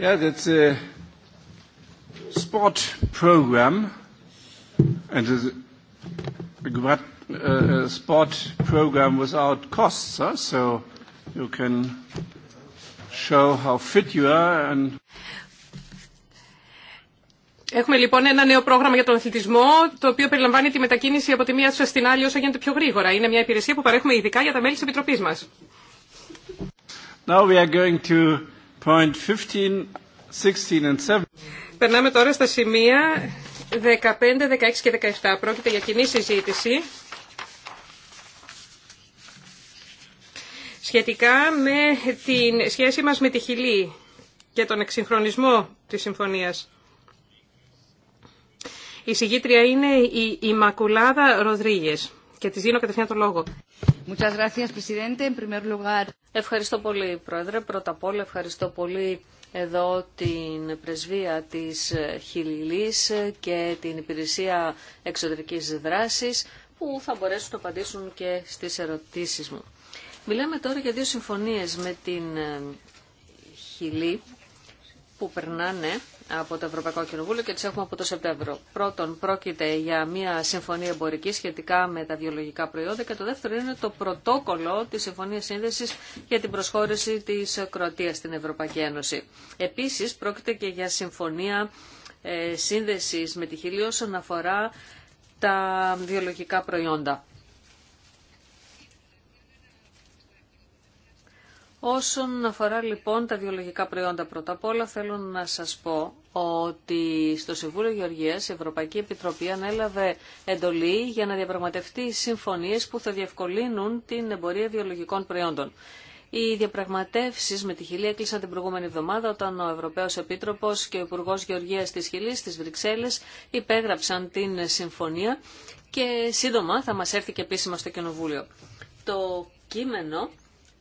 Yeah, that's a sport program and uh, a sport program without costs, huh? so you can show how fit you are and. Έχουμε λοιπόν ένα νέο πρόγραμμα για τον αθλητισμό, το οποίο περιλαμβάνει τη μετακίνηση από τη μία αίθουσα στην άλλη όσο γίνεται πιο γρήγορα. Είναι μια υπηρεσία που παρέχουμε ειδικά για τα μέλη τη Επιτροπή μα. Now we are going to Περνάμε τώρα στα σημεία 15, 16 και 17. Πρόκειται για κοινή συζήτηση σχετικά με την σχέση μας με τη Χιλή και τον εξυγχρονισμό της συμφωνίας. Η συγγήτρια είναι η Μακουλάδα Ροδρίγες και της δίνω κατευθείαν το λόγο. Ευχαριστώ πολύ, Πρόεδρε. Πρώτα απ' όλα ευχαριστώ πολύ εδώ την πρεσβεία της Χιλιλής και την Υπηρεσία Εξωτερικής Δράσης που θα μπορέσουν να απαντήσουν και στις ερωτήσεις μου. Μιλάμε τώρα για δύο συμφωνίες με την ε, Χιλή που περνάνε από το Ευρωπαϊκό Κοινοβούλιο και τις έχουμε από το Σεπτέμβριο. Πρώτον, πρόκειται για μια συμφωνία εμπορική σχετικά με τα βιολογικά προϊόντα και το δεύτερο είναι το πρωτόκολλο τη συμφωνία Σύνδεσης για την προσχώρηση της Κροατίας στην Ευρωπαϊκή Ένωση. Επίσης, πρόκειται και για συμφωνία ε, σύνδεση με τη Χιλή όσον αφορά τα βιολογικά προϊόντα. Όσον αφορά λοιπόν τα βιολογικά προϊόντα πρώτα απ' όλα θέλω να σας πω ότι στο Συμβούλιο Γεωργίας η Ευρωπαϊκή Επιτροπή ανέλαβε εντολή για να διαπραγματευτεί συμφωνίες που θα διευκολύνουν την εμπορία βιολογικών προϊόντων. Οι διαπραγματεύσει με τη Χιλή έκλεισαν την προηγούμενη εβδομάδα όταν ο Ευρωπαίο Επίτροπο και ο Υπουργό Γεωργία τη Χιλή στι Βρυξέλλε υπέγραψαν την συμφωνία και σύντομα θα μα έρθει και επίσημα στο Κοινοβούλιο. Το κείμενο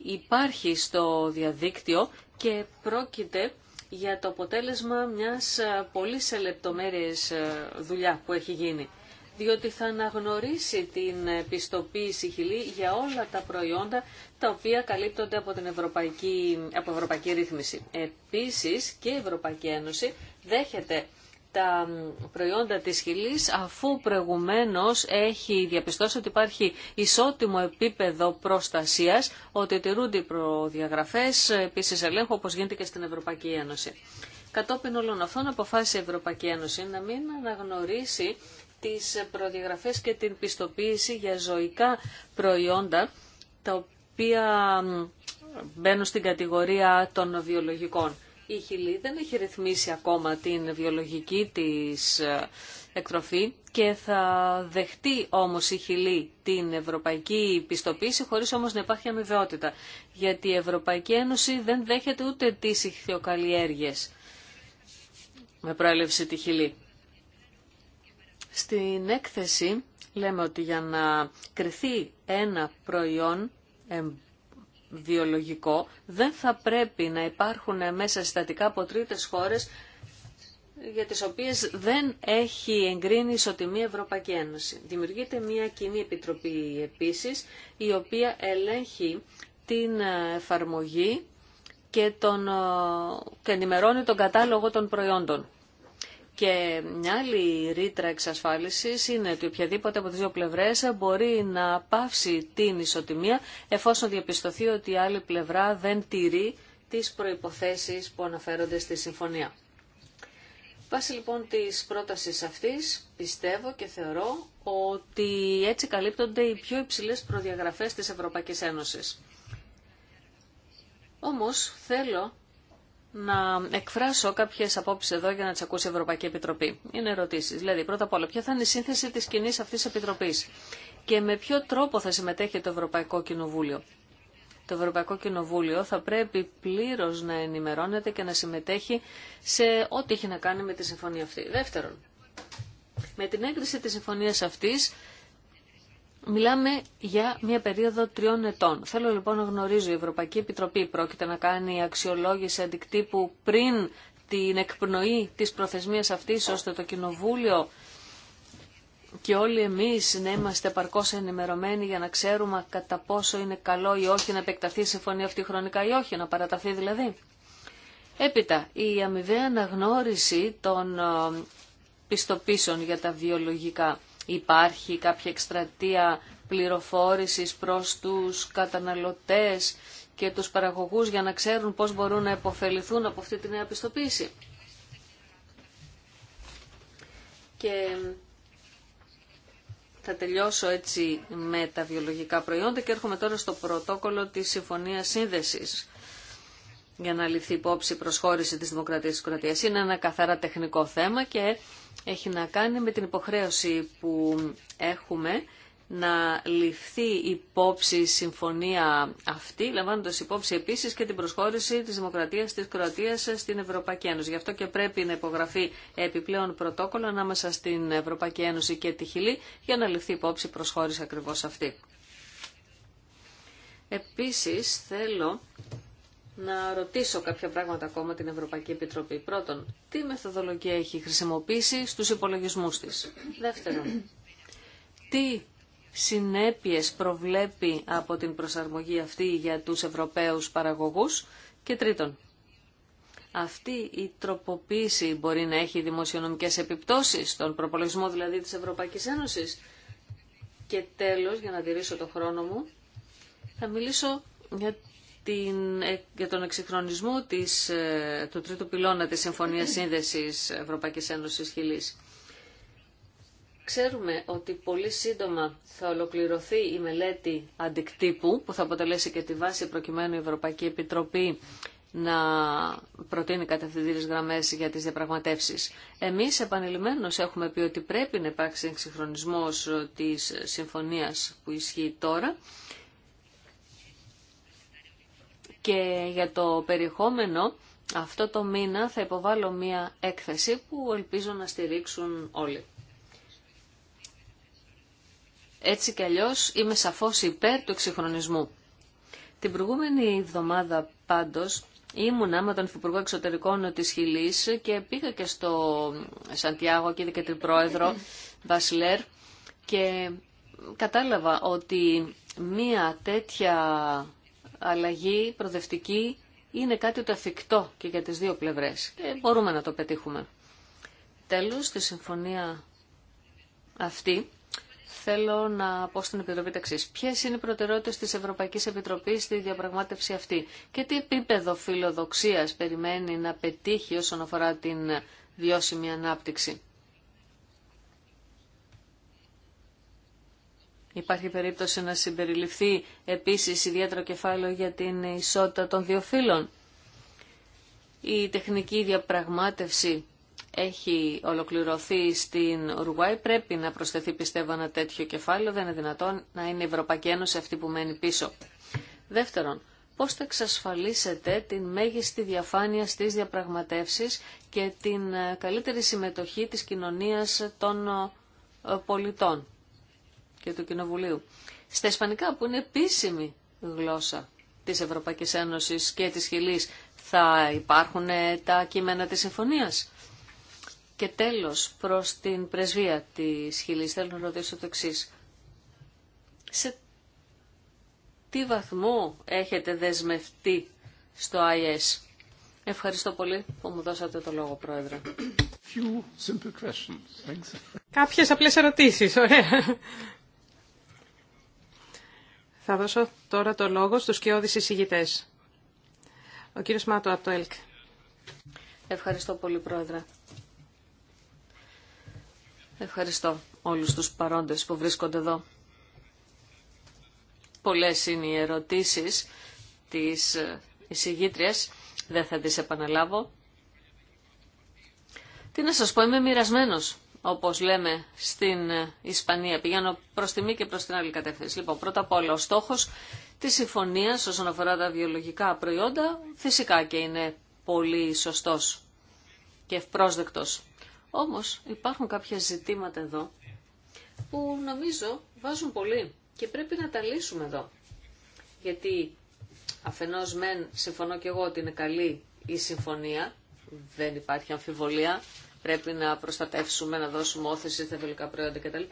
υπάρχει στο διαδίκτυο και πρόκειται για το αποτέλεσμα μιας ε, πολύ σε λεπτομέρειες ε, δουλειά που έχει γίνει. Διότι θα αναγνωρίσει την πιστοποίηση χιλή για όλα τα προϊόντα τα οποία καλύπτονται από την ευρωπαϊκή, από ευρωπαϊκή ρύθμιση. Επίσης και η Ευρωπαϊκή Ένωση δέχεται τα προϊόντα της χυλής αφού προηγουμένως έχει διαπιστώσει ότι υπάρχει ισότιμο επίπεδο προστασίας, ότι τηρούνται οι προδιαγραφές, επίσης ελέγχου όπως γίνεται και στην Ευρωπαϊκή Ένωση. Κατόπιν όλων αυτών αποφάσισε η Ευρωπαϊκή Ένωση να μην αναγνωρίσει τις προδιαγραφές και την πιστοποίηση για ζωικά προϊόντα τα οποία μπαίνουν στην κατηγορία των βιολογικών. Η Χιλή δεν έχει ρυθμίσει ακόμα την βιολογική της ε, εκτροφή και θα δεχτεί όμως η Χιλή την ευρωπαϊκή πιστοποίηση χωρίς όμως να υπάρχει αμοιβαιότητα. Γιατί η Ευρωπαϊκή Ένωση δεν δέχεται ούτε τις ηχθειοκαλλιέργειες με προέλευση τη Χιλή. Στην έκθεση λέμε ότι για να κρυθεί ένα προϊόν βιολογικό, δεν θα πρέπει να υπάρχουν μέσα συστατικά από τρίτες χώρες για τις οποίες δεν έχει εγκρίνει ισοτιμή Ευρωπαϊκή Ένωση. Δημιουργείται μια κοινή επιτροπή επίσης, η οποία ελέγχει την εφαρμογή και, τον, ε, και ενημερώνει τον κατάλογο των προϊόντων. Και μια άλλη ρήτρα εξασφάλισης είναι ότι οποιαδήποτε από τι δύο πλευρέ μπορεί να πάυσει την ισοτιμία εφόσον διαπιστωθεί ότι η άλλη πλευρά δεν τηρεί τις προϋποθέσεις που αναφέρονται στη συμφωνία. Βάσει λοιπόν της πρότασης αυτή, πιστεύω και θεωρώ ότι έτσι καλύπτονται οι πιο υψηλέ προδιαγραφέ της Ευρωπαϊκή Ένωση. Όμως θέλω να εκφράσω κάποιε απόψει εδώ για να τι ακούσει η Ευρωπαϊκή Επιτροπή. Είναι ερωτήσεις. Δηλαδή, πρώτα απ' όλα, ποια θα είναι η σύνθεση της κοινή αυτής επιτροπής και με ποιο τρόπο θα συμμετέχει το Ευρωπαϊκό Κοινοβούλιο. Το Ευρωπαϊκό Κοινοβούλιο θα πρέπει πλήρως να ενημερώνεται και να συμμετέχει σε ό,τι έχει να κάνει με τη συμφωνία αυτή. Δεύτερον, με την έγκριση τη συμφωνία αυτή. Μιλάμε για μια περίοδο τριών ετών. Θέλω λοιπόν να γνωρίζω, η Ευρωπαϊκή Επιτροπή πρόκειται να κάνει αξιολόγηση αντικτύπου πριν την εκπνοή της προθεσμίας αυτής, ώστε το Κοινοβούλιο και όλοι εμείς να είμαστε παρκώς ενημερωμένοι για να ξέρουμε κατά πόσο είναι καλό ή όχι να επεκταθεί η συμφωνία αυτή χρονικά ή όχι, να παραταθεί δηλαδή. Έπειτα, η αμοιβαία αναγνώριση των ε, πιστοποίησεων για τα βιολογικά. Υπάρχει κάποια εκστρατεία πληροφόρησης προς τους καταναλωτές και τους παραγωγούς για να ξέρουν πώς μπορούν να επωφεληθούν από αυτή τη νέα πιστοποίηση. Και θα τελειώσω έτσι με τα βιολογικά προϊόντα και έρχομαι τώρα στο πρωτόκολλο της Συμφωνίας Σύνδεσης για να ληφθεί υπόψη η προσχώρηση της Δημοκρατίας της Κροατίας. Είναι ένα καθαρά τεχνικό θέμα και έχει να κάνει με την υποχρέωση που έχουμε να ληφθεί υπόψη η συμφωνία αυτή, λαμβάνοντας υπόψη επίσης και την προσχώρηση της Δημοκρατίας της Κροατίας στην Ευρωπαϊκή Ένωση. Γι' αυτό και πρέπει να υπογραφεί επιπλέον πρωτόκολλο ανάμεσα στην Ευρωπαϊκή Ένωση και τη Χιλή για να ληφθεί υπόψη η προσχώρηση ακριβώς αυτή. Επίσης θέλω να ρωτήσω κάποια πράγματα ακόμα την Ευρωπαϊκή Επιτροπή. Πρώτον, τι μεθοδολογία έχει χρησιμοποιήσει στους υπολογισμούς της. Δεύτερον, τι συνέπειες προβλέπει από την προσαρμογή αυτή για τους Ευρωπαίους παραγωγούς. Και τρίτον, αυτή η τροποποίηση μπορεί να έχει δημοσιονομικές επιπτώσεις, στον προπολογισμό δηλαδή της Ευρωπαϊκής Ένωσης. Και τέλος, για να τηρήσω το χρόνο μου, θα μιλήσω για την, για τον εξυγχρονισμό της, ε, του τρίτου πυλώνα της Συμφωνίας Σύνδεσης Ευρωπαϊκής Ένωσης Χιλής. Ξέρουμε ότι πολύ σύντομα θα ολοκληρωθεί η μελέτη αντικτύπου που θα αποτελέσει και τη βάση προκειμένου η Ευρωπαϊκή Επιτροπή να προτείνει κατευθυντήρες γραμμές για τις διαπραγματεύσεις. Εμείς επανειλημμένως έχουμε πει ότι πρέπει να υπάρξει εξυγχρονισμός της συμφωνίας που ισχύει τώρα και για το περιεχόμενο, αυτό το μήνα θα υποβάλω μία έκθεση που ελπίζω να στηρίξουν όλοι. Έτσι κι αλλιώς είμαι σαφώς υπέρ του εξυγχρονισμού. Την προηγούμενη εβδομάδα πάντως ήμουν άμα τον Υφυπουργό Εξωτερικών της Χιλής και πήγα και στο Σαντιάγο και είδε και την πρόεδρο Βασιλέρ και κατάλαβα ότι μία τέτοια αλλαγή προδευτική είναι κάτι το αφικτό και για τις δύο πλευρές και μπορούμε να το πετύχουμε. Τέλος, στη συμφωνία αυτή θέλω να πω στην Επιτροπή ταξής. Ποιες είναι οι προτεραιότητες της Ευρωπαϊκής Επιτροπής στη διαπραγμάτευση αυτή και τι επίπεδο φιλοδοξίας περιμένει να πετύχει όσον αφορά την βιώσιμη ανάπτυξη. Υπάρχει περίπτωση να συμπεριληφθεί επίσης ιδιαίτερο κεφάλαιο για την ισότητα των δύο φύλων. Η τεχνική διαπραγμάτευση έχει ολοκληρωθεί στην Ουρουάη. Πρέπει να προσθεθεί πιστεύω ένα τέτοιο κεφάλαιο. Δεν είναι δυνατόν να είναι η Ευρωπαϊκή Ένωση αυτή που μένει πίσω. Δεύτερον, πώς θα εξασφαλίσετε την μέγιστη διαφάνεια στις διαπραγματεύσεις και την ε, καλύτερη συμμετοχή της κοινωνίας των ε, πολιτών και του Κοινοβουλίου. Στα Ισπανικά που είναι επίσημη γλώσσα της Ευρωπαϊκής Ένωσης και της Χιλής θα υπάρχουν ε, τα κείμενα της συμφωνίας. Και τέλος, προς την πρεσβεία της Χιλής, θέλω να ρωτήσω το εξή. Σε τι βαθμό έχετε δεσμευτεί στο IS. Ευχαριστώ πολύ που μου δώσατε το λόγο, Πρόεδρε. Κάποιες απλές ερωτήσεις, θα δώσω τώρα το λόγο στους κοιόδης εισηγητές. Ο κύριος Μάτο από το ΕΛΚ. Ευχαριστώ πολύ, Πρόεδρε. Ευχαριστώ όλους τους παρόντες που βρίσκονται εδώ. Πολλές είναι οι ερωτήσεις της εισηγήτριας. Δεν θα τις επαναλάβω. Τι να σας πω, είμαι μοιρασμένο όπως λέμε στην Ισπανία. Πηγαίνω προς τη μη και προς την άλλη κατεύθυνση. Λοιπόν, πρώτα απ' όλα ο στόχος της συμφωνίας όσον αφορά τα βιολογικά προϊόντα φυσικά και είναι πολύ σωστός και ευπρόσδεκτος. Όμως υπάρχουν κάποια ζητήματα εδώ που νομίζω βάζουν πολύ και πρέπει να τα λύσουμε εδώ. Γιατί αφενός μεν συμφωνώ και εγώ ότι είναι καλή η συμφωνία, δεν υπάρχει αμφιβολία, πρέπει να προστατεύσουμε, να δώσουμε όθηση στα εθελοντικά προϊόντα κτλ.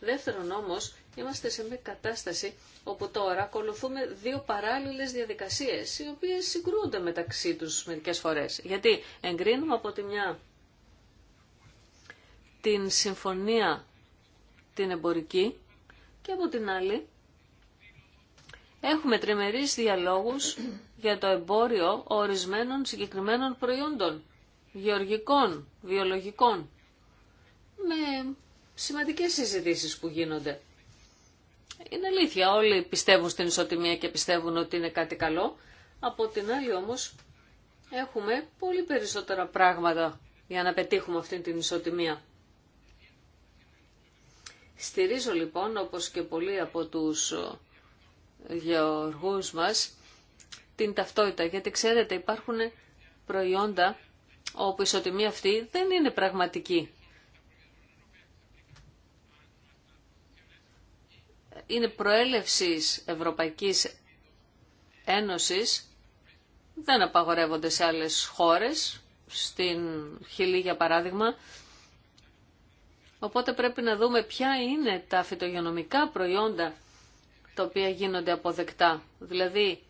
Δεύτερον όμω, είμαστε σε μια κατάσταση όπου τώρα ακολουθούμε δύο παράλληλες διαδικασίες, οι οποίες συγκρούνται μεταξύ του μερικέ φορέ. Γιατί εγκρίνουμε από τη μια την συμφωνία την εμπορική και από την άλλη Έχουμε τριμερείς διαλόγους για το εμπόριο ορισμένων συγκεκριμένων προϊόντων γεωργικών, βιολογικών, με σημαντικές συζητήσεις που γίνονται. Είναι αλήθεια, όλοι πιστεύουν στην ισοτιμία και πιστεύουν ότι είναι κάτι καλό. Από την άλλη όμως έχουμε πολύ περισσότερα πράγματα για να πετύχουμε αυτή την ισοτιμία. Στηρίζω λοιπόν, όπως και πολλοί από τους ε, γεωργούς μας, την ταυτότητα, γιατί ξέρετε υπάρχουν προϊόντα όπου η ισοτιμία αυτή δεν είναι πραγματική. Είναι προέλευσης Ευρωπαϊκής Ένωσης, δεν απαγορεύονται σε άλλες χώρες, στην Χιλή για παράδειγμα, Οπότε πρέπει να δούμε ποια είναι τα φυτογενομικά προϊόντα τα οποία γίνονται αποδεκτά. Δηλαδή,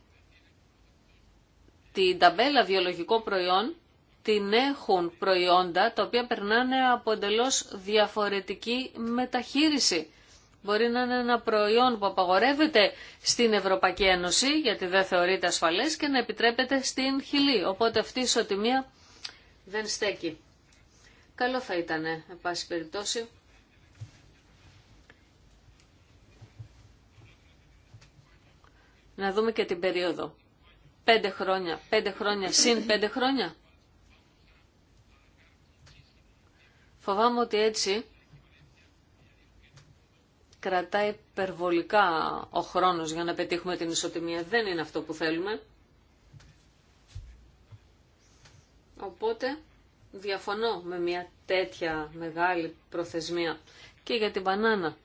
την ταμπέλα βιολογικό προϊόν την έχουν προϊόντα τα οποία περνάνε από εντελώ διαφορετική μεταχείριση. Μπορεί να είναι ένα προϊόν που απαγορεύεται στην Ευρωπαϊκή Ένωση γιατί δεν θεωρείται ασφαλές και να επιτρέπεται στην χιλή. Οπότε αυτή η ισοτιμία δεν στέκει. Καλό θα ήταν, εν πάση Να δούμε και την περίοδο. Πέντε χρόνια, πέντε χρόνια, συν πέντε χρόνια. Φοβάμαι ότι έτσι κρατάει υπερβολικά ο χρόνος για να πετύχουμε την ισοτιμία. Δεν είναι αυτό που θέλουμε. Οπότε διαφωνώ με μια τέτοια μεγάλη προθεσμία και για την μπανάνα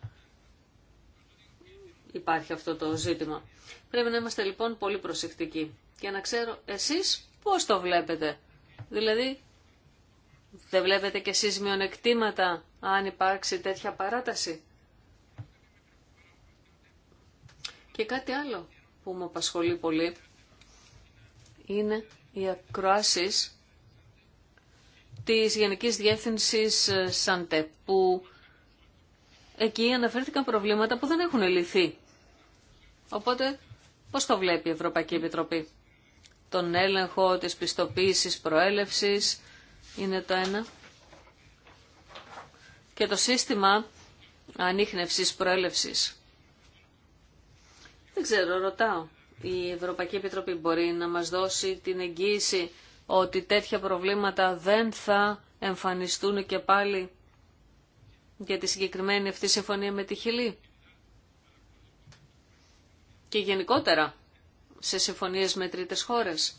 υπάρχει αυτό το ζήτημα. Πρέπει να είμαστε λοιπόν πολύ προσεκτικοί και να ξέρω εσείς πώς το βλέπετε. Δηλαδή δεν βλέπετε κι εσείς μειονεκτήματα αν υπάρξει τέτοια παράταση. Και κάτι άλλο που μου απασχολεί πολύ είναι οι ακροάσεις της Γενικής Διεύθυνσης ε, ΣΑΝΤΕ που εκεί αναφέρθηκαν προβλήματα που δεν έχουν λυθεί. Οπότε πώς το βλέπει η Ευρωπαϊκή Επιτροπή. Τον έλεγχο της πιστοποίησης προέλευσης, είναι το ένα. Και το σύστημα ανείχνευσης προέλευσης. Δεν ξέρω, ρωτάω. Η Ευρωπαϊκή Επιτροπή μπορεί να μας δώσει την εγγύηση ότι τέτοια προβλήματα δεν θα εμφανιστούν και πάλι για τη συγκεκριμένη αυτή συμφωνία με τη Χιλή. Και γενικότερα σε συμφωνίες με τρίτες χώρες.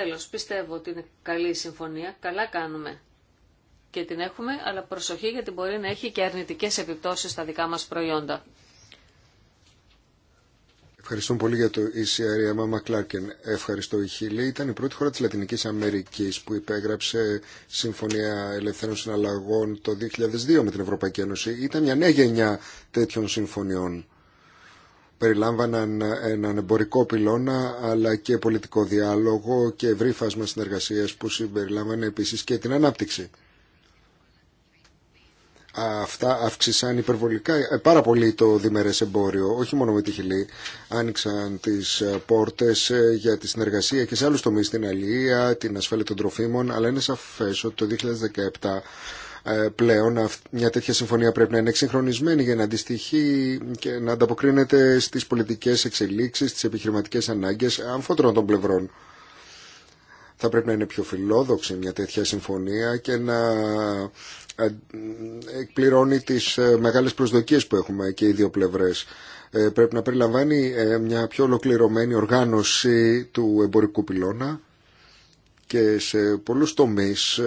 Τέλος, πιστεύω ότι είναι καλή η συμφωνία, καλά κάνουμε και την έχουμε, αλλά προσοχή γιατί μπορεί να έχει και αρνητικές επιπτώσεις στα δικά μας προϊόντα. Ευχαριστώ πολύ για το ECR, Αμάμα Κλάρκεν. Ευχαριστώ. Η Χιλή ήταν η πρώτη χώρα τη Λατινική Αμερική που υπέγραψε Συμφωνία Ελευθέρων Συναλλαγών το 2002 με την Ευρωπαϊκή Ένωση. Ήταν μια νέα γενιά τέτοιων συμφωνιών περιλάμβαναν έναν εμπορικό πυλώνα αλλά και πολιτικό διάλογο και ευρύ φάσμα συνεργασίας που συμπεριλάμβανε επίσης και την ανάπτυξη. Αυτά αύξησαν υπερβολικά, ε, πάρα πολύ το διμερές εμπόριο, όχι μόνο με τη Χιλή. Άνοιξαν τις ε, πόρτες ε, για τη συνεργασία και σε άλλους τομείς, την αλληλεία, την ασφάλεια των τροφίμων, αλλά είναι σαφές ότι το 2017 ε, πλέον μια τέτοια συμφωνία πρέπει να είναι εξυγχρονισμένη για να αντιστοιχεί και να ανταποκρίνεται στις πολιτικές εξελίξεις, στις επιχειρηματικές ανάγκες αμφότερων των πλευρών. Θα πρέπει να είναι πιο φιλόδοξη μια τέτοια συμφωνία και να ε, εκπληρώνει τις ε, μεγάλες προσδοκίες που έχουμε και οι δύο πλευρές. Πρέπει να περιλαμβάνει μια πιο ολοκληρωμένη οργάνωση του εμπορικού πυλώνα και σε πολλούς τομείς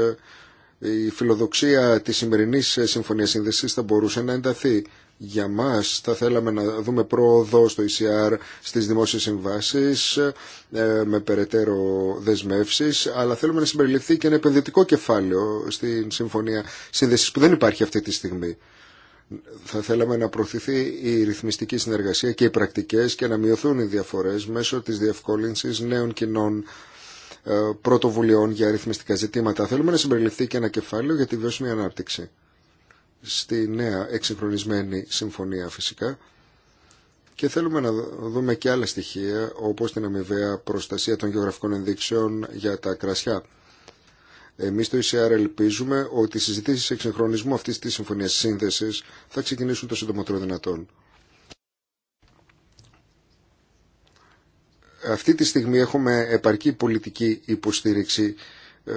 η φιλοδοξία της σημερινής ε, συμφωνίας σύνδεσης θα μπορούσε να ενταθεί. Για μας θα θέλαμε να δούμε πρόοδο στο ECR στις δημόσιες συμβάσεις ε, με περαιτέρω δεσμεύσεις αλλά θέλουμε να συμπεριληφθεί και ένα επενδυτικό κεφάλαιο στην συμφωνία σύνδεσης που δεν υπάρχει αυτή τη στιγμή. Θα θέλαμε να προωθηθεί η ρυθμιστική συνεργασία και οι πρακτικές και να μειωθούν οι διαφορές μέσω της διευκόλυνσης νέων κοινών ε, πρωτοβουλειών για αριθμιστικά ζητήματα. Θέλουμε να συμπεριληφθεί και ένα κεφάλαιο για τη βιώσιμη ανάπτυξη. Στη νέα εξυγχρονισμένη συμφωνία φυσικά. Και θέλουμε να δούμε και άλλα στοιχεία όπως την αμοιβαία προστασία των γεωγραφικών ενδείξεων για τα κρασιά. Εμεί στο ECR ελπίζουμε ότι οι συζητήσει εξυγχρονισμού αυτή τη συμφωνία σύνδεση θα ξεκινήσουν το συντομότερο δυνατόν. αυτή τη στιγμή έχουμε επαρκή πολιτική υποστήριξη ε,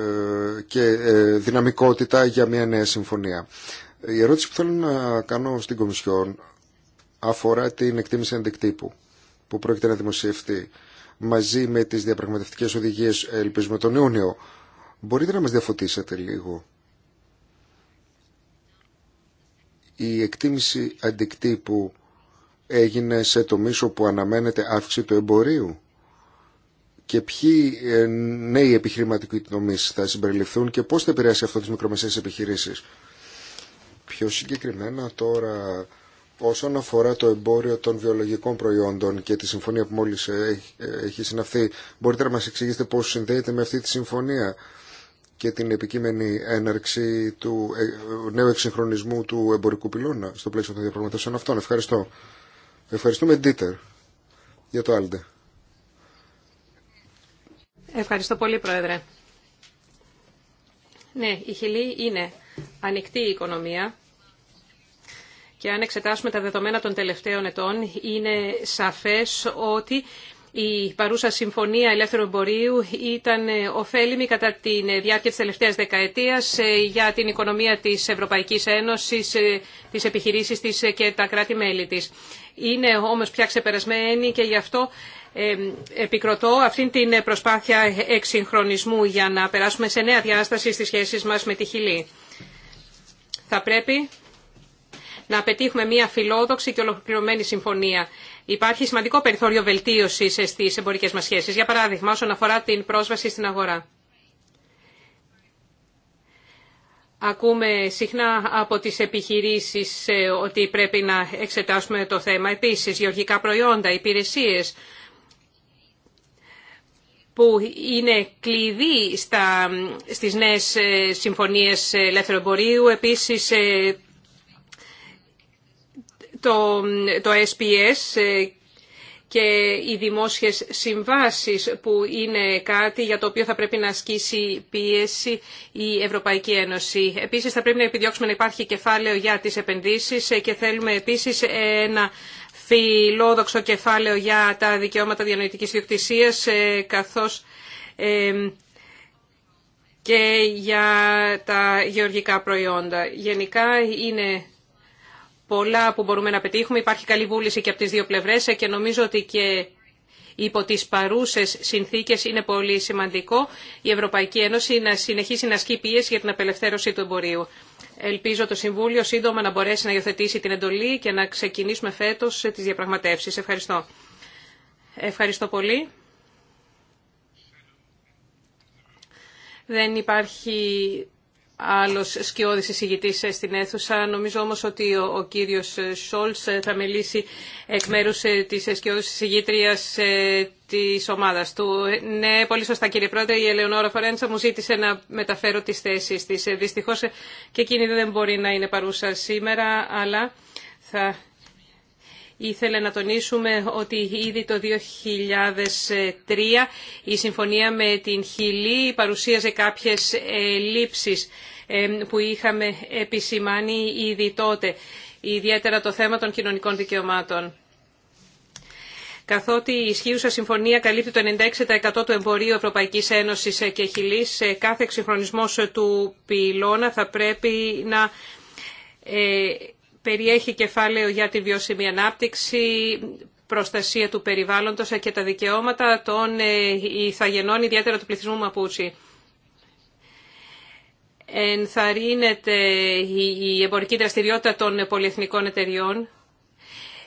και ε, δυναμικότητα για μια νέα συμφωνία. Η ερώτηση που θέλω να κάνω στην Κομισιόν αφορά την εκτίμηση αντικτύπου που πρόκειται να δημοσιευτεί μαζί με τις διαπραγματευτικές οδηγίες ελπίζουμε τον Ιούνιο. Μπορείτε να μας διαφωτίσετε λίγο. Η εκτίμηση αντικτύπου έγινε σε τομείς που αναμένεται αύξηση του εμπορίου και ποιοι ε, νέοι επιχειρηματικοί τομεί θα συμπεριληφθούν και πώ θα επηρεάσει αυτό τι μικρομεσαίες επιχειρήσει. Πιο συγκεκριμένα τώρα όσον αφορά το εμπόριο των βιολογικών προϊόντων και τη συμφωνία που μόλις ε, ε, έχει συναυθεί, μπορείτε να μας εξηγήσετε πώς συνδέεται με αυτή τη συμφωνία και την επικείμενη έναρξη του νέου εξυγχρονισμού του εμπορικού πυλώνα στο πλαίσιο των διαπραγματεύσεων αυτών. Ευχαριστώ. Ευχαριστούμε, Ντίτερ, για το Άλντε. Ευχαριστώ πολύ, Πρόεδρε. Ναι, η Χιλή είναι ανοιχτή η οικονομία και αν εξετάσουμε τα δεδομένα των τελευταίων ετών είναι σαφές ότι η παρούσα συμφωνία ελεύθερου εμπορίου ήταν ωφέλιμη κατά τη διάρκεια της τελευταίας δεκαετίας ε, για την οικονομία της Ευρωπαϊκής Ένωσης, ε, τις επιχειρήσεις της και τα κράτη-μέλη της. Είναι όμως πια ξεπερασμένη και γι' αυτό επικροτώ αυτή την προσπάθεια εξυγχρονισμού για να περάσουμε σε νέα διάσταση στις σχέσεις μας με τη Χιλή. Θα πρέπει να πετύχουμε μια φιλόδοξη και ολοκληρωμένη συμφωνία. Υπάρχει σημαντικό περιθώριο βελτίωση στι εμπορικέ μα σχέσει, για παράδειγμα όσον αφορά την πρόσβαση στην αγορά. Ακούμε συχνά από τις επιχειρήσεις ε, ότι πρέπει να εξετάσουμε το θέμα. Επίσης, γεωργικά προϊόντα, υπηρεσίες, που είναι κλειδί στα, στις νέες ε, συμφωνίες ελεύθερου εμπορίου. Επίσης, ε, το, το SPS ε, και οι δημόσιες συμβάσεις που είναι κάτι για το οποίο θα πρέπει να ασκήσει πίεση η Ευρωπαϊκή Ένωση. Επίσης θα πρέπει να επιδιώξουμε να υπάρχει κεφάλαιο για τις επενδύσεις και θέλουμε επίσης ένα φιλόδοξο κεφάλαιο για τα δικαιώματα διανοητικής διοκτησίας ε, καθώς ε, και για τα γεωργικά προϊόντα. Γενικά είναι πολλά που μπορούμε να πετύχουμε. Υπάρχει καλή βούληση και από τις δύο πλευρές ε, και νομίζω ότι και υπό τις παρούσες συνθήκες είναι πολύ σημαντικό η Ευρωπαϊκή Ένωση να συνεχίσει να ασκεί πίεση για την απελευθέρωση του εμπορίου. Ελπίζω το Συμβούλιο σύντομα να μπορέσει να υιοθετήσει την εντολή και να ξεκινήσουμε φέτος τις διαπραγματεύσεις. Ευχαριστώ. Ευχαριστώ πολύ. Δεν υπάρχει άλλο σκιώδη εισηγητή στην αίθουσα. Νομίζω όμω ότι ο, ο κύριος Σόλτς θα μιλήσει εκ μέρου ε, τη σκιώδης εισηγήτρια ε, τη ομάδα του. Ε, ναι, πολύ σωστά κύριε Πρόεδρε, η Ελεονόρα Φορέντσα μου ζήτησε να μεταφέρω τι θέσει τη. Δυστυχώ και εκείνη δεν μπορεί να είναι παρούσα σήμερα, αλλά θα Ήθελε να τονίσουμε ότι ήδη το 2003 η συμφωνία με την Χιλή παρουσίαζε κάποιες λήψεις ε, που είχαμε επισημάνει ήδη τότε, ιδιαίτερα το θέμα των κοινωνικών δικαιωμάτων. Καθότι η ισχύουσα συμφωνία καλύπτει το 96% του εμπορίου Ευρωπαϊκής Ένωσης και Χιλής, ε, κάθε εξυγχρονισμός του πυλώνα θα πρέπει να ε, περιέχει κεφάλαιο για τη βιώσιμη ανάπτυξη, προστασία του περιβάλλοντος και τα δικαιώματα των ε, ηθαγενών, ιδιαίτερα του πληθυσμού Μαπούτσι. Ενθαρρύνεται η εμπορική δραστηριότητα των πολυεθνικών εταιριών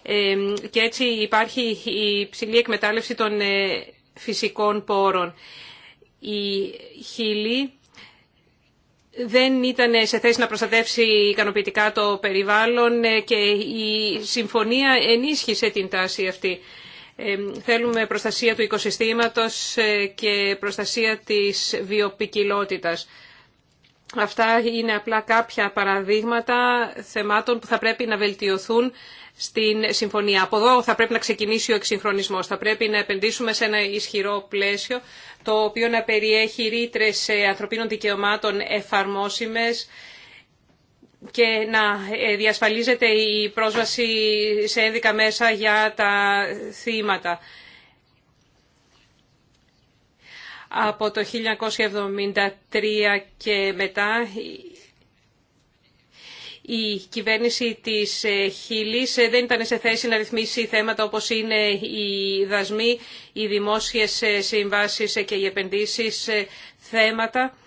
ε, και έτσι υπάρχει η ψηλή εκμετάλλευση των ε, φυσικών πόρων. Η Χιλή δεν ήταν σε θέση να προστατεύσει ικανοποιητικά το περιβάλλον ε, και η συμφωνία ενίσχυσε την τάση αυτή. Ε, θέλουμε προστασία του οικοσυστήματος ε, και προστασία της βιοπικιλότητας. Αυτά είναι απλά κάποια παραδείγματα θεμάτων που θα πρέπει να βελτιωθούν στην συμφωνία. Από εδώ θα πρέπει να ξεκινήσει ο εξυγχρονισμό. Θα πρέπει να επενδύσουμε σε ένα ισχυρό πλαίσιο, το οποίο να περιέχει ρήτρε ε, ανθρωπίνων δικαιωμάτων εφαρμόσιμες και να ε, διασφαλίζεται η πρόσβαση σε ένδικα μέσα για τα θύματα. Από το 1973 και μετά η κυβέρνηση της ε, Χίλης ε, δεν ήταν σε θέση να ρυθμίσει θέματα όπως είναι οι δασμοί, οι δημόσιες ε, συμβάσεις και οι επενδύσεις, θέματα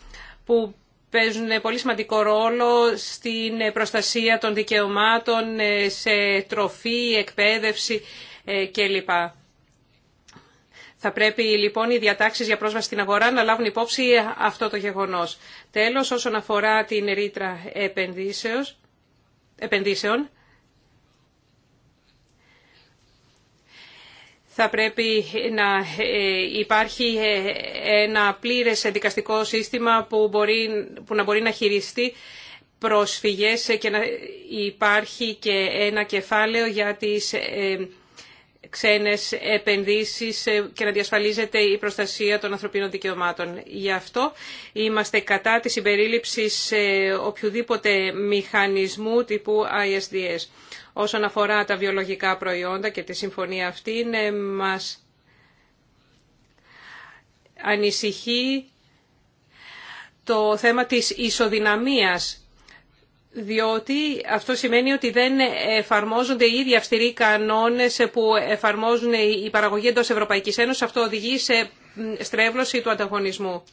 που παίζουν πολύ σημαντικό ρόλο στην προστασία των δικαιωμάτων σε τροφή, εκπαίδευση κλπ. Θα πρέπει λοιπόν οι διατάξεις για πρόσβαση στην αγορά να λάβουν υπόψη αυτό το γεγονός. Τέλος, όσον αφορά την ρήτρα επενδύσεως, επενδύσεων, θα πρέπει να ε, υπάρχει ε, ένα πλήρες δικαστικό σύστημα που, μπορεί, να μπορεί να χειριστεί πρόσφυγες και να υπάρχει και ένα κεφάλαιο για τις ε, ξένες επενδύσεις ε, και να διασφαλίζεται η προστασία των ανθρωπίνων δικαιωμάτων. Γι' αυτό είμαστε κατά της συμπερίληψης ε, οποιοδήποτε μηχανισμού τύπου ISDS. Όσον αφορά τα βιολογικά προϊόντα και τη συμφωνία αυτή, ναι, μας ανησυχεί το θέμα της ισοδυναμίας διότι αυτό σημαίνει ότι δεν εφαρμόζονται οι ίδιοι αυστηροί κανόνες που εφαρμόζουν οι παραγωγή εντός Ευρωπαϊκής Ένωσης. Αυτό οδηγεί σε στρέβλωση του ανταγωνισμού.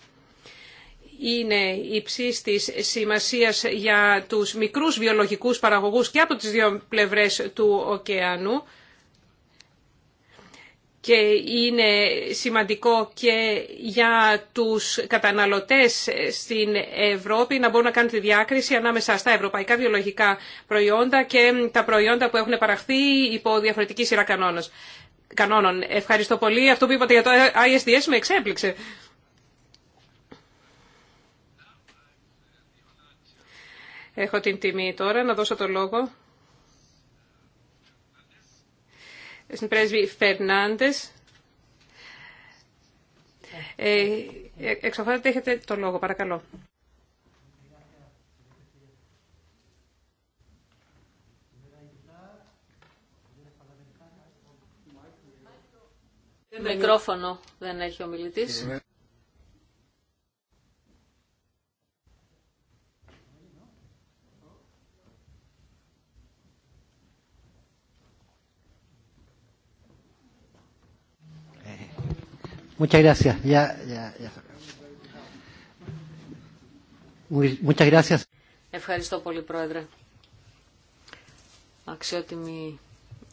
Είναι υψή της σημασίας για τους μικρούς βιολογικούς παραγωγούς και από τις δύο πλευρές του ωκεανού και είναι σημαντικό και για τους καταναλωτές στην Ευρώπη να μπορούν να κάνουν τη διάκριση ανάμεσα στα ευρωπαϊκά βιολογικά προϊόντα και τα προϊόντα που έχουν παραχθεί υπό διαφορετική σειρά κανόνων. Ευχαριστώ πολύ. Αυτό που είπατε για το ISDS με εξέπληξε. Έχω την τιμή τώρα να δώσω το λόγο στην πρέσβη Φερνάντες. Ε, έχετε το λόγο, παρακαλώ. Μικρόφωνο δεν έχει ο μιλητής. Muchas gracias. Ya, ya, ya. Muchas gracias. Ευχαριστώ πολύ, Πρόεδρε. Αξιότιμοι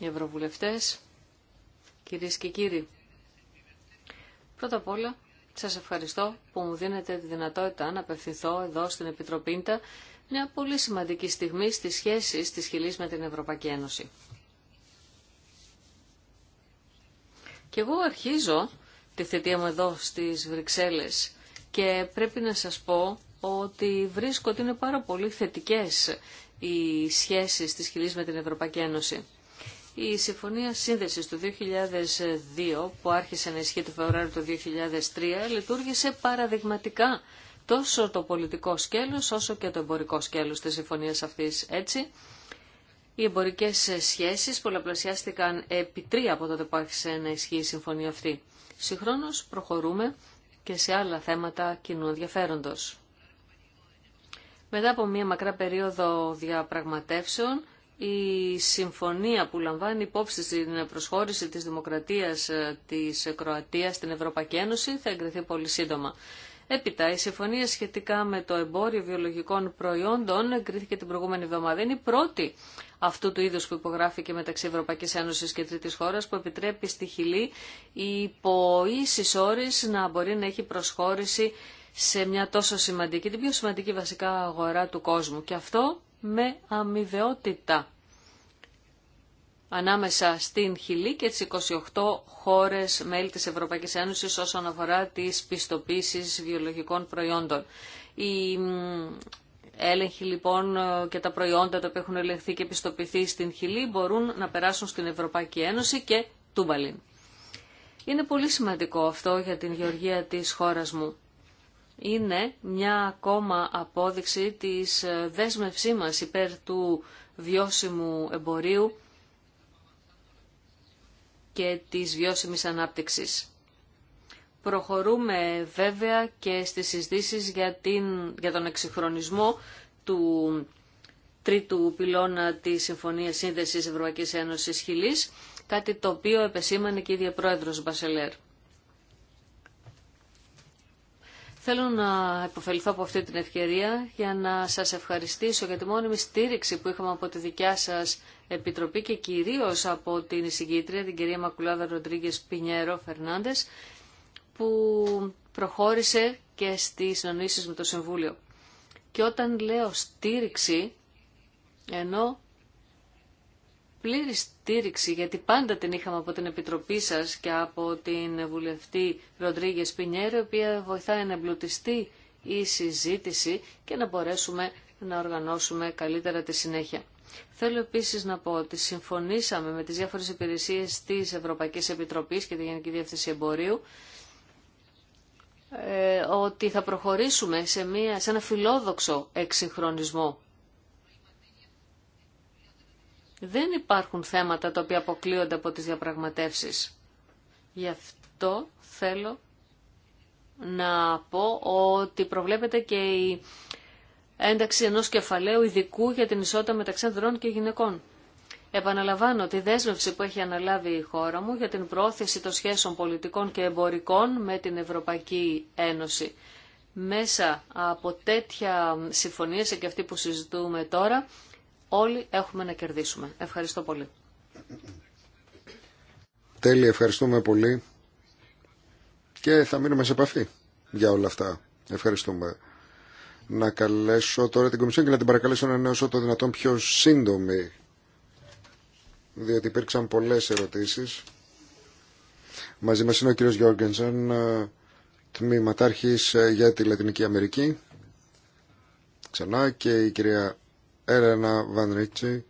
Ευρωβουλευτές, κυρίες και κύριοι. Πρώτα απ' όλα, σας ευχαριστώ που μου δίνετε τη δυνατότητα να απευθυνθώ εδώ στην Επιτροπή Ιντα μια πολύ σημαντική στιγμή στη σχέση της Χιλής με την Ευρωπαϊκή Ένωση. Και εγώ αρχίζω τη θητεία μου εδώ στις Βρυξέλλες και πρέπει να σας πω ότι βρίσκω ότι είναι πάρα πολύ θετικές οι σχέσεις της Χιλής με την Ευρωπαϊκή Ένωση. Η Συμφωνία Σύνδεσης του 2002 που άρχισε να ισχύει το Φεβρουάριο του 2003 λειτουργήσε παραδειγματικά τόσο το πολιτικό σκέλος όσο και το εμπορικό σκέλος της συμφωνίας αυτής έτσι. Οι εμπορικές σχέσεις πολλαπλασιάστηκαν επί τρία από τότε που άρχισε να ισχύει η συμφωνία αυτή. Συγχρόνως προχωρούμε και σε άλλα θέματα κοινού ενδιαφέροντος. Μετά από μια μακρά περίοδο διαπραγματεύσεων, η συμφωνία που λαμβάνει υπόψη στην προσχώρηση της Δημοκρατίας ε, της Κροατίας στην Ευρωπαϊκή Ένωση θα εγκριθεί πολύ σύντομα. Έπειτα, η συμφωνία σχετικά με το εμπόριο βιολογικών προϊόντων εγκρίθηκε την προηγούμενη εβδομάδα. Είναι η πρώτη αυτού του είδους που υπογράφηκε μεταξύ Ευρωπαϊκής Ένωσης και Τρίτης Χώρας που επιτρέπει στη Χιλή υπό ίσης όρης να μπορεί να έχει προσχώρηση σε μια τόσο σημαντική, την πιο σημαντική βασικά αγορά του κόσμου. Και αυτό με αμοιβαιότητα ανάμεσα στην Χιλή και τις 28 χώρες μέλη της Ευρωπαϊκής Ένωσης όσον αφορά τις πιστοποίησεις βιολογικών προϊόντων. Η έλεγχοι λοιπόν και τα προϊόντα τα οποία έχουν ελεγχθεί και πιστοποιηθεί στην Χιλή μπορούν να περάσουν στην Ευρωπαϊκή Ένωση και Τούμπαλιν. Είναι πολύ σημαντικό αυτό για την γεωργία της χώρας μου. Είναι μια ακόμα απόδειξη της δέσμευσή μας υπέρ του βιώσιμου εμπορίου και της βιώσιμης ανάπτυξης. Προχωρούμε βέβαια και στις συζητήσεις για, την, για τον εξυγχρονισμό του τρίτου πυλώνα της Συμφωνίας Σύνδεσης Ευρωπαϊκής Ένωσης Χιλής, κάτι το οποίο επεσήμανε και η ίδια πρόεδρος Μπασελέρ. Θέλω να υποφεληθώ από αυτή την ευκαιρία για να σας ευχαριστήσω για τη μόνιμη στήριξη που είχαμε από τη δικιά σας Επιτροπή και κυρίως από την εισηγήτρια, την κυρία Μακουλάδα Ροντρίγκες Πινιέρο Φερνάντες, που προχώρησε και στις συνονίσεις με το Συμβούλιο. Και όταν λέω στήριξη, ενώ πλήρη στήριξη, γιατί πάντα την είχαμε από την Επιτροπή σας και από την βουλευτή Ροντρίγε Σπινιέρη, η οποία βοηθάει να εμπλουτιστεί η συζήτηση και να μπορέσουμε να οργανώσουμε καλύτερα τη συνέχεια. Θέλω επίσης να πω ότι συμφωνήσαμε με τις διάφορες υπηρεσίες της Ευρωπαϊκής Επιτροπής και τη Γενική Διεύθυνση Εμπορίου ε, ότι θα προχωρήσουμε σε, μια, σε ένα φιλόδοξο εξυγχρονισμό δεν υπάρχουν θέματα τα οποία αποκλείονται από τις διαπραγματεύσεις. Γι' αυτό θέλω να πω ότι προβλέπεται και η ένταξη ενός κεφαλαίου ειδικού για την ισότητα μεταξύ ανδρών και γυναικών. Επαναλαμβάνω τη δέσμευση που έχει αναλάβει η χώρα μου για την πρόθεση των σχέσεων πολιτικών και εμπορικών με την Ευρωπαϊκή Ένωση. Μέσα από τέτοια συμφωνίες και αυτή που συζητούμε τώρα, όλοι έχουμε να κερδίσουμε. Ευχαριστώ πολύ. Τέλεια, ευχαριστούμε πολύ και θα μείνουμε σε επαφή για όλα αυτά. Ευχαριστούμε. Να καλέσω τώρα την Κομισιόν και να την παρακαλέσω να είναι όσο το δυνατόν πιο σύντομη, διότι υπήρξαν πολλές ερωτήσεις. Μαζί μας είναι ο κύριος Γιώργενσεν, τμήματάρχης για τη Λατινική Αμερική. Ξανά και η κυρία Έλενα Βανρίτσι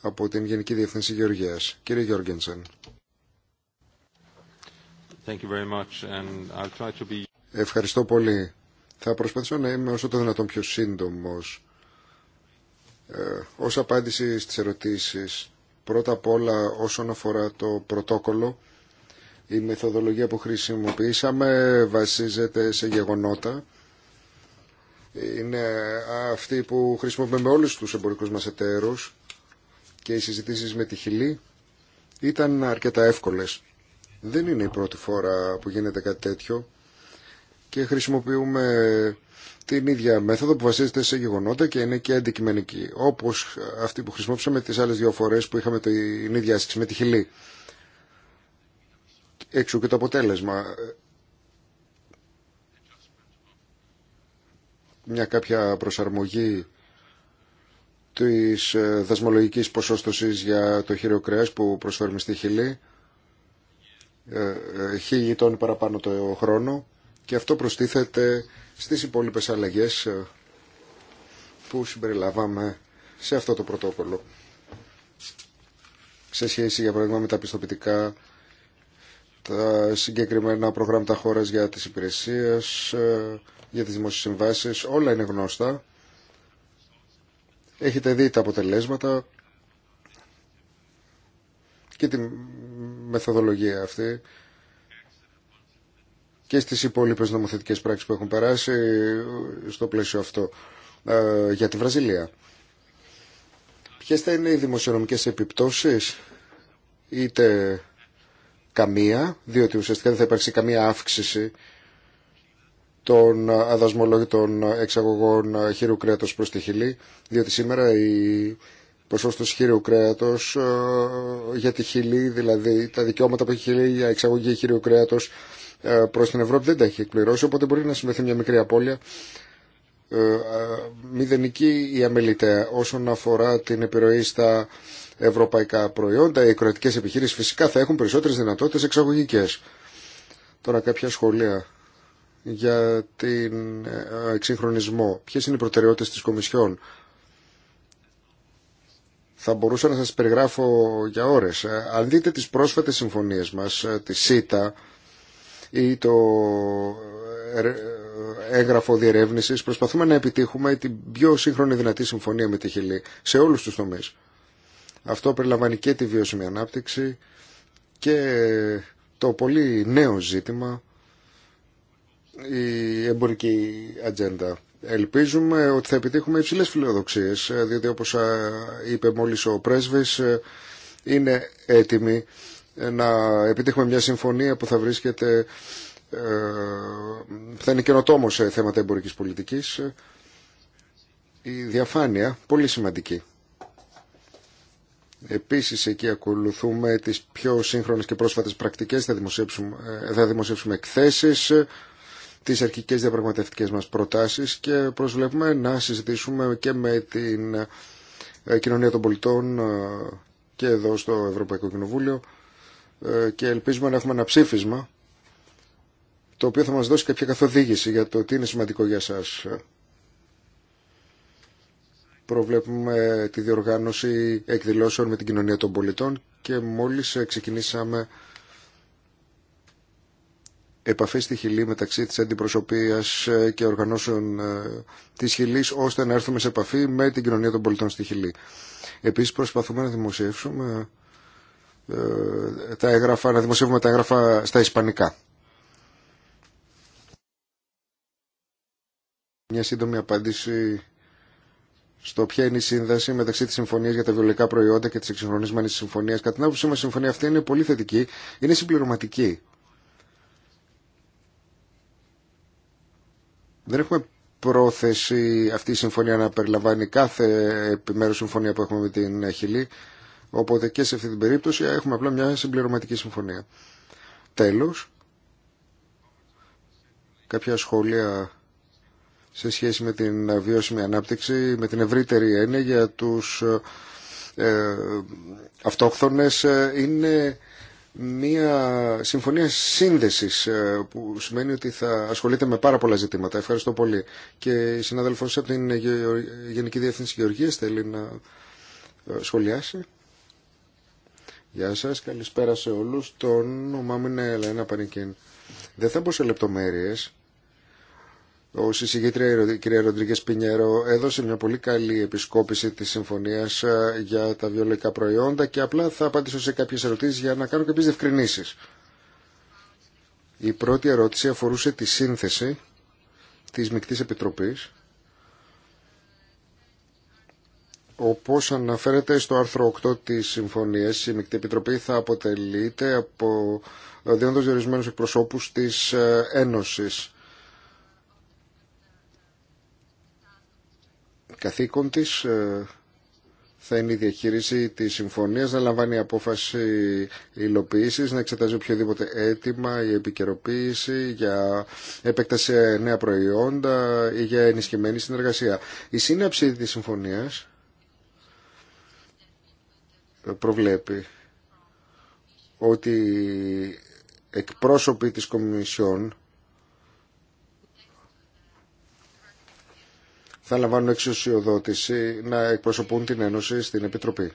από την Γενική Διευθυνσή Γεωργίας. Κύριε Γιώργενσεν. Be... Ευχαριστώ πολύ. Θα προσπαθήσω να είμαι όσο το δυνατόν πιο σύντομος. Ε, ως απάντηση στις ερωτήσεις, πρώτα απ' όλα όσον αφορά το πρωτόκολλο, η μεθοδολογία που χρησιμοποιήσαμε βασίζεται σε γεγονότα είναι αυτή που χρησιμοποιούμε με όλους τους εμπορικούς μας εταίρους και οι συζητήσεις με τη Χιλή ήταν αρκετά εύκολες. Δεν είναι η πρώτη φορά που γίνεται κάτι τέτοιο και χρησιμοποιούμε την ίδια μέθοδο που βασίζεται σε γεγονότα και είναι και αντικειμενική, όπως αυτή που χρησιμοποιήσαμε τις άλλες δύο φορές που είχαμε την ίδια άσκηση με τη Χιλή. Έξω και το αποτέλεσμα. μια κάποια προσαρμογή της ε, δασμολογικής ποσόστοσης για το χείριο που προσφέρουμε στη Χιλή ε, ε, χίλιοι τόνοι παραπάνω το χρόνο και αυτό προστίθεται στις υπόλοιπες αλλαγές που συμπεριλάβαμε σε αυτό το πρωτόκολλο σε σχέση για παράδειγμα με τα πιστοποιητικά τα συγκεκριμένα προγράμματα χώρας για τις υπηρεσίες για τις δημόσιες συμβάσεις, όλα είναι γνώστα. Έχετε δει τα αποτελέσματα και τη μεθοδολογία αυτή και στις υπόλοιπες νομοθετικές πράξεις που έχουν περάσει στο πλαίσιο αυτό ε, για τη Βραζιλία. Ποιες θα είναι οι δημοσιονομικές επιπτώσεις είτε καμία, διότι ουσιαστικά δεν θα υπάρξει καμία αύξηση των ε, αδασμολόγητων ε, εξαγωγών ε, χείρου κρέατος προς τη Χιλή, διότι σήμερα η ποσόστος χείριου κρέατος για τη Χιλή, δηλαδή τα δικαιώματα που έχει η Χιλή για εξαγωγή χείριου κρέατος προς την Ευρώπη δεν τα έχει εκπληρώσει, οπότε μπορεί να συμβεθεί μια μικρή απώλεια μηδενική ή αμελητέα όσον αφορά την επιρροή στα ευρωπαϊκά προϊόντα. Οι κρατικές επιχείρησεις φυσικά θα έχουν περισσότερες δυνατότητες εξαγωγικές. Τώρα κάποια σχολεία για την ε, εξυγχρονισμό. Ποιες είναι οι προτεραιότητες της Κομισιόν. Θα μπορούσα να σας περιγράφω για ώρες. Ε, αν δείτε τις πρόσφατες συμφωνίες μας, ε, τη ΣΥΤΑ ή το έγγραφο διερεύνησης, προσπαθούμε να επιτύχουμε την πιο σύγχρονη δυνατή συμφωνία με τη Χιλή σε όλους τους τομείς. Αυτό περιλαμβάνει και τη βιώσιμη ανάπτυξη και το πολύ νέο ζήτημα η εμπορική ατζέντα. Ελπίζουμε ότι θα επιτύχουμε υψηλές φιλοδοξίες, ε, διότι όπως ε, είπε μόλις ο πρέσβης, ε, είναι έτοιμοι να επιτύχουμε μια συμφωνία που θα βρίσκεται, θα είναι καινοτόμο σε θέματα εμπορικής πολιτικής. Η διαφάνεια, πολύ σημαντική. Επίσης εκεί ακολουθούμε τις πιο σύγχρονες και πρόσφατες πρακτικές, θα δημοσιεύσουμε, θα δημοσιεύσουμε εκθέσεις, τις αρχικές διαπραγματευτικές μας προτάσεις και προσβλέπουμε να συζητήσουμε και με την ε, κοινωνία των πολιτών ε, και εδώ στο Ευρωπαϊκό Κοινοβούλιο ε, και ελπίζουμε να έχουμε ένα ψήφισμα το οποίο θα μας δώσει κάποια καθοδήγηση για το τι είναι σημαντικό για σας. Προβλέπουμε τη διοργάνωση εκδηλώσεων με την κοινωνία των πολιτών και μόλις ξεκινήσαμε Επαφή στη Χιλή μεταξύ της αντιπροσωπείας ε, και οργανώσεων ε, της Χιλής ώστε να έρθουμε σε επαφή με την κοινωνία των πολιτών στη Χιλή. Επίσης προσπαθούμε να δημοσιεύσουμε ε, τα έγγραφα, να δημοσιεύουμε τα έγγραφα στα ισπανικά. Μια σύντομη απάντηση στο ποια είναι η σύνδεση μεταξύ τη συμφωνία για τα βιολογικά προϊόντα και τη εξυγχρονισμένη συμφωνία. Κατά την άποψή μα, η συμφωνία αυτή είναι πολύ θετική. Είναι συμπληρωματική Δεν έχουμε πρόθεση αυτή η συμφωνία να περιλαμβάνει κάθε επιμέρους συμφωνία που έχουμε με την Χιλή. Οπότε και σε αυτή την περίπτωση έχουμε απλά μια συμπληρωματική συμφωνία. Τέλος, κάποια σχόλια σε σχέση με την βιώσιμη ανάπτυξη, με την ευρύτερη έννοια για τους ε, ε αυτόχθονες ε, είναι μία συμφωνία σύνδεσης ε, που σημαίνει ότι θα ασχολείται με πάρα πολλά ζητήματα. Ευχαριστώ πολύ. Και η συνάδελφος από την Γενική Διεύθυνση Γεωργίας θέλει να ε, σχολιάσει. Γεια σας, καλησπέρα σε όλους. Το όνομά μου είναι Ελένα Πανικίν. Δεν θα μπω σε λεπτομέρειες ο συζητήτρια κυρία Ροντρίγκε Πινιέρο έδωσε μια πολύ καλή επισκόπηση της συμφωνίας ε, για τα βιολογικά προϊόντα και απλά θα απαντήσω σε κάποιες ερωτήσεις για να κάνω κάποιε διευκρινήσει. Η πρώτη ερώτηση αφορούσε τη σύνθεση της Μικτής Επιτροπής Όπως αναφέρεται στο άρθρο 8 της συμφωνίας, η Μικτή Επιτροπή θα αποτελείται από ε, διόντως διορισμένους εκπροσώπους της ε, Ένωσης καθήκον της ε, θα είναι η διαχείριση της συμφωνίας, να λαμβάνει απόφαση υλοποίησης, να εξετάζει οποιοδήποτε αίτημα ή επικαιροποίηση για επέκταση νέα προϊόντα ή για ενισχυμένη συνεργασία. Η σύναψη της συμφωνίας προβλέπει ότι εκπρόσωποι της Κομισιόν θα λαμβάνουν εξουσιοδότηση να εκπροσωπούν την Ένωση στην Επιτροπή.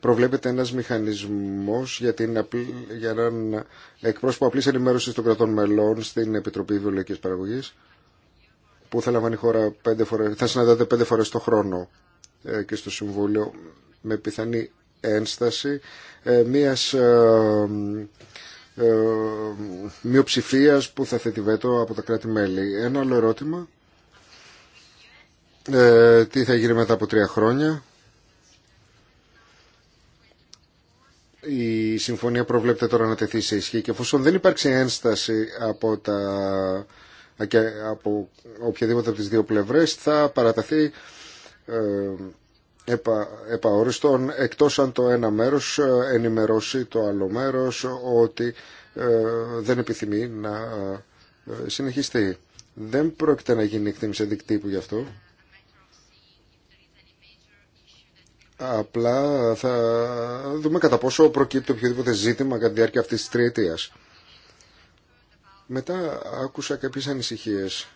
Προβλέπεται ένας μηχανισμός για, την απλ για έναν εκπρόσωπο απλής ενημέρωσης των κρατών μελών στην Επιτροπή Βιολογικής Παραγωγής που θα λαμβάνει χώρα πέντε φορές, θα συναντάται πέντε φορές το χρόνο ε, και στο Συμβούλιο με πιθανή ένσταση ε, μιας ε, ε, που θα θέτει βέτο από τα κράτη-μέλη. Ένα άλλο ερώτημα ε, τι θα γίνει μετά από τρία χρόνια. Η συμφωνία προβλέπεται τώρα να τεθεί σε ισχύ και εφόσον δεν υπάρξει ένσταση από, τα, από οποιαδήποτε από τις δύο πλευρές θα παραταθεί ε, επα, επαόριστον εκτός αν το ένα μέρος ε, ενημερώσει το άλλο μέρος ότι ε, δεν επιθυμεί να συνεχιστεί. Δεν πρόκειται να γίνει εκτίμηση δικτύπου γι' αυτό. Απλά θα δούμε κατά πόσο προκύπτει οποιοδήποτε ζήτημα κατά τη διάρκεια αυτής της τριετίας. Μετά άκουσα κάποιες ανησυχίες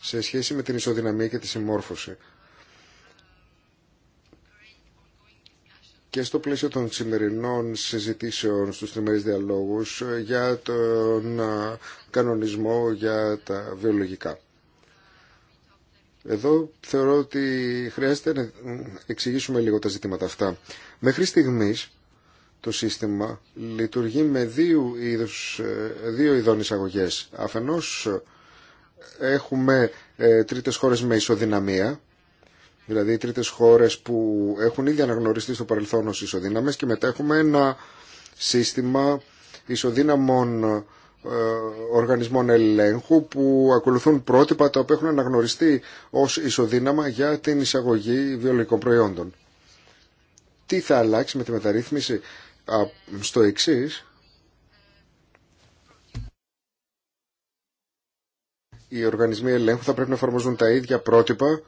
σε σχέση με την ισοδυναμία και τη συμμόρφωση. Και στο πλαίσιο των σημερινών συζητήσεων στους τριμερείς διαλόγους για τον κανονισμό για τα βιολογικά. Εδώ θεωρώ ότι χρειάζεται να εξηγήσουμε λίγο τα ζητήματα αυτά. Μέχρι στιγμή το σύστημα λειτουργεί με δύο, είδους, ε, δύο ειδών εισαγωγέ. Αφενός ε, έχουμε ε, τρίτες χώρες με ισοδυναμία, δηλαδή τρίτες χώρες που έχουν ήδη αναγνωριστεί στο παρελθόν ως ισοδύναμες και μετά έχουμε ένα σύστημα ισοδύναμων ε, οργανισμών ελέγχου που ακολουθούν πρότυπα τα οποία έχουν αναγνωριστεί ως ισοδύναμα για την εισαγωγή βιολογικών προϊόντων. Τι θα αλλάξει με τη μεταρρύθμιση στο εξή. Οι οργανισμοί ελέγχου θα πρέπει να εφαρμοζούν τα ίδια πρότυπα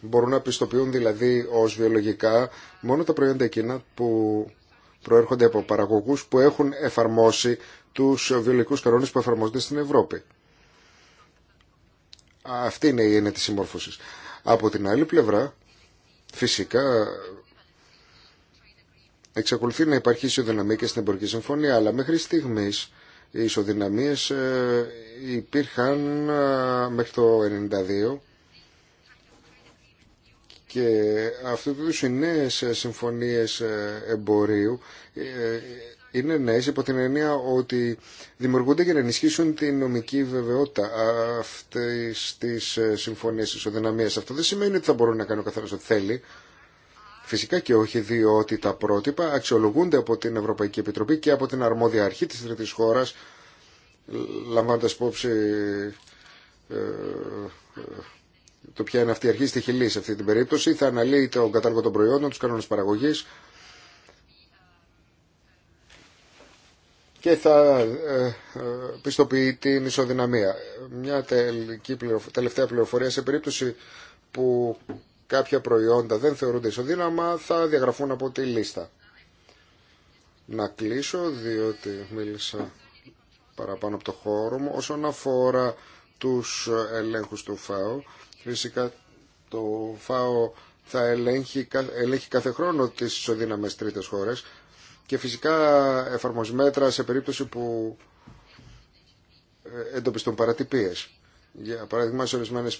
Μπορούν να πιστοποιούν δηλαδή ως βιολογικά μόνο τα προϊόντα εκείνα που προέρχονται από παραγωγούς που έχουν εφαρμόσει τους βιολογικού κανόνες που εφαρμόζονται στην Ευρώπη. Αυτή είναι η έννοια τη συμμόρφωση. Από την άλλη πλευρά, φυσικά, εξακολουθεί να υπάρχει ισοδυναμία και στην εμπορική συμφωνία, αλλά μέχρι στιγμής οι ισοδυναμίε ε, υπήρχαν ε, μέχρι το 1992 και αυτού του είδους οι ε, συμφωνίες ε, εμπορίου ε, είναι νέες υπό την έννοια ότι δημιουργούνται για να ενισχύσουν την νομική βεβαιότητα αυτές τις τη ισοδυναμίας. Αυτό δεν σημαίνει ότι θα μπορούν να κάνουν ο καθένας ό,τι θέλει. Φυσικά και όχι, διότι τα πρότυπα αξιολογούνται από την Ευρωπαϊκή Επιτροπή και από την αρμόδια αρχή της τρίτης χώρας, λαμβάνοντας υπόψη το ποια είναι αυτή η αρχή στη σε αυτή την περίπτωση. Θα αναλύει τον κατάλογο των προϊόντων, του κανόνε παραγωγή και θα ε, ε, πιστοποιεί την ισοδυναμία. Μια τελευταία πληροφορία σε περίπτωση που κάποια προϊόντα δεν θεωρούνται ισοδύναμα θα διαγραφούν από τη λίστα. Να κλείσω διότι μίλησα παραπάνω από το χώρο μου όσον αφορά τους ελέγχους του ΦΑΟ Φυσικά το ΦΑΟ θα ελέγχει, ελέγχει κάθε χρόνο τις ισοδύναμες τρίτες χώρες και φυσικά εφαρμοσμέτρα σε περίπτωση που ε, εντοπιστούν παρατυπίες. Για παράδειγμα, σε ορισμένε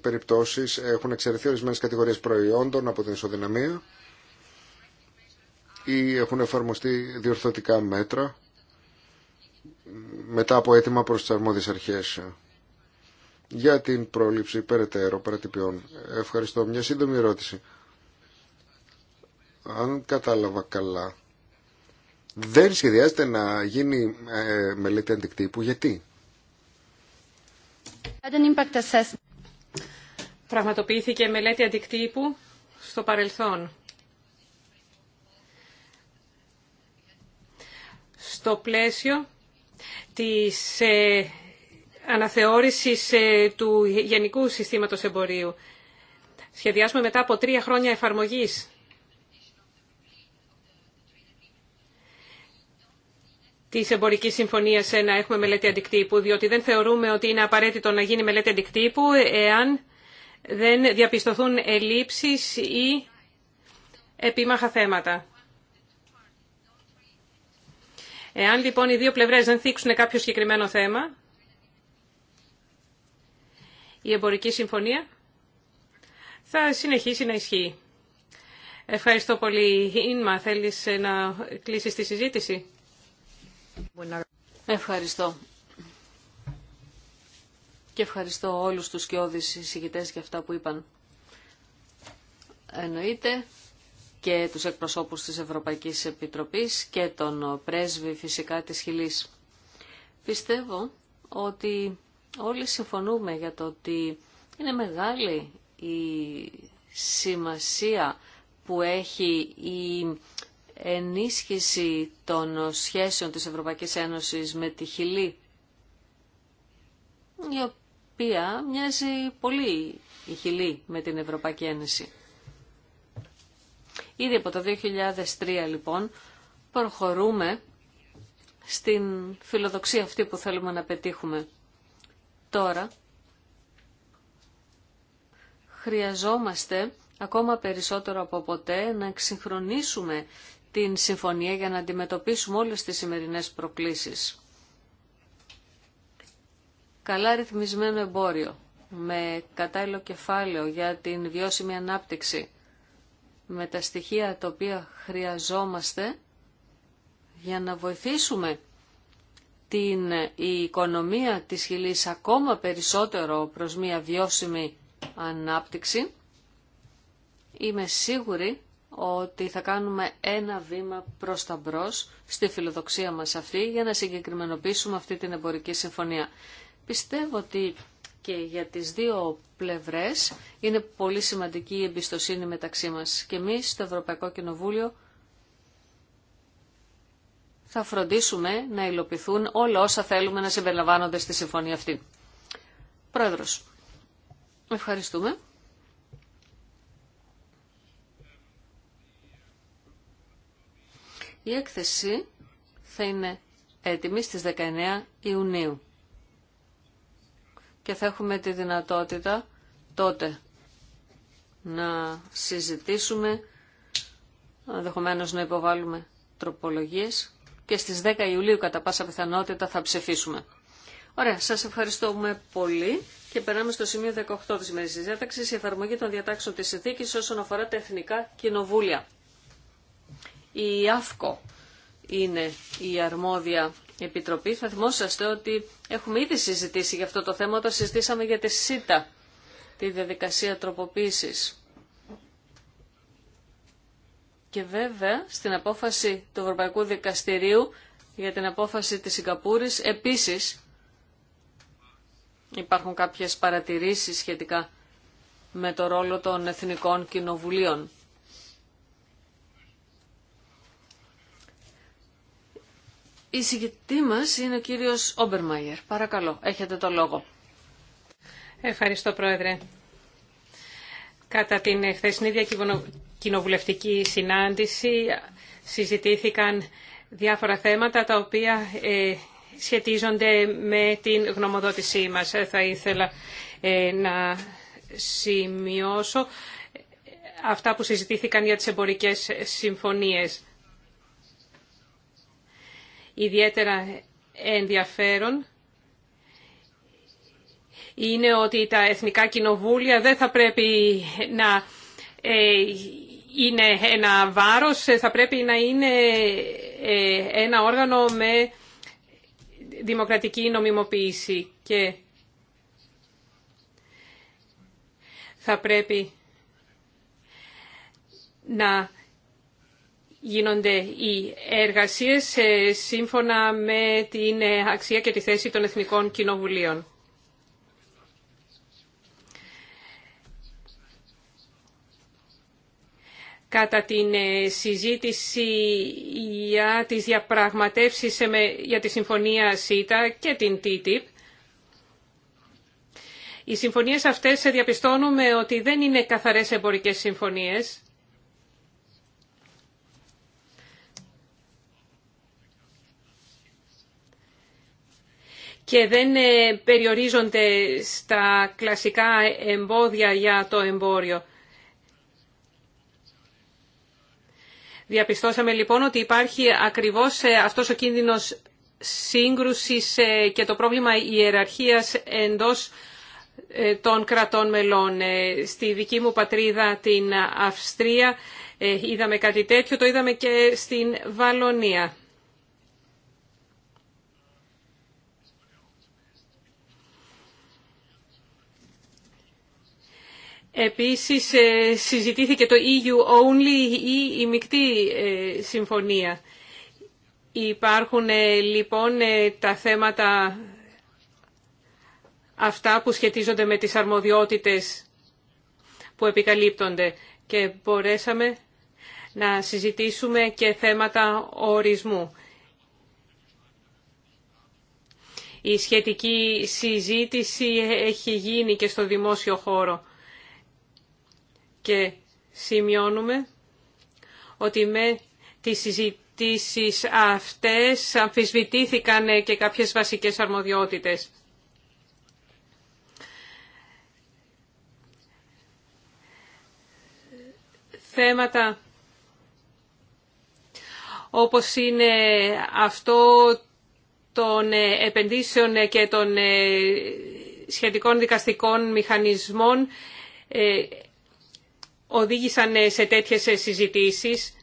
περιπτώσεις έχουν εξαιρεθεί ορισμένε κατηγορίες προϊόντων από την ισοδυναμία ή έχουν εφαρμοστεί διορθωτικά μέτρα μετά από αίτημα προς τις αρμόδιες αρχές για την πρόληψη περαιτέρω παρατυπιών. Ευχαριστώ. Μια σύντομη ερώτηση. Αν κατάλαβα καλά, δεν σχεδιάζεται να γίνει ε, μελέτη αντικτύπου. Γιατί? Πραγματοποιήθηκε μελέτη αντικτύπου στο παρελθόν. Στο πλαίσιο της ε, αναθεώρησης ε, του Γενικού Συστήματος Εμπορίου. Σχεδιάζουμε μετά από τρία χρόνια εφαρμογής τη εμπορική συμφωνία ε, να έχουμε μελέτη αντικτύπου, διότι δεν θεωρούμε ότι είναι απαραίτητο να γίνει μελέτη αντικτύπου εάν δεν διαπιστωθούν ελλείψεις ή επίμαχα θέματα. Εάν λοιπόν οι δύο πλευρές δεν θίξουν κάποιο συγκεκριμένο θέμα, η εμπορική συμφωνία θα συνεχίσει να ισχύει. Ευχαριστώ πολύ. Ίνμα, θέλεις να κλείσεις τη συζήτηση. Ευχαριστώ. Και ευχαριστώ όλους τους σκιώδεις συζητητές για αυτά που είπαν. Εννοείται και τους εκπροσώπους της Ευρωπαϊκής Επιτροπής και τον πρέσβη φυσικά της Χιλής. Πιστεύω ότι όλοι συμφωνούμε για το ότι είναι μεγάλη η σημασία που έχει η ενίσχυση των σχέσεων της Ευρωπαϊκής Ένωσης με τη Χιλή, η οποία μοιάζει πολύ η Χιλή με την Ευρωπαϊκή Ένωση. Ήδη από το 2003 λοιπόν προχωρούμε στην φιλοδοξία αυτή που θέλουμε να πετύχουμε. Τώρα χρειαζόμαστε ακόμα περισσότερο από ποτέ να εξυγχρονίσουμε την συμφωνία για να αντιμετωπίσουμε όλες τις σημερινές προκλήσεις. Καλά ρυθμισμένο εμπόριο, με κατάλληλο κεφάλαιο για την βιώσιμη ανάπτυξη, με τα στοιχεία τα οποία χρειαζόμαστε για να βοηθήσουμε την οικονομία της Χιλής ακόμα περισσότερο προς μια βιώσιμη ανάπτυξη, είμαι σίγουρη ότι θα κάνουμε ένα βήμα προς τα μπρος στη φιλοδοξία μας αυτή για να συγκεκριμενοποιήσουμε αυτή την εμπορική συμφωνία. Πιστεύω ότι και για τις δύο πλευρές είναι πολύ σημαντική η εμπιστοσύνη μεταξύ μας. Και εμείς στο Ευρωπαϊκό Κοινοβούλιο θα φροντίσουμε να υλοποιηθούν όλα όσα θέλουμε να συμπεριλαμβάνονται στη συμφωνία αυτή. Πρόεδρος, ευχαριστούμε. Η έκθεση θα είναι έτοιμη στις 19 Ιουνίου και θα έχουμε τη δυνατότητα τότε να συζητήσουμε, ενδεχομένω να υποβάλουμε τροπολογίες και στις 10 Ιουλίου κατά πάσα πιθανότητα θα ψηφίσουμε. Ωραία, σας ευχαριστούμε πολύ και περάμε στο σημείο 18 της μέρης της διάταξης, η εφαρμογή των διατάξεων της συνθήκης όσον αφορά τα εθνικά κοινοβούλια. Η ΑΦΚΟ είναι η αρμόδια επιτροπή. Θα θυμόσαστε ότι έχουμε ήδη συζητήσει για αυτό το θέμα όταν συζητήσαμε για τη ΣΥΤΑ, τη διαδικασία τροποποίησης. Και βέβαια στην απόφαση του Ευρωπαϊκού Δικαστηρίου για την απόφαση της Σιγκαπούρης επίσης υπάρχουν κάποιες παρατηρήσεις σχετικά με το ρόλο των εθνικών κοινοβουλίων. Η συγκεκριτή μας είναι ο κύριος Όμπερμαγερ. Παρακαλώ, έχετε το λόγο. Ευχαριστώ, Πρόεδρε. Κατά την χθεσινή διακυβερνητική κοινοβουλευτική συνάντηση συζητήθηκαν διάφορα θέματα τα οποία ε, σχετίζονται με την γνωμοδότησή μας. Θα ήθελα ε, να σημειώσω αυτά που συζητήθηκαν για τις εμπορικές συμφωνίες. Ιδιαίτερα ενδιαφέρον είναι ότι τα εθνικά κοινοβούλια δεν θα πρέπει να ε, είναι ένα βάρος, θα πρέπει να είναι ε, ένα όργανο με δημοκρατική νομιμοποίηση και θα πρέπει να γίνονται οι εργασίες ε, σύμφωνα με την ε, αξία και τη θέση των Εθνικών Κοινοβουλίων. κατά την ε, συζήτηση για τις διαπραγματεύσεις για τη Συμφωνία ΣΥΤΑ και την TTIP. Οι συμφωνίες αυτές διαπιστώνουμε ότι δεν είναι καθαρές εμπορικές συμφωνίες. και δεν ε, περιορίζονται στα κλασικά εμπόδια για το εμπόριο. Διαπιστώσαμε λοιπόν ότι υπάρχει ακριβώς ε, αυτός ο κίνδυνος σύγκρουσης ε, και το πρόβλημα ιεραρχίας εντός ε, των κρατών μελών. Στη δική μου πατρίδα την Αυστρία είδαμε κάτι τέτοιο, το είδαμε και στην Βαλονία. Επίσης ε, συζητήθηκε το EU Only ή η μεικτή ε, συμφωνία. Υπάρχουν ε, λοιπόν τα θέματα αυτά που σχετίζονται με τις αρμοδιότητες που επικαλύπτονται και μπορέσαμε να συζητήσουμε και θέματα ορισμού. Η σχετική συζήτηση έχει γίνει και στο δημόσιο χώρο και σημειώνουμε ότι με τις συζητήσεις αυτές αμφισβητήθηκαν ε, και κάποιες βασικές αρμοδιότητες. Θέματα όπως είναι αυτό των ε, επενδύσεων και των ε, σχετικών δικαστικών μηχανισμών οδήγησαν ε, σε τέτοιες ε, συζητήσεις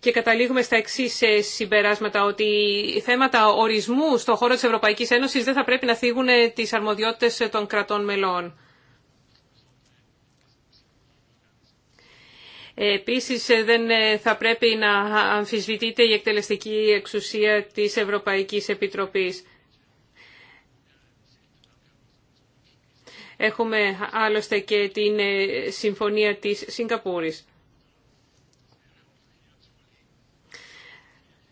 και καταλήγουμε στα εξή ε, συμπεράσματα ότι θέματα ορισμού στον χώρο της Ευρωπαϊκής Ένωσης δεν θα πρέπει να θίγουν τις αρμοδιότητες των κρατών μελών. Επίσης δεν θα πρέπει να αμφισβητείται η εκτελεστική εξουσία της Ευρωπαϊκής Επιτροπής. Έχουμε άλλωστε και την ε, συμφωνία της Σιγκαπούρης.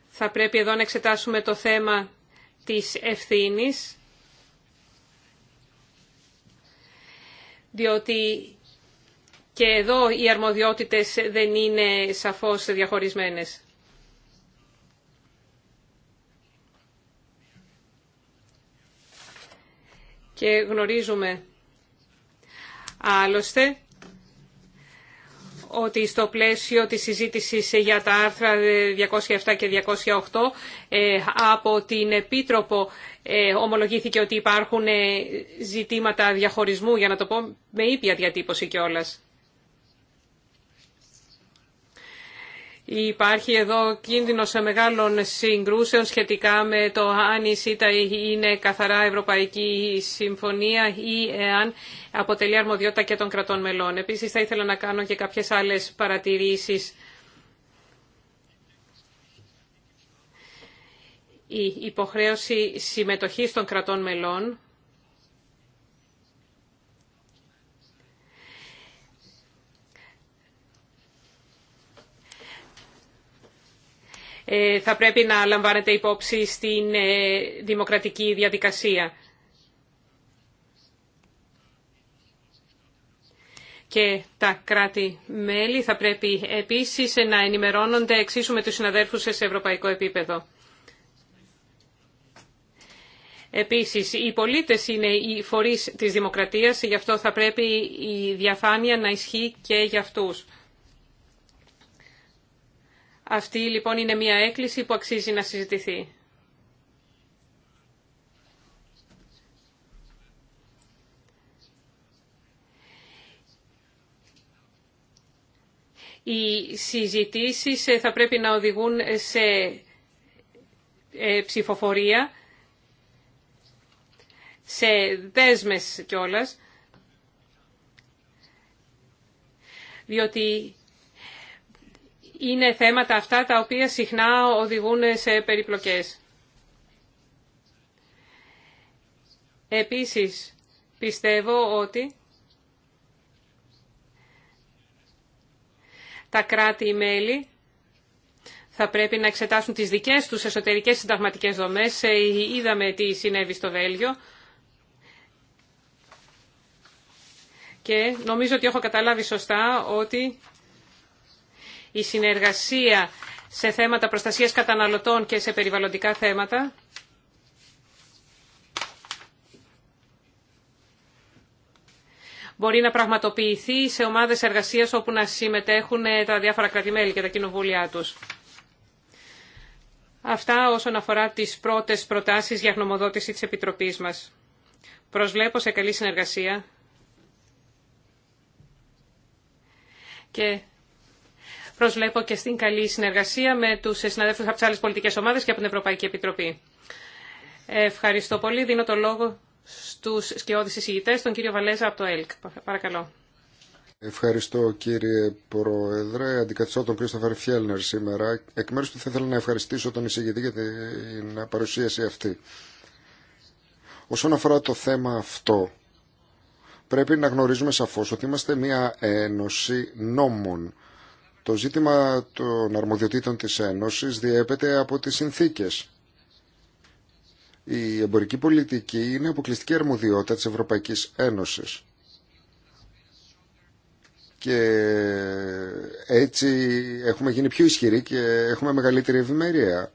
Θα πρέπει εδώ να εξετάσουμε το θέμα της ευθύνης, διότι και εδώ οι αρμοδιότητες δεν είναι σαφώς διαχωρισμένες. Και γνωρίζουμε Άλλωστε, ότι στο πλαίσιο της συζήτησης για τα άρθρα 207 και 208 ε, από την Επίτροπο ε, ομολογήθηκε ότι υπάρχουν ε, ζητήματα διαχωρισμού, για να το πω με ήπια διατύπωση κιόλας. Υπάρχει εδώ σε μεγάλων συγκρούσεων σχετικά με το αν η ΣΥΤΑ είναι καθαρά Ευρωπαϊκή Συμφωνία ή εάν αποτελεί αρμοδιότητα και των κρατών μελών. Επίσης θα ήθελα να κάνω και κάποιες άλλες παρατηρήσεις. Η υποχρέωση συμμετοχής των κρατών μελών Ε, θα πρέπει να λαμβάνεται υπόψη στην ε, δημοκρατική διαδικασία. και τα κράτη-μέλη θα πρέπει επίσης να ενημερώνονται εξίσου με τους συναδέλφους σε ευρωπαϊκό επίπεδο. Επίσης, οι πολίτες είναι οι φορείς της δημοκρατίας, γι' αυτό θα πρέπει η διαφάνεια να ισχύει και για αυτούς. Αυτή λοιπόν είναι μια έκκληση που αξίζει να συζητηθεί. Οι συζητήσεις ε, θα πρέπει να οδηγούν σε ε, ψηφοφορία, σε δέσμες κιόλας, διότι είναι θέματα αυτά τα οποία συχνά οδηγούν σε περιπλοκές. Επίσης, πιστεύω ότι τα κράτη-μέλη θα πρέπει να εξετάσουν τις δικές τους εσωτερικές συνταγματικές δομές. Ε, είδαμε τι συνέβη στο Βέλγιο. Και νομίζω ότι έχω καταλάβει σωστά ότι η συνεργασία σε θέματα προστασίας καταναλωτών και σε περιβαλλοντικά θέματα. Μπορεί να πραγματοποιηθεί σε ομάδες εργασίας όπου να συμμετέχουν ε, τα διάφορα κρατημέλη και τα κοινοβούλια τους. Αυτά όσον αφορά τις πρώτες προτάσεις για γνωμοδότηση της Επιτροπής μας. Προσβλέπω σε καλή συνεργασία. Και Προσβλέπω και στην καλή συνεργασία με του συναδέλφους από τι άλλε πολιτικές ομάδες και από την Ευρωπαϊκή Επιτροπή. Ευχαριστώ πολύ. Δίνω το λόγο στου σκιώδει εισηγητές, τον κύριο Βαλέζα από το ΕΛΚ. Παρακαλώ. Ευχαριστώ κύριε Πρόεδρε. Αντικαθιστώ τον Κρίστοφερ Φιέλνερ σήμερα. Εκ μέρου του θα ήθελα να ευχαριστήσω τον εισηγητή για την παρουσίαση αυτή. Όσον αφορά το θέμα αυτό, πρέπει να γνωρίζουμε σαφώς ότι είμαστε μια ένωση νόμων. Το ζήτημα των αρμοδιοτήτων της Ένωσης διέπεται από τις συνθήκες. Η εμπορική πολιτική είναι αποκλειστική αρμοδιότητα της Ευρωπαϊκής Ένωσης. Και έτσι έχουμε γίνει πιο ισχυροί και έχουμε μεγαλύτερη ευημερία.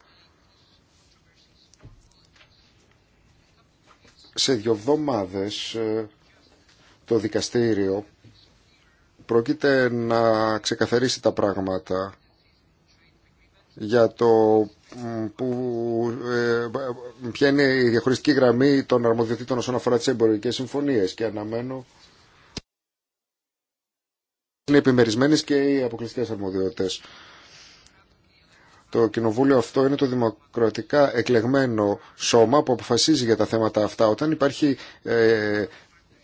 Σε δύο εβδομάδες ε, το δικαστήριο πρόκειται να ξεκαθαρίσει τα πράγματα για το που, ε, ποια είναι η διαχωριστική γραμμή των αρμοδιοτήτων όσον αφορά τις εμπορικές συμφωνίες και αναμένω είναι επιμερισμένες και οι αποκλειστικές αρμοδιότητες. Το κοινοβούλιο αυτό είναι το δημοκρατικά εκλεγμένο σώμα που αποφασίζει για τα θέματα αυτά. Όταν υπάρχει ε,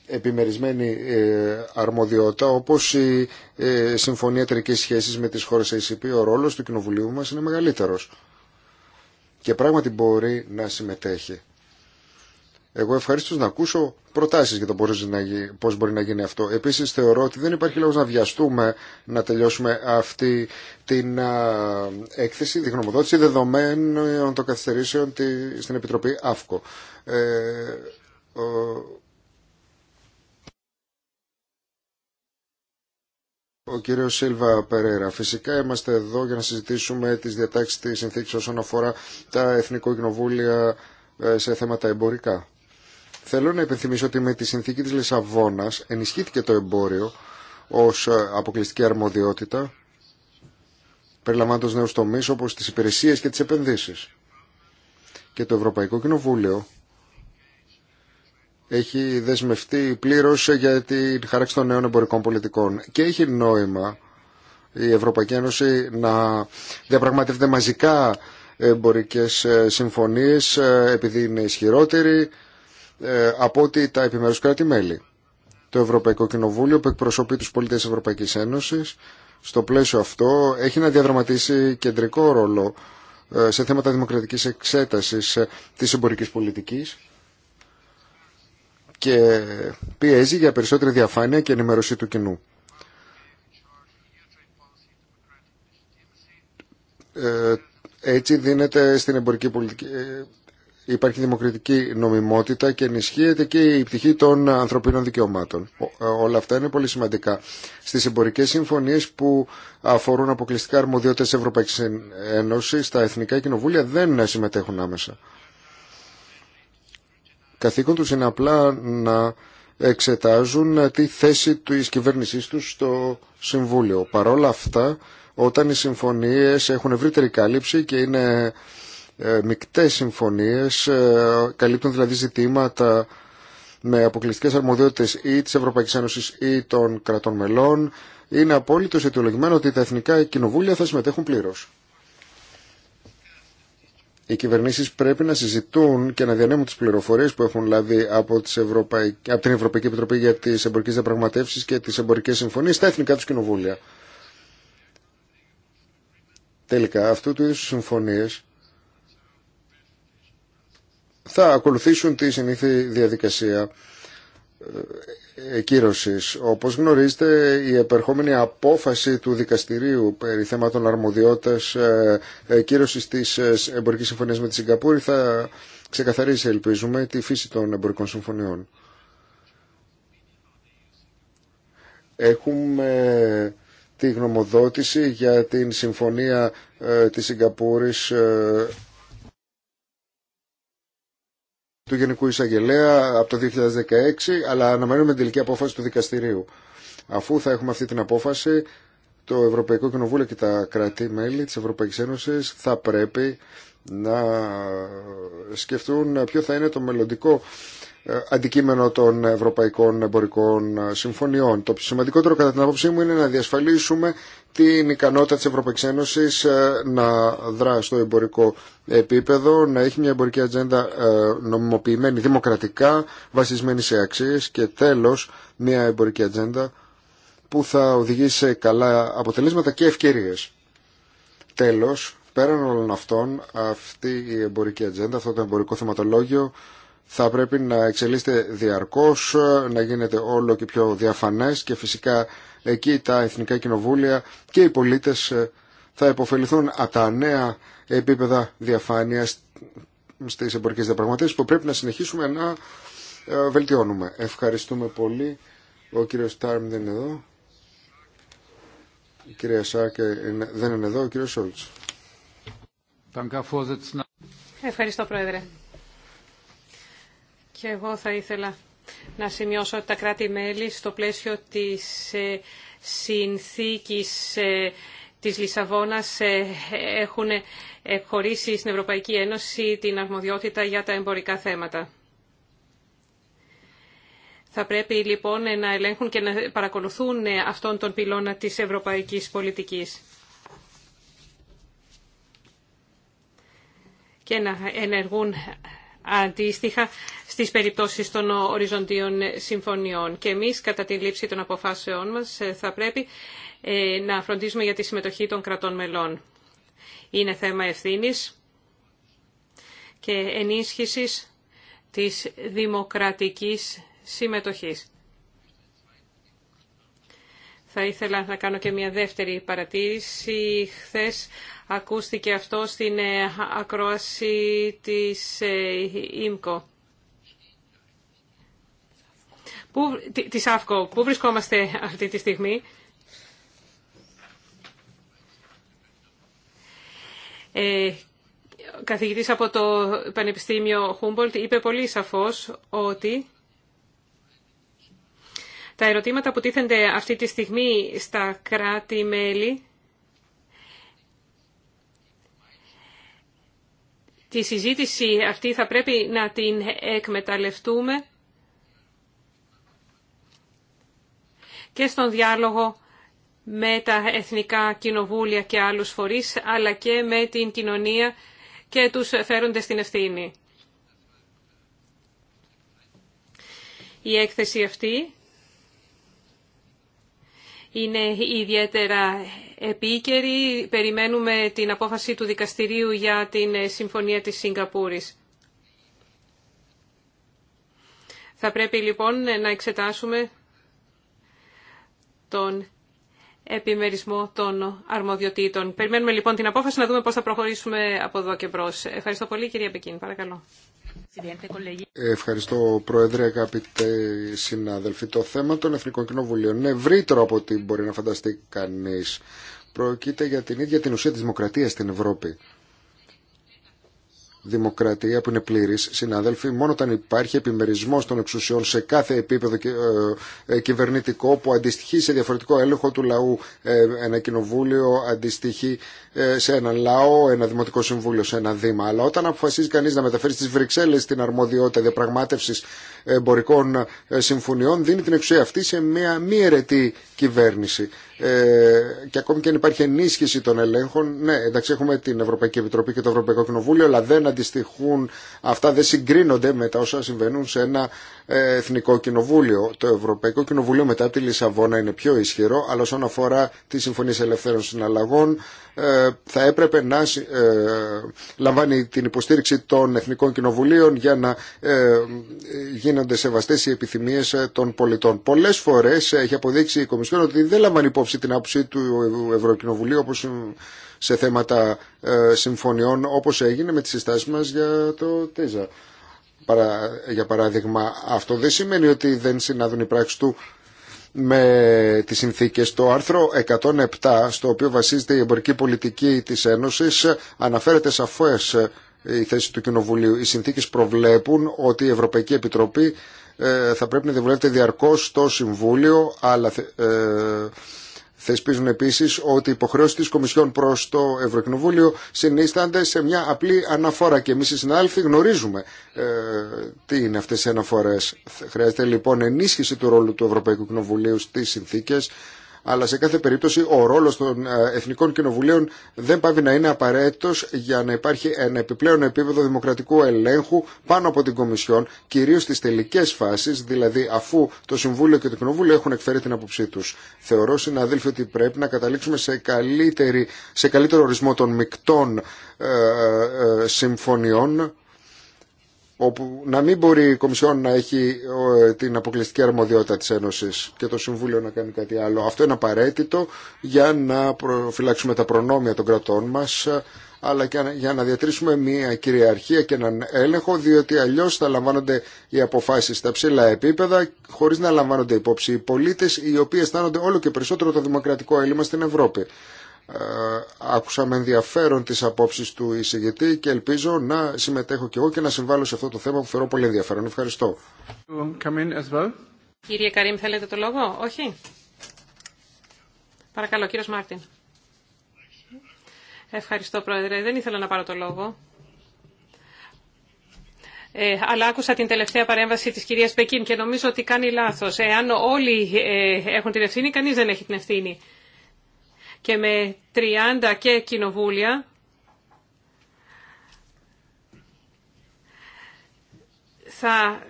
επιμερισμένη ε, αρμοδιότητα όπως η ε, Συμφωνία τρικής Σχέσης με τις χώρες ACP, ο ρόλος του Κοινοβουλίου μας είναι μεγαλύτερος και πράγματι μπορεί να συμμετέχει. Εγώ ευχαρίστω να ακούσω προτάσεις για το πώς μπορεί να γίνει αυτό. Επίσης θεωρώ ότι δεν υπάρχει λόγος να βιαστούμε να τελειώσουμε αυτή την έκθεση, τη γνωμοδότηση δεδομένων των καθυστερήσεων στην Επιτροπή ΑΦΚΟ. Ε, ο Ο κύριο Σίλβα Περέρα, φυσικά είμαστε εδώ για να συζητήσουμε τις διατάξεις της συνθήκη όσον αφορά τα Εθνικό Κοινοβούλια ε, σε θέματα εμπορικά. Θέλω να υπενθυμίσω ότι με τη συνθήκη της Λισαβόνα ενισχύθηκε το εμπόριο ως ε, αποκλειστική αρμοδιότητα, περιλαμβάνοντας νέους τομείς όπως τις υπηρεσίες και τις επενδύσεις. Και το Ευρωπαϊκό Κοινοβούλιο έχει δεσμευτεί πλήρως για την χαράξη των νέων εμπορικών πολιτικών και έχει νόημα η Ευρωπαϊκή Ένωση να διαπραγματεύεται μαζικά εμπορικές ε, συμφωνίες ε, επειδή είναι ισχυρότερη ε, από ότι τα επιμέρου κρατη κράτη-μέλη. Το Ευρωπαϊκό Κοινοβούλιο που εκπροσωπεί τους πολιτέ τη Ευρωπαϊκής Ένωση στο πλαίσιο αυτό έχει να διαδραματίσει κεντρικό ρόλο σε θέματα δημοκρατικής εξέτασης της εμπορικής πολιτικής και πιέζει για περισσότερη διαφάνεια και ενημέρωση του κοινού. Ε, έτσι δίνεται στην εμπορική πολιτική, ε, υπάρχει δημοκρατική νομιμότητα και ενισχύεται και η πτυχή των ανθρωπίνων δικαιωμάτων. Ε, όλα αυτά είναι πολύ σημαντικά. Στις εμπορικές συμφωνίες που αφορούν αποκλειστικά αρμοδιότητες Ευρωπαϊκής Ένωσης, τα Εθνικά Κοινοβούλια δεν συμμετέχουν άμεσα καθήκον τους είναι απλά να εξετάζουν ε, τη θέση της κυβέρνησής τους στο Συμβούλιο. Παρόλα αυτά, όταν οι συμφωνίες έχουν ευρύτερη κάλυψη και είναι ε, μικτές συμφωνίες, ε, καλύπτουν δηλαδή ζητήματα με αποκλειστικές αρμοδιότητες ή της Ευρωπαϊκής Ένωσης ή των κρατών μελών, είναι απόλυτο αιτιολογημένο ότι τα εθνικά κοινοβούλια θα συμμετέχουν πλήρως οι κυβερνήσει πρέπει να συζητούν και να διανέμουν τις πληροφορίες που έχουν λάβει από, από την Ευρωπαϊκή Επιτροπή για τι εμπορικέ διαπραγματεύσει και τι εμπορικέ συμφωνίε στα εθνικά τους κοινοβούλια. Τελικά, αυτού του είδου συμφωνίες θα ακολουθήσουν τη συνήθεια διαδικασία εκύρωσης. Όπως γνωρίζετε η επερχόμενη απόφαση του δικαστηρίου περί θέματων αρμοδιότητας εκύρωσης της ε, εμπορικής συμφωνίας με τη Σιγκαπούρη θα ξεκαθαρίσει ελπίζουμε τη φύση των εμπορικών συμφωνιών. Έχουμε τη γνωμοδότηση για την συμφωνία ε, της Σιγκαπούρης ε, του Γενικού Εισαγγελέα από το 2016, αλλά αναμένουμε την τελική απόφαση του δικαστηρίου. Αφού θα έχουμε αυτή την απόφαση, το Ευρωπαϊκό Κοινοβούλιο και τα κράτη-μέλη της Ευρωπαϊκής Ένωσης θα πρέπει να σκεφτούν ποιο θα είναι το μελλοντικό ε, αντικείμενο των ευρωπαϊκών εμπορικών ε, συμφωνιών. Το σημαντικότερο κατά την άποψή μου είναι να διασφαλίσουμε την ικανότητα της Ευρωπαϊκής Ένωσης ε, να δρά στο εμπορικό επίπεδο, να έχει μια εμπορική ατζέντα νομιμοποιημένη δημοκρατικά, βασισμένη σε αξίες και τέλος μια εμπορική ατζέντα που θα οδηγήσει σε καλά αποτελέσματα και ευκαιρίες. Τέλος, πέραν όλων αυτών, αυτή η εμπορική ατζέντα, αυτό το εμπορικό θεματολόγιο θα πρέπει να εξελίσσεται διαρκώς, να γίνεται όλο και πιο διαφανές και φυσικά εκεί τα εθνικά κοινοβούλια και οι πολίτες ε, θα υποφεληθούν από τα νέα επίπεδα διαφάνειας στις εμπορικές διαπραγματεύσεις που πρέπει να συνεχίσουμε να ε, βελτιώνουμε. Ευχαριστούμε πολύ. Ο κύριος Τάρμ δεν είναι εδώ. Η κυρία Σάκε δεν είναι εδώ. Ο κύριος Σόλτς. Ευχαριστώ, Πρόεδρε. Και εγώ θα ήθελα να σημειώσω ότι τα κράτη-μέλη στο πλαίσιο της ε, συνθήκης ε, της Λισαβόνας ε, έχουν χωρίσει στην Ευρωπαϊκή Ένωση την αρμοδιότητα για τα εμπορικά θέματα. Θα πρέπει λοιπόν να ελέγχουν και να παρακολουθούν αυτόν τον πυλώνα της ευρωπαϊκής πολιτικής. Και να ενεργούν αντίστοιχα στις περιπτώσεις των οριζοντίων συμφωνιών. Και εμείς κατά τη λήψη των αποφάσεών μας ε, θα πρέπει ε, να φροντίζουμε για τη συμμετοχή των κρατών μελών. Είναι θέμα ευθύνης και ενίσχυσης της δημοκρατικής συμμετοχής. Θα ήθελα να κάνω και μια δεύτερη παρατήρηση. Χθες Ακούστηκε αυτό στην ε, ακρόαση της ε, ΙΜΚΟ. Που, της ΑΦΚΟ. Πού βρισκόμαστε αυτή τη στιγμή. Ε, καθηγητής από το Πανεπιστήμιο Χούμπολτ είπε πολύ σαφώς ότι τα ερωτήματα που τίθενται αυτή τη στιγμή στα κράτη-μέλη τη συζήτηση αυτή θα πρέπει να την εκμεταλλευτούμε και στον διάλογο με τα εθνικά κοινοβούλια και άλλους φορείς, αλλά και με την κοινωνία και τους φέρονται στην ευθύνη. Η έκθεση αυτή είναι ιδιαίτερα επίκαιρη. Περιμένουμε την απόφαση του δικαστηρίου για την Συμφωνία της Σιγκαπούρης. Θα πρέπει λοιπόν να εξετάσουμε τον επιμερισμό των αρμοδιοτήτων. Περιμένουμε λοιπόν την απόφαση να δούμε πώς θα προχωρήσουμε από εδώ και μπρος. Ευχαριστώ πολύ κυρία Πεκίν. Παρακαλώ. Ευχαριστώ Πρόεδρε, αγαπητοί συνάδελφοι. Το θέμα των Εθνικών Κοινοβουλίων είναι ευρύτερο από ό,τι μπορεί να φανταστεί κανείς. Προκείται για την ίδια την ουσία της δημοκρατίας στην Ευρώπη δημοκρατία που είναι πλήρη, συνάδελφοι, μόνο όταν υπάρχει επιμερισμός των εξουσιών σε κάθε επίπεδο ε, ε, κυβερνητικό που αντιστοιχεί σε διαφορετικό έλεγχο του λαού, ε, ένα κοινοβούλιο αντιστοιχεί σε ένα λαό, ένα δημοτικό συμβούλιο, σε ένα δήμα. Αλλά όταν αποφασίζει κανείς να μεταφέρει στις Βρυξέλλες την αρμοδιότητα διαπραγμάτευση εμπορικών συμφωνιών, δίνει την εξουσία αυτή σε μια μη αιρετή κυβέρνηση ε, και ακόμη και αν υπάρχει ενίσχυση των ελέγχων, ναι, εντάξει, έχουμε την Ευρωπαϊκή Επιτροπή και το Ευρωπαϊκό Κοινοβούλιο, αλλά δεν αντιστοιχούν, αυτά δεν συγκρίνονται με τα όσα συμβαίνουν σε ένα ε, εθνικό κοινοβούλιο. Το Ευρωπαϊκό Κοινοβούλιο μετά από τη Λισαβόνα είναι πιο ισχυρό, αλλά όσον αφορά τι συμφωνίε ελευθέρων συναλλαγών, ε, θα έπρεπε να λαμβάνει την υποστήριξη των εθνικών κοινοβουλίων για να γίνονται σεβαστέ οι επιθυμίε των πολιτών. Πολλέ φορέ έχει αποδείξει η Κομισιόν ότι δεν λαμβάνει υπόψη άποψη, την άποψη του Ευρωκοινοβουλίου όπως σε θέματα ε, συμφωνιών όπως έγινε με τις συστάσεις μας για το ΤΕΖΑ. Για παράδειγμα, αυτό δεν σημαίνει ότι δεν συνάδουν οι πράξεις του με τις συνθήκες. Το άρθρο 107, στο οποίο βασίζεται η εμπορική πολιτική της Ένωσης, αναφέρεται σαφώς ε, η θέση του Κοινοβουλίου. Οι συνθήκες προβλέπουν ότι η Ευρωπαϊκή Επιτροπή ε, θα πρέπει να διαβουλεύεται διαρκώς στο Συμβούλιο, αλλά Θεσπίζουν επίση ότι οι υποχρεώσει τη Κομισιόν προ το Ευρωκοινοβούλιο συνίστανται σε μια απλή αναφορά και εμεί οι συνάδελφοι γνωρίζουμε ε, τι είναι αυτέ οι αναφορέ. Χρειάζεται λοιπόν ενίσχυση του ρόλου του Ευρωπαϊκού Κοινοβουλίου στι συνθήκε αλλά σε κάθε περίπτωση ο ρόλος των ε, εθνικών κοινοβουλίων δεν πάβει να είναι απαραίτητος για να υπάρχει ένα επιπλέον επίπεδο δημοκρατικού ελέγχου πάνω από την Κομισιόν, κυρίως στις τελικές φάσεις, δηλαδή αφού το Συμβούλιο και το Κοινοβούλιο έχουν εκφέρει την άποψή τους. Θεωρώ, συναδέλφοι, ότι πρέπει να καταλήξουμε σε, σε καλύτερο ορισμό των μεικτών ε, ε, συμφωνιών όπου να μην μπορεί η Κομισιόν να έχει την αποκλειστική αρμοδιότητα της Ένωσης και το Συμβούλιο να κάνει κάτι άλλο. Αυτό είναι απαραίτητο για να φυλάξουμε τα προνόμια των κρατών μας αλλά και για να διατηρήσουμε μια κυριαρχία και έναν έλεγχο, διότι αλλιώς θα λαμβάνονται οι αποφάσεις στα ψηλά επίπεδα, χωρίς να λαμβάνονται υπόψη οι πολίτε, οι οποίοι αισθάνονται όλο και περισσότερο το δημοκρατικό έλλειμμα στην Ευρώπη. Ε, άκουσα με ενδιαφέρον τις απόψεις του εισηγητή και ελπίζω να συμμετέχω και εγώ και να συμβάλλω σε αυτό το θέμα που θεωρώ πολύ ενδιαφέρον. Ευχαριστώ. Κύριε Καρίμ, θέλετε το λόγο, όχι. Παρακαλώ, κύριος Μάρτιν. Ευχαριστώ, Πρόεδρε. Δεν ήθελα να πάρω το λόγο. Ε, αλλά άκουσα την τελευταία παρέμβαση της κυρίας Πεκίν και νομίζω ότι κάνει λάθος. Εάν όλοι ε, έχουν την ευθύνη, κανείς δεν έχει την ευθύνη και με 30 και κοινοβούλια, θα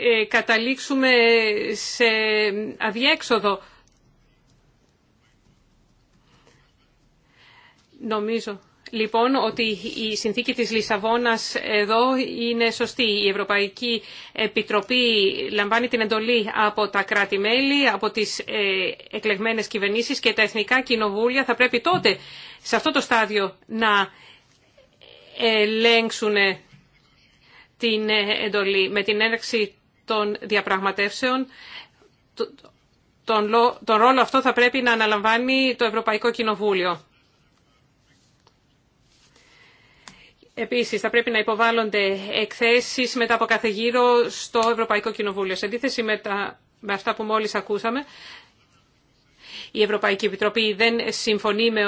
ε, καταλήξουμε σε αδιέξοδο. Νομίζω λοιπόν ότι η συνθήκη της Λισαβόνας εδώ είναι σωστή. Η Ευρωπαϊκή Επιτροπή λαμβάνει την εντολή από τα κράτη-μέλη, από τις ε, εκλεγμένες κυβερνήσεις και τα εθνικά κοινοβούλια θα πρέπει τότε σε αυτό το στάδιο να ελέγξουν την εντολή. Με την έναρξη των διαπραγματεύσεων τον ρόλο αυτό θα πρέπει να αναλαμβάνει το Ευρωπαϊκό Κοινοβούλιο. Επίσης, θα πρέπει να υποβάλλονται εκθέσεις μετά από κάθε γύρο στο Ευρωπαϊκό Κοινοβούλιο. Σε αντίθεση με, αυτά που μόλις ακούσαμε, η Ευρωπαϊκή Επιτροπή δεν συμφωνεί με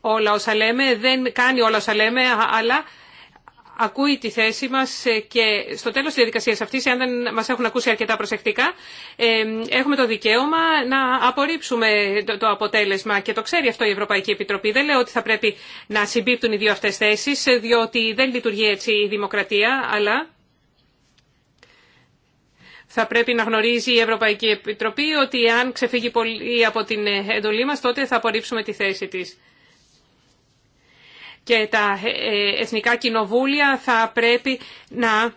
όλα όσα λέμε, δεν κάνει όλα όσα λέμε, αλλά ακούει τη θέση μας ε, και στο τέλος της διαδικασίας αυτής, αν δεν μας έχουν ακούσει αρκετά προσεκτικά, ε, έχουμε το δικαίωμα να απορρίψουμε το αποτέλεσμα και το ξέρει αυτό η Ευρωπαϊκή Επιτροπή. Δεν λέω ότι θα πρέπει να συμπίπτουν οι δύο αυτές θέσεις, ε, διότι δεν λειτουργεί έτσι η δημοκρατία, αλλά θα πρέπει να γνωρίζει η Ευρωπαϊκή Επιτροπή ότι αν ξεφύγει πολύ από την εντολή μας, τότε θα απορρίψουμε τη θέση της και τα ε, ε, εθνικά κοινοβούλια θα πρέπει να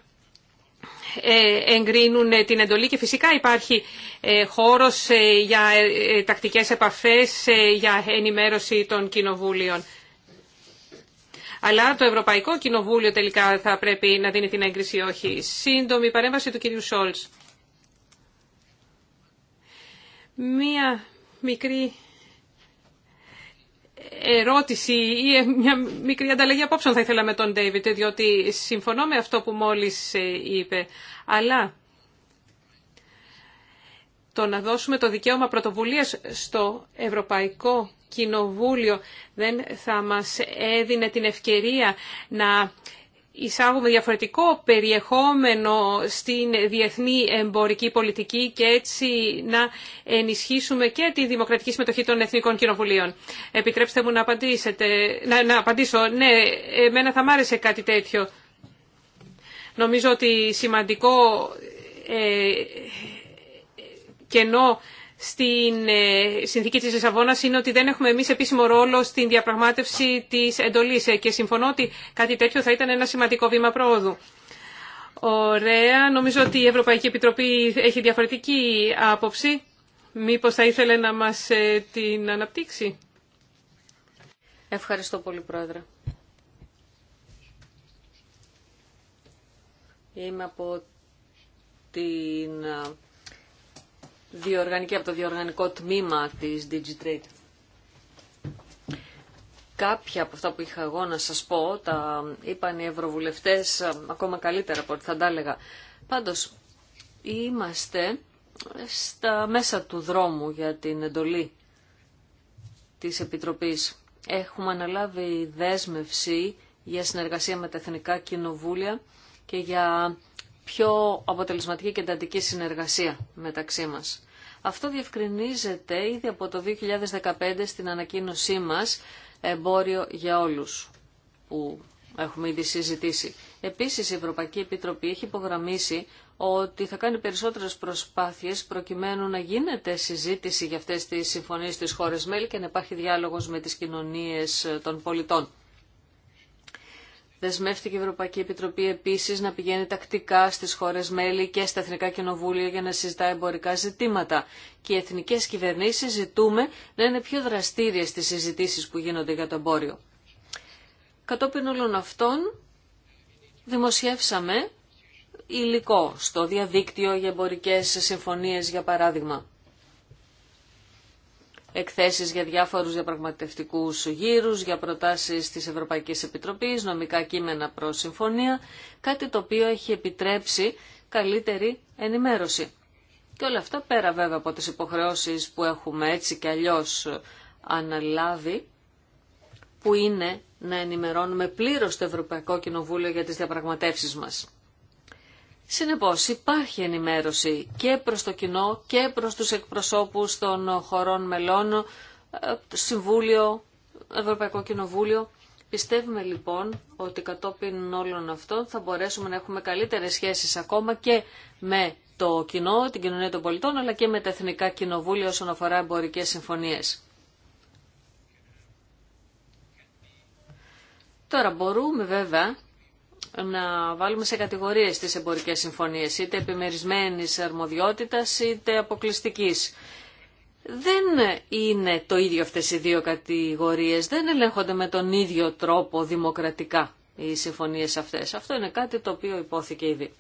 ε, εγκρίνουν την εντολή και φυσικά υπάρχει χώρος για τακτικές επαφές, για ενημέρωση των κοινοβούλιων. Αλλά το Ευρωπαϊκό Κοινοβούλιο τελικά θα πρέπει να δίνει την έγκριση όχι. Σύντομη παρέμβαση του κυρίου Σόλτς. Μία μικρή ερώτηση ή ε, μια μικρή ανταλλαγή απόψεων θα ήθελα με τον Ντέιβιτ, διότι συμφωνώ με αυτό που μόλις ε, είπε. Αλλά το να δώσουμε το δικαίωμα πρωτοβουλίας στο Ευρωπαϊκό Κοινοβούλιο δεν θα μας έδινε την ευκαιρία να εισάγουμε διαφορετικό περιεχόμενο στην διεθνή εμπορική πολιτική και έτσι να ενισχύσουμε και τη δημοκρατική συμμετοχή των Εθνικών Κοινοβουλίων. Επιτρέψτε μου να, απαντήσετε, να, να απαντήσω. Ναι, εμένα θα μ' άρεσε κάτι τέτοιο. Νομίζω ότι σημαντικό ε, κενό στην ε, συνθήκη της Λισαβόνα είναι ότι δεν έχουμε εμείς επίσημο ρόλο στην διαπραγμάτευση της εντολής ε, και συμφωνώ ότι κάτι τέτοιο θα ήταν ένα σημαντικό βήμα πρόοδου. Ωραία. Νομίζω ότι η Ευρωπαϊκή Επιτροπή έχει διαφορετική άποψη. Μήπως θα ήθελε να μας ε, την αναπτύξει. Ευχαριστώ πολύ, Πρόεδρε. Είμαι από την διοργανική, από το διοργανικό τμήμα της Digitrade. Κάποια από αυτά που είχα εγώ να σας πω, τα είπαν οι ευρωβουλευτές ακόμα καλύτερα από ό,τι θα τα έλεγα. Πάντως, είμαστε στα μέσα του δρόμου για την εντολή της Επιτροπής. Έχουμε αναλάβει δέσμευση για συνεργασία με τα Εθνικά Κοινοβούλια και για πιο αποτελεσματική και εντατική συνεργασία μεταξύ μας. Αυτό διευκρινίζεται ήδη από το 2015 στην ανακοίνωσή μας «Εμπόριο για όλους» που έχουμε ήδη συζητήσει. Επίσης η Ευρωπαϊκή Επιτροπή έχει υπογραμμίσει ότι θα κάνει περισσότερες προσπάθειες προκειμένου να γίνεται συζήτηση για αυτές τις συμφωνίες στις χώρες μέλη και να υπάρχει διάλογος με τις κοινωνίες των πολιτών. Δεσμεύτηκε η Ευρωπαϊκή Επιτροπή επίσης να πηγαίνει τακτικά στις χώρες μέλη και στα εθνικά κοινοβούλια για να συζητά εμπορικά ζητήματα. Και οι εθνικές κυβερνήσεις ζητούμε να είναι πιο δραστήριε στις συζητήσεις που γίνονται για το εμπόριο. Κατόπιν όλων αυτών δημοσιεύσαμε υλικό στο διαδίκτυο για εμπορικέ συμφωνίε, για παράδειγμα εκθέσεις για διάφορους διαπραγματευτικούς γύρους, για προτάσεις της Ευρωπαϊκής Επιτροπής, νομικά κείμενα προς συμφωνία, κάτι το οποίο έχει επιτρέψει καλύτερη ενημέρωση. Και όλα αυτά πέρα βέβαια από τις υποχρεώσεις που έχουμε έτσι και αλλιώς αναλάβει, που είναι να ενημερώνουμε πλήρως το Ευρωπαϊκό Κοινοβούλιο για τις διαπραγματεύσεις μας. Συνεπώς υπάρχει ενημέρωση και προς το κοινό και προς τους εκπροσώπους των χωρών μελών, ε, Συμβούλιο, Ευρωπαϊκό Κοινοβούλιο. Πιστεύουμε λοιπόν ότι κατόπιν όλων αυτών θα μπορέσουμε να έχουμε καλύτερες σχέσεις ακόμα και με το κοινό, την κοινωνία των πολιτών, αλλά και με τα εθνικά κοινοβούλια όσον αφορά εμπορικές συμφωνίες. Τώρα μπορούμε βέβαια να βάλουμε σε κατηγορίες τις εμπορικές συμφωνίες, είτε επιμερισμένης αρμοδιότητας είτε αποκλειστικής. Δεν είναι το ίδιο αυτές οι δύο κατηγορίες, δεν ελέγχονται με τον ίδιο τρόπο δημοκρατικά οι συμφωνίες αυτές. Αυτό είναι κάτι το οποίο υπόθηκε ήδη.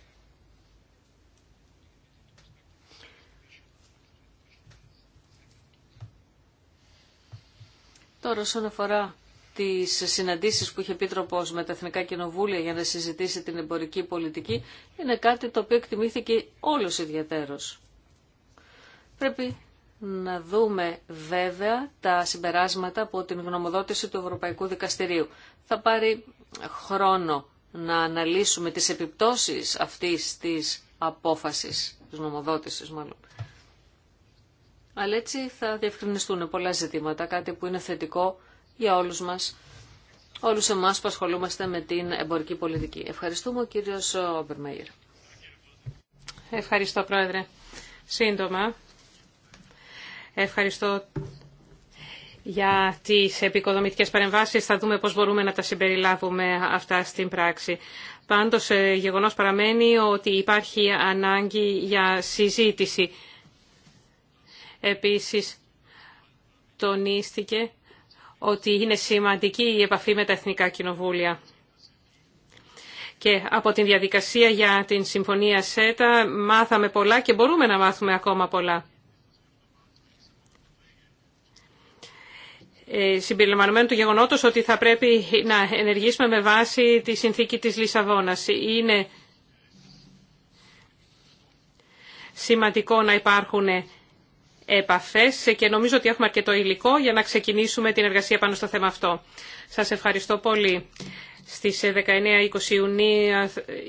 Τώρα όσον αφορά τις συναντήσεις που είχε επίτροπος με τα Εθνικά Κοινοβούλια για να συζητήσει την εμπορική πολιτική είναι κάτι το οποίο εκτιμήθηκε όλος ιδιαίτερος. Πρέπει να δούμε βέβαια τα συμπεράσματα από την γνωμοδότηση του Ευρωπαϊκού Δικαστηρίου. Θα πάρει χρόνο να αναλύσουμε τις επιπτώσεις αυτής της απόφασης, της γνωμοδότησης μάλλον. Αλλά έτσι θα διευκρινιστούν πολλά ζητήματα, κάτι που είναι θετικό για όλους μας, όλους εμάς που ασχολούμαστε με την εμπορική πολιτική. Ευχαριστούμε ο κύριος Όμπερμαϊρ. Ευχαριστώ Πρόεδρε. Σύντομα, ευχαριστώ για τις επικοδομητικές παρεμβάσεις. Θα δούμε πώς μπορούμε να τα συμπεριλάβουμε αυτά στην πράξη. Πάντως, ε, γεγονός παραμένει ότι υπάρχει ανάγκη για συζήτηση. Επίσης, τονίστηκε ότι είναι σημαντική η επαφή με τα εθνικά κοινοβούλια. Και από την διαδικασία για την Συμφωνία ΣΕΤΑ μάθαμε πολλά και μπορούμε να μάθουμε ακόμα πολλά. Ε, συμπεριλαμβανομένου του γεγονότος ότι θα πρέπει να ενεργήσουμε με βάση τη συνθήκη της Λισαβόνας. Είναι σημαντικό να υπάρχουν επαφές και νομίζω ότι έχουμε αρκετό υλικό για να ξεκινήσουμε την εργασία πάνω στο θέμα αυτό. Σας ευχαριστώ πολύ. Στις 19-20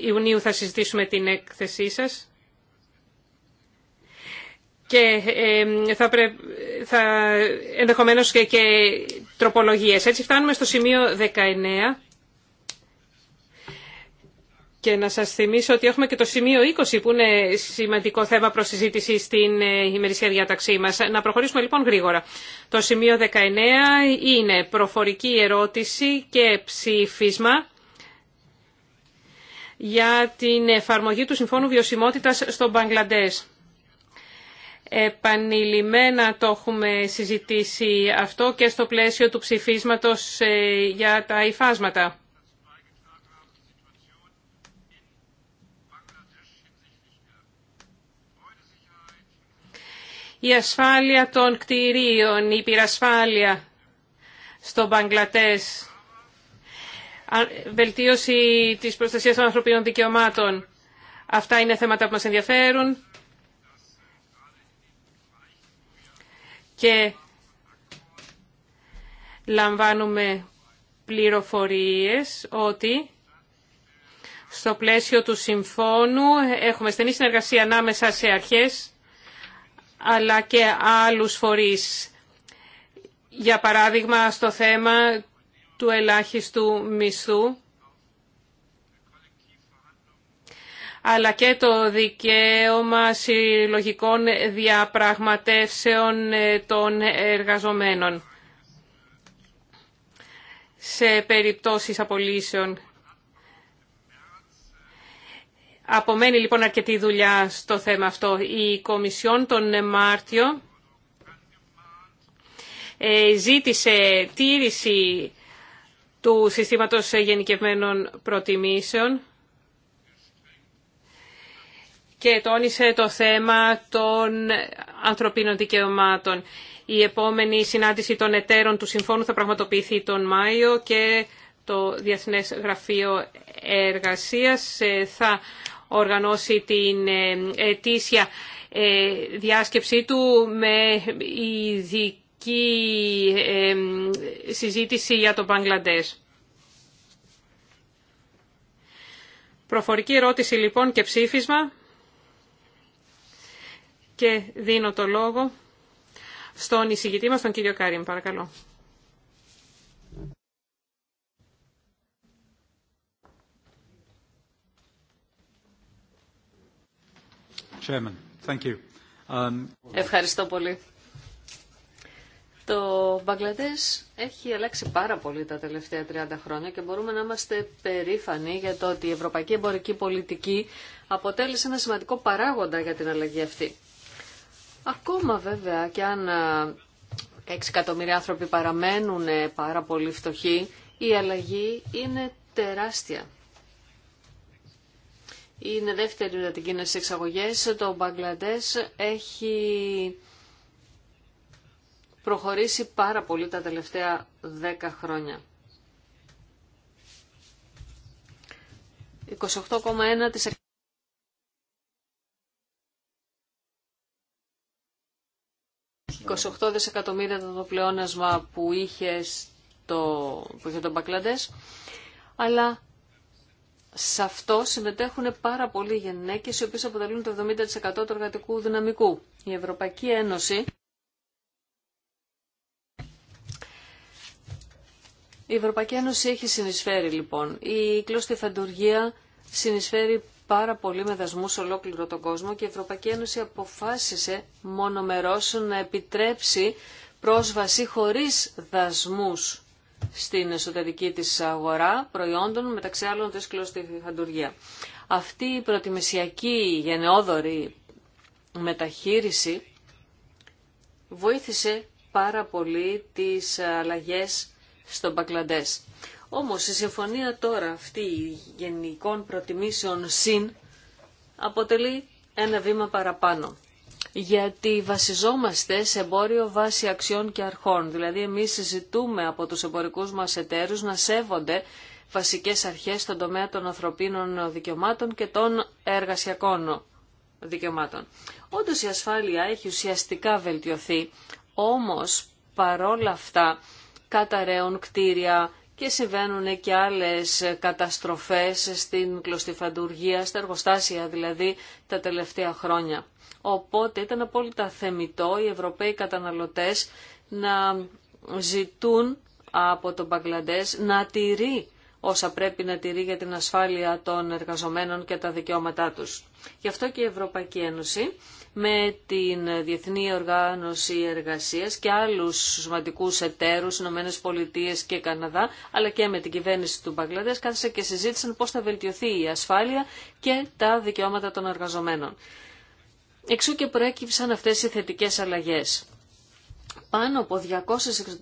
Ιουνίου θα συζητήσουμε την έκθεσή σας. Και θα, πρέ... θα ενδεχομένως και, και τροπολογίες. Έτσι φτάνουμε στο σημείο 19 και να σας θυμίσω ότι έχουμε και το σημείο 20 που είναι σημαντικό θέμα προς συζήτηση στην ε, ημερησία διάταξή μας. Να προχωρήσουμε λοιπόν γρήγορα. Το σημείο 19 είναι προφορική ερώτηση και ψήφισμα για την εφαρμογή του Συμφώνου Βιωσιμότητας στον Μπαγκλαντές. Επανειλημμένα το έχουμε συζητήσει αυτό και στο πλαίσιο του ψηφίσματος ε, για τα υφάσματα. η ασφάλεια των κτηρίων, η πυρασφάλεια στο Μπαγκλατές, βελτίωση της προστασίας των ανθρωπίνων δικαιωμάτων. Αυτά είναι θέματα που μας ενδιαφέρουν. Και λαμβάνουμε πληροφορίες ότι στο πλαίσιο του συμφώνου έχουμε στενή συνεργασία ανάμεσα σε αρχές αλλά και άλλους φορείς. Για παράδειγμα, στο θέμα του ελάχιστου μισθού, αλλά και το δικαίωμα συλλογικών διαπραγματεύσεων ε, των εργαζομένων σε περιπτώσεις απολύσεων. Απομένει λοιπόν αρκετή δουλειά στο θέμα αυτό. Η Κομισιόν τον Μάρτιο ε, ζήτησε τήρηση του συστήματος γενικευμένων προτιμήσεων και τόνισε το θέμα των ανθρωπίνων δικαιωμάτων. Η επόμενη συνάντηση των εταίρων του Συμφώνου θα πραγματοποιηθεί τον Μάιο και το Διεθνές Γραφείο Εργασίας ε, θα οργανώσει την ε, ετήσια ε, διάσκεψή του με ειδική ε, συζήτηση για το Μπαγκλαντές. Προφορική ερώτηση λοιπόν και ψήφισμα και δίνω το λόγο στον εισηγητή μας, τον κύριο Κάριν, παρακαλώ. Um, Ευχαριστώ πολύ. Το Μπαγκλαντές έχει αλλάξει πάρα πολύ τα τελευταία 30 χρόνια και μπορούμε να είμαστε περήφανοι για το ότι η ευρωπαϊκή εμπορική πολιτική αποτέλεσε ένα σημαντικό παράγοντα για την αλλαγή αυτή. Ακόμα βέβαια και αν 6 εκατομμύρια άνθρωποι παραμένουν πάρα πολύ φτωχοί, η αλλαγή είναι τεράστια είναι δεύτερη μετά την Κίνα στις εξαγωγές. Το Μπαγκλαντές έχει προχωρήσει πάρα πολύ τα τελευταία 10 χρόνια. 28,1% δισεκατομμύρια ήταν το πλεόνασμα που είχε, το που είχε τον Μπαγκλαντές, αλλά σε αυτό συμμετέχουν πάρα πολλοί γυναίκες οι οποίες αποτελούν το 70% του εργατικού δυναμικού. Η Ευρωπαϊκή Ένωση Η Ευρωπαϊκή Ένωση έχει συνεισφέρει λοιπόν. Η κλώστη φαντουργία συνεισφέρει πάρα πολύ με δασμού σε ολόκληρο τον κόσμο και η Ευρωπαϊκή Ένωση αποφάσισε μονομερός να επιτρέψει πρόσβαση χωρίς δασμούς στην εσωτερική της αγορά προϊόντων, μεταξύ άλλων της κλωστιφαντουργία. Αυτή η προτιμησιακή γενναιόδορη μεταχείριση βοήθησε πάρα πολύ τις αλλαγές στον Μπαγκλαντές. Όμως η συμφωνία τώρα αυτή γενικών προτιμήσεων συν αποτελεί ένα βήμα παραπάνω γιατί βασιζόμαστε σε εμπόριο βάση αξιών και αρχών. Δηλαδή εμείς συζητούμε από τους εμπορικούς μας εταίρους να σέβονται βασικές αρχές στον τομέα των ανθρωπίνων δικαιωμάτων και των εργασιακών δικαιωμάτων. Όντως η ασφάλεια έχει ουσιαστικά βελτιωθεί, όμως παρόλα αυτά καταραίουν κτίρια και συμβαίνουν και άλλες καταστροφές στην κλωστιφαντουργία, στα εργοστάσια δηλαδή τα τελευταία χρόνια. Οπότε ήταν απόλυτα θεμητό οι Ευρωπαίοι καταναλωτές να ζητούν από τον Μπαγκλαντές να τηρεί όσα πρέπει να τηρεί για την ασφάλεια των εργαζομένων και τα δικαιώματά τους. Γι' αυτό και η Ευρωπαϊκή Ένωση με την Διεθνή Οργάνωση Εργασίας και άλλους σημαντικούς εταίρους, Ηνωμένες Πολιτείες και Καναδά, αλλά και με την κυβέρνηση του Μπαγκλαντές, κάθισε και συζήτησαν πώς θα βελτιωθεί η ασφάλεια και τα δικαιώματα των εργαζομένων. Εξού και προέκυψαν αυτές οι θετικές αλλαγές. Πάνω από 200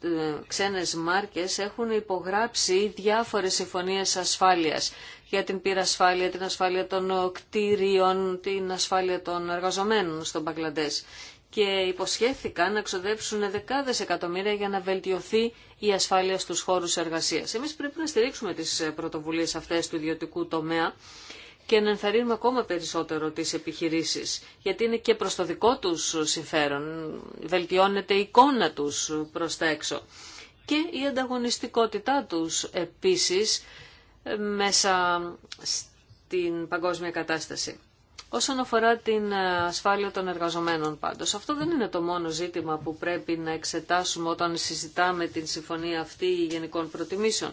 ε, ξένες μάρκες έχουν υπογράψει διάφορες συμφωνίες ασφάλειας για την πυρασφάλεια, την ασφάλεια των ε, κτίριων, την ασφάλεια των εργαζομένων στον Παγκλαντές και υποσχέθηκαν να ξοδέψουν δεκάδες εκατομμύρια για να βελτιωθεί η ασφάλεια στους χώρους εργασίας. Εμείς πρέπει να στηρίξουμε τις ε, πρωτοβουλίες αυτές του ιδιωτικού τομέα και να ενθαρρύνουμε ακόμα περισσότερο τις επιχειρήσεις, γιατί είναι και προς το δικό τους συμφέρον, βελτιώνεται η εικόνα τους προς τα έξω. Και η ανταγωνιστικότητά τους επίσης ε, μέσα στην παγκόσμια κατάσταση. Όσον αφορά την ε, ασφάλεια των εργαζομένων πάντως, αυτό δεν είναι το μόνο ζήτημα που πρέπει να εξετάσουμε όταν συζητάμε την συμφωνία αυτή γενικών προτιμήσεων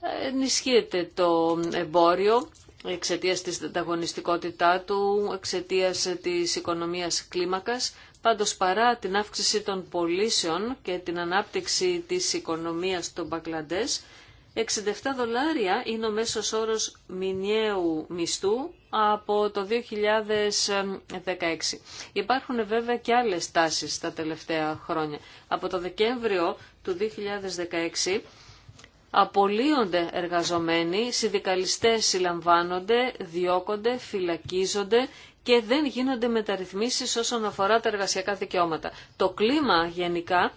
ε, ενισχύεται το εμπόριο εξαιτίας της ανταγωνιστικότητά του, εξαιτίας της οικονομίας κλίμακας. Πάντως παρά την αύξηση των πωλήσεων και την ανάπτυξη της οικονομίας των Μπαγκλαντές, 67 δολάρια είναι ο μέσος όρος μηνιαίου μισθού από το 2016. Υπάρχουν βέβαια και άλλες τάσεις τα τελευταία χρόνια. Από το Δεκέμβριο του 2016 απολύονται εργαζομένοι, συνδικαλιστές συλλαμβάνονται, διώκονται, φυλακίζονται και δεν γίνονται μεταρρυθμίσεις όσον αφορά τα εργασιακά δικαιώματα. Το κλίμα γενικά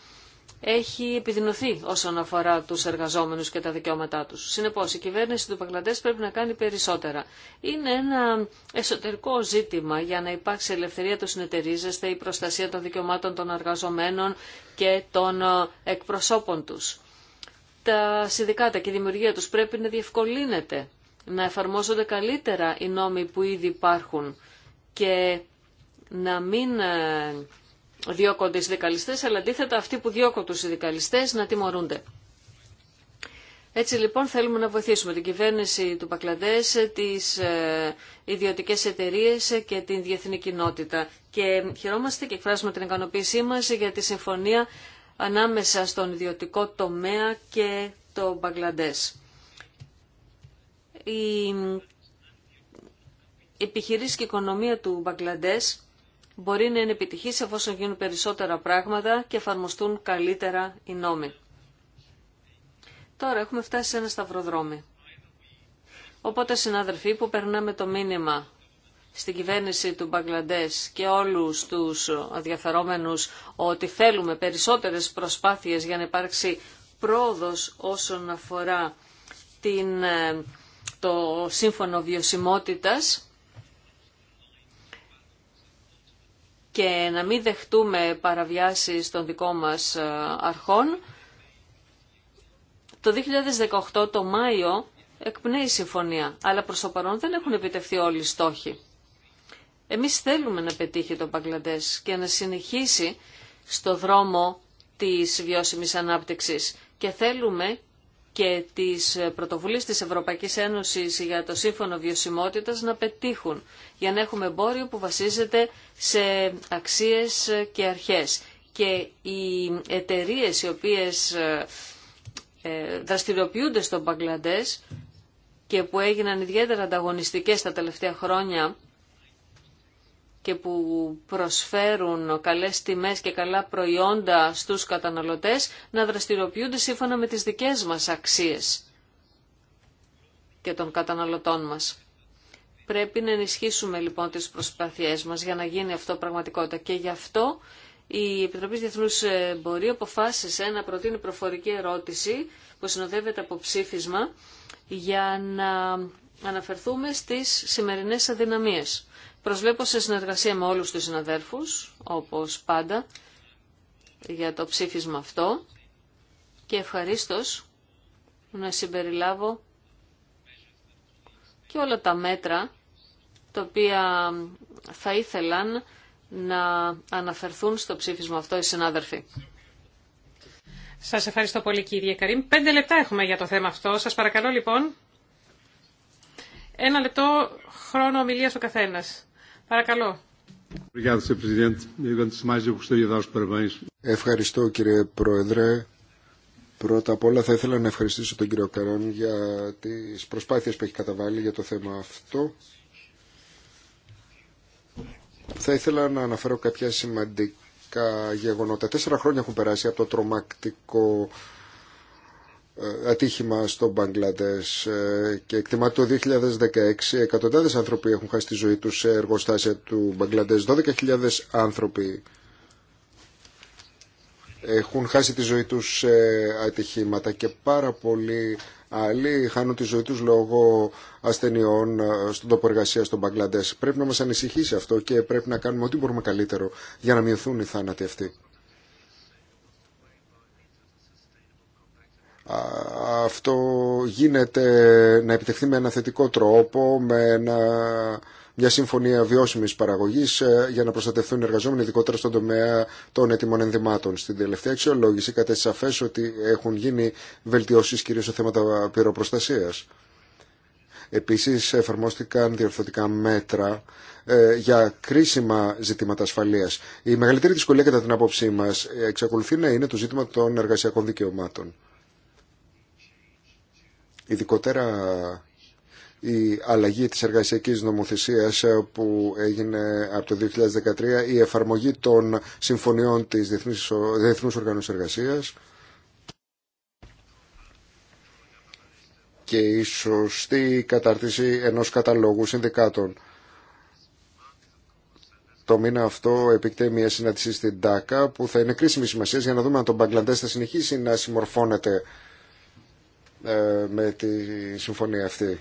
έχει επιδεινωθεί όσον αφορά τους εργαζόμενους και τα δικαιώματά τους. Συνεπώς, η κυβέρνηση του Παγκλαντές πρέπει να κάνει περισσότερα. Είναι ένα εσωτερικό ζήτημα για να υπάρξει ελευθερία του συνεταιρίζεσθε, η προστασία των δικαιωμάτων των εργαζομένων και των ε, εκπροσώπων τους τα συνδικάτα και η δημιουργία τους πρέπει να διευκολύνεται, να εφαρμόζονται καλύτερα οι νόμοι που ήδη υπάρχουν και να μην ε, διώκονται οι συνδικαλιστές, αλλά αντίθετα αυτοί που διώκονται τους συνδικαλιστές να τιμωρούνται. Έτσι λοιπόν θέλουμε να βοηθήσουμε την κυβέρνηση του Πακλαντές, τις ε, ιδιωτικές εταιρείες και την διεθνή κοινότητα. Και χαιρόμαστε και εκφράζουμε την ικανοποίησή μας για τη συμφωνία ανάμεσα στον ιδιωτικό τομέα και το Μπαγκλαντές. Η επιχειρήση και η οικονομία του Μπαγκλαντές μπορεί να είναι επιτυχής εφόσον γίνουν περισσότερα πράγματα και εφαρμοστούν καλύτερα οι νόμοι. Τώρα έχουμε φτάσει σε ένα σταυροδρόμι. Οπότε, συνάδελφοι, που περνάμε το μήνυμα στην κυβέρνηση του Μπαγκλαντές και όλους τους αδιαφερόμενους ότι θέλουμε περισσότερες προσπάθειες για να υπάρξει πρόοδος όσον αφορά την, ε, το σύμφωνο βιωσιμότητας και να μην δεχτούμε παραβιάσεις των δικών μας ε, αρχών. Το 2018 το Μάιο εκπνέει η συμφωνία, αλλά προς το παρόν δεν έχουν επιτευχθεί όλοι οι στόχοι. Εμείς θέλουμε να πετύχει το Παγκλαντές και να συνεχίσει στο δρόμο της βιώσιμης ανάπτυξης και θέλουμε και τις πρωτοβουλίες της Ευρωπαϊκής Ένωσης για το Σύμφωνο Βιωσιμότητας να πετύχουν για να έχουμε εμπόριο που βασίζεται σε αξίες και αρχές. Και οι εταιρείε οι οποίες ε, δραστηριοποιούνται στο Μπαγκλαντές και που έγιναν ιδιαίτερα ανταγωνιστικές τα τελευταία χρόνια και που προσφέρουν καλές τιμές και καλά προϊόντα στους καταναλωτές να δραστηριοποιούνται σύμφωνα με τις δικές μας αξίες και των καταναλωτών μας. Πρέπει να ενισχύσουμε λοιπόν τις προσπάθειές μας για να γίνει αυτό πραγματικότητα και γι' αυτό η Επιτροπή Διεθνούς Μπορεί αποφάσισε να προτείνει προφορική ερώτηση που συνοδεύεται από ψήφισμα για να αναφερθούμε στις σημερινές αδυναμίες. Προσβλέπω σε συνεργασία με όλους τους συναδέρφους, όπως πάντα, για το ψήφισμα αυτό και ευχαρίστως να συμπεριλάβω και όλα τα μέτρα τα οποία θα ήθελαν να αναφερθούν στο ψήφισμα αυτό οι συνάδελφοι. Σας ευχαριστώ πολύ κύριε Καρύμ. Πέντε λεπτά έχουμε για το θέμα αυτό. Σας παρακαλώ λοιπόν ένα λεπτό χρόνο ομιλίας ο καθένας. Ευχαριστώ κύριε Πρόεδρε. Πρώτα απ' όλα θα ήθελα να ευχαριστήσω τον κύριο Καράν για τις προσπάθειες που έχει καταβάλει για το θέμα αυτό. Θα ήθελα να αναφέρω κάποια σημαντικά γεγονότα. Τέσσερα χρόνια έχουν περάσει από το τρομακτικό ε, ατύχημα στο Μπαγκλαντές ε, και εκτιμάται το 2016 εκατοντάδες άνθρωποι έχουν χάσει τη ζωή τους σε εργοστάσια του Μπαγκλαντές 12.000 άνθρωποι έχουν χάσει τη ζωή τους σε ατυχήματα και πάρα πολλοί άλλοι χάνουν τη ζωή τους λόγω ασθενειών ε, στον τόπο εργασία στο Μπαγκλαντές. Πρέπει να μας ανησυχήσει αυτό και πρέπει να κάνουμε ό,τι μπορούμε καλύτερο για να μειωθούν οι θάνατοι αυτοί. αυτό γίνεται να επιτευχθεί με ένα θετικό τρόπο, με μια συμφωνία βιώσιμης παραγωγής ε, για να προστατευτούν οι εργαζόμενοι, ειδικότερα στον τομέα των έτοιμων ενδυμάτων. Στην τελευταία αξιολόγηση κατέστησε σαφές ότι έχουν γίνει βελτιώσεις κυρίως σε θέματα πυροπροστασίας. Επίσης εφαρμόστηκαν διορθωτικά μέτρα ε, για κρίσιμα ζητήματα ασφαλείας. Η μεγαλύτερη δυσκολία κατά την άποψή μας εξακολουθεί να είναι το ζήτημα των εργασιακών δικαιωμάτων ειδικότερα η αλλαγή της εργασιακής νομοθεσίας που έγινε από το 2013, η εφαρμογή των συμφωνιών της Διεθνούς, Διεθνούς Οργανούς Εργασίας και η σωστή κατάρτιση ενός καταλόγου συνδικάτων. Το μήνα αυτό επικτείνει μια συνάντηση στην ΤΑΚΑ που θα είναι κρίσιμη σημασία για να δούμε αν το Μπαγκλαντές θα συνεχίσει να συμμορφώνεται ε, με τη συμφωνία αυτή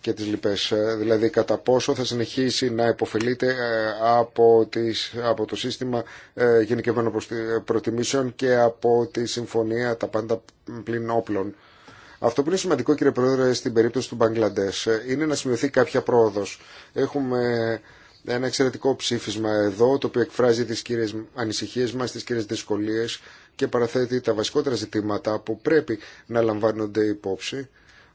και τις λοιπές. Ε, δηλαδή κατά πόσο θα συνεχίσει να υποφελείται ε, από, τις, από το σύστημα γενικευμένων προτιμήσεων και από τη συμφωνία τα πάντα πλην όπλων. Αυτό που είναι σημαντικό κύριε Πρόεδρε στην περίπτωση του Μπαγκλαντές είναι να σημειωθεί κάποια πρόοδος. Έχουμε ένα εξαιρετικό ψήφισμα εδώ το οποίο εκφράζει τις κύριες ανησυχίες μας, τις κύριες δυσκολίες και παραθέτει τα βασικότερα ζητήματα που πρέπει να λαμβάνονται υπόψη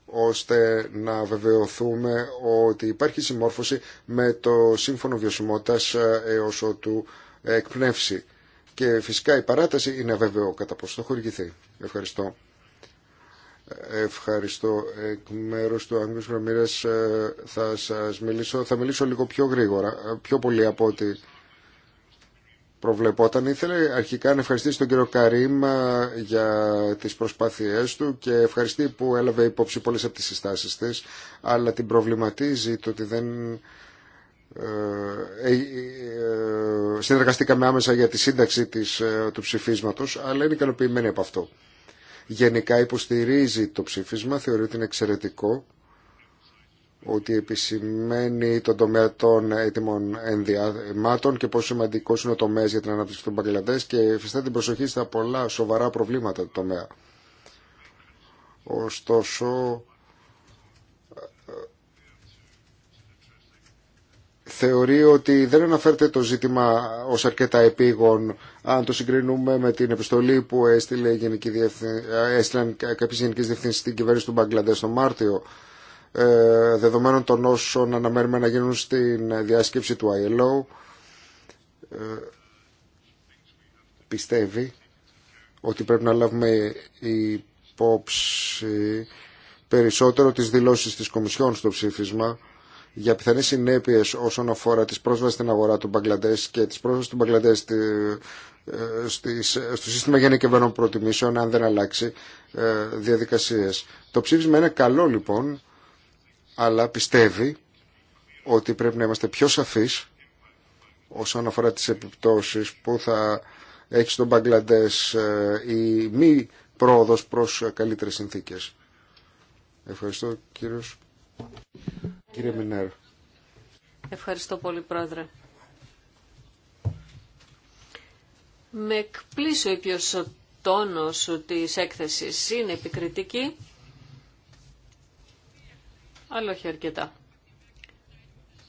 ώστε να βεβαιωθούμε ότι υπάρχει συμμόρφωση με το σύμφωνο βιωσιμότητας ε, έως ότου εκπνεύσει. Και φυσικά η παράταση είναι βεβαιό κατά πόσο θα χορηγηθεί. Ευχαριστώ. Ευχαριστώ. Εκ μέρους του Άγγλου Γραμμύρας ε, θα σας μιλήσω, θα μιλήσω λίγο πιο γρήγορα, ε, πιο πολύ από ότι προβλεπόταν. Ήθελε αρχικά να ευχαριστήσει τον κύριο Καρύμ για τις προσπάθειές του και ευχαριστεί που έλαβε υπόψη πολλές από τις συστάσεις της, αλλά την προβληματίζει το ότι δεν ε, ε, ε, συνεργαστήκαμε άμεσα για τη σύνταξη της, ε, του ψηφίσματος, αλλά είναι ικανοποιημένη από αυτό. Γενικά υποστηρίζει το ψήφισμα, θεωρεί ότι είναι εξαιρετικό ότι επισημαίνει τον τομέα των έτοιμων ενδιαμάτων και πόσο σημαντικό είναι ο τομέα για την ανάπτυξη των Παγκλαντέ και φυσικά την προσοχή στα πολλά σοβαρά προβλήματα του τομέα. Ωστόσο, θεωρεί ότι δεν αναφέρεται το ζήτημα ως αρκετά επίγον αν το συγκρινούμε με την επιστολή που έστειλε Γενική Διευθυν... Ε, έστειλαν κάποιες γενικές διευθύνσεις στην κυβέρνηση του Μπαγκλαντές τον Μάρτιο ε, δεδομένων των όσων αναμένουμε να γίνουν στην διάσκεψη του ILO ε, πιστεύει ότι πρέπει να λάβουμε υπόψη περισσότερο τις δηλώσεις της Κομισιόν στο ψήφισμα για πιθανές συνέπειες όσον αφορά τις πρόσβαση στην αγορά του Μπαγκλαντές και τις πρόσβαση του Μπαγκλαντές ε, στο σύστημα γενικευμένων προτιμήσεων αν δεν αλλάξει διαδικασίες. Το ψήφισμα είναι καλό λοιπόν αλλά πιστεύει ότι πρέπει να είμαστε πιο σαφείς όσον αφορά τις επιπτώσεις που θα έχει στον Μπαγκλαντές ε, η μη πρόοδος προς καλύτερες συνθήκες. Ευχαριστώ κύριος. Κύριε Μινέρ. Ευχαριστώ πολύ πρόεδρε. Με εκπλήσω ο τόνος της έκθεσης είναι επικριτική αλλά όχι αρκετά.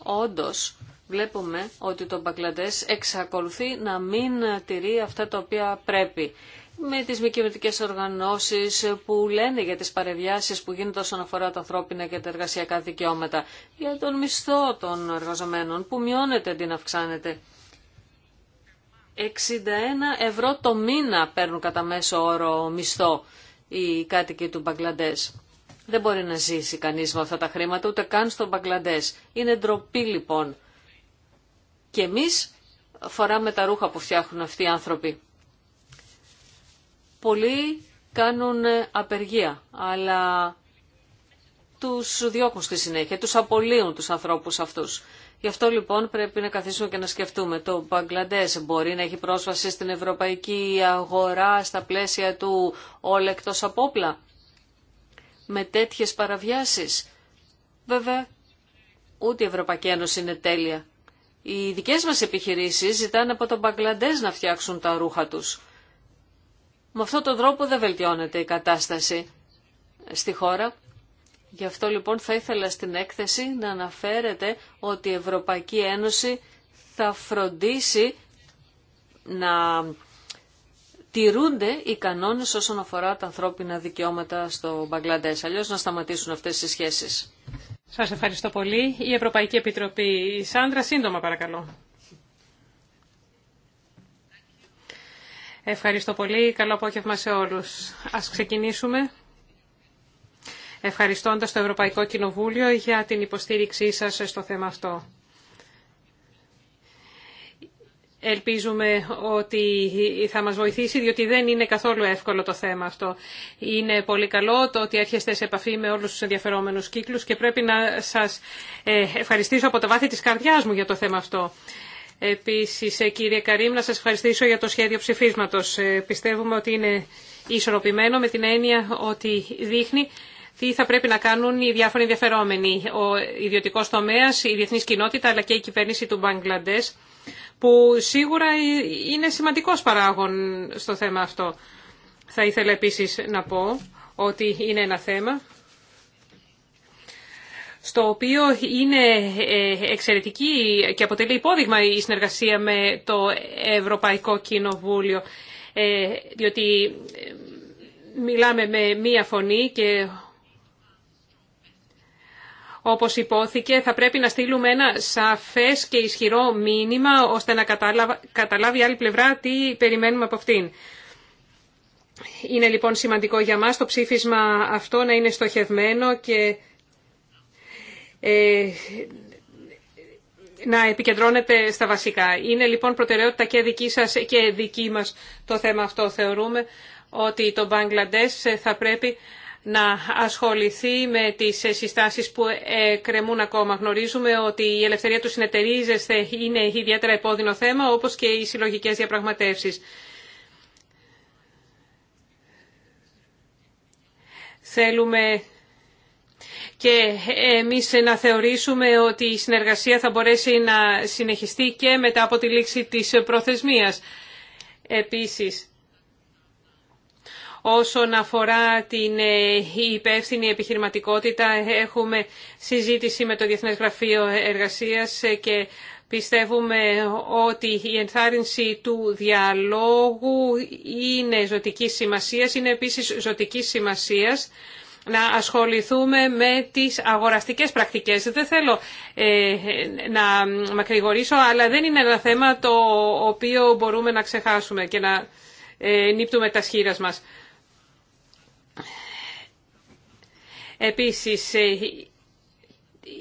Όντως, βλέπουμε ότι το Μπαγκλαντές εξακολουθεί να μην τηρεί αυτά τα οποία πρέπει. Με τις μη κυβερνητικέ οργανώσεις που λένε για τις παρεβιάσεις που γίνονται όσον αφορά τα ανθρώπινα και τα εργασιακά δικαιώματα, για τον μισθό των εργαζομένων που μειώνεται αντί να αυξάνεται. 61 ευρώ το μήνα παίρνουν κατά μέσο όρο μισθό οι κάτοικοι του Μπαγκλαντές. Δεν μπορεί να ζήσει κανείς με αυτά τα χρήματα, ούτε καν στον Μπαγκλαντές. Είναι ντροπή λοιπόν. Και εμείς φοράμε τα ρούχα που φτιάχνουν αυτοί οι άνθρωποι. Πολλοί κάνουν ε, απεργία, αλλά τους διώκουν στη συνέχεια, τους απολύουν τους ανθρώπους αυτούς. Γι' αυτό λοιπόν πρέπει να καθίσουμε και να σκεφτούμε. Το Μπαγκλαντές μπορεί να έχει πρόσβαση στην ευρωπαϊκή αγορά στα πλαίσια του όλα απόπλα με τέτοιες παραβιάσεις. Βέβαια, ούτε η Ευρωπαϊκή Ένωση είναι τέλεια. Οι δικές μας επιχειρήσεις ζητάνε από τον Μπαγκλαντές να φτιάξουν τα ρούχα τους. Με αυτόν τον τρόπο δεν βελτιώνεται η κατάσταση στη χώρα. Γι' αυτό λοιπόν θα ήθελα στην έκθεση να αναφέρετε ότι η Ευρωπαϊκή Ένωση θα φροντίσει να τηρούνται οι κανόνες όσον αφορά τα ανθρώπινα δικαιώματα στο Μπαγκλαντέ. Αλλιώ να σταματήσουν αυτές οι σχέσεις. Σας ευχαριστώ πολύ. Η Ευρωπαϊκή Επιτροπή. Η Σάντρα, σύντομα παρακαλώ. Ευχαριστώ πολύ. Καλό απόγευμα σε όλους. Ας ξεκινήσουμε ευχαριστώντας το Ευρωπαϊκό Κοινοβούλιο για την υποστήριξή σας στο θέμα αυτό. Ελπίζουμε ότι θα μας βοηθήσει, διότι δεν είναι καθόλου εύκολο το θέμα αυτό. Είναι πολύ καλό το ότι έρχεστε σε επαφή με όλους τους ενδιαφερόμενους κύκλους και πρέπει να σας ε, ευχαριστήσω από το βάθη της καρδιάς μου για το θέμα αυτό. Επίσης, ε, κύριε Καρύμ, να σας ευχαριστήσω για το σχέδιο ψηφίσματος. Ε, πιστεύουμε ότι είναι ισορροπημένο με την έννοια ότι δείχνει τι θα πρέπει να κάνουν οι διάφοροι ενδιαφερόμενοι, ο ιδιωτικός τομέας, η διεθνής κοινότητα αλλά και η κυβέρνηση του Μπαγκλαντές που σίγουρα είναι σημαντικός παράγων στο θέμα αυτό. Θα ήθελα επίσης να πω ότι είναι ένα θέμα στο οποίο είναι ε, εξαιρετική και αποτελεί υπόδειγμα η συνεργασία με το Ευρωπαϊκό Κοινοβούλιο, ε, διότι ε, μιλάμε με μία φωνή και όπως υπόθηκε, θα πρέπει να στείλουμε ένα σαφές και ισχυρό μήνυμα, ώστε να καταλάβει η άλλη πλευρά τι περιμένουμε από αυτήν. Είναι λοιπόν σημαντικό για μας το ψήφισμα αυτό να είναι στοχευμένο και ε, να επικεντρώνεται στα βασικά. Είναι λοιπόν προτεραιότητα και δική σας και δική μας το θέμα αυτό. Θεωρούμε ότι το Μπαγκλαντές θα πρέπει να ασχοληθεί με τις συστάσεις που κρεμούν ακόμα. Γνωρίζουμε ότι η ελευθερία του συνεταιρίζεσθε είναι ιδιαίτερα επώδυνο θέμα, όπως και οι συλλογικές διαπραγματεύσεις. Θέλουμε και εμείς να θεωρήσουμε ότι η συνεργασία θα μπορέσει να συνεχιστεί και μετά από τη λήξη της προθεσμίας. Επίσης, Όσον αφορά την ε, υπεύθυνη επιχειρηματικότητα, έχουμε συζήτηση με το Διεθνές Γραφείο Εργασίας ε, και πιστεύουμε ότι η ενθάρρυνση του διαλόγου είναι ζωτική σημασίας, είναι επίσης ζωτική σημασίας να ασχοληθούμε με τις αγοραστικές πρακτικές. Δεν θέλω ε, να μακρηγορήσω, αλλά δεν είναι ένα θέμα το οποίο μπορούμε να ξεχάσουμε και να νύπτουμε τα σχήρας μας. Επίσης, ε,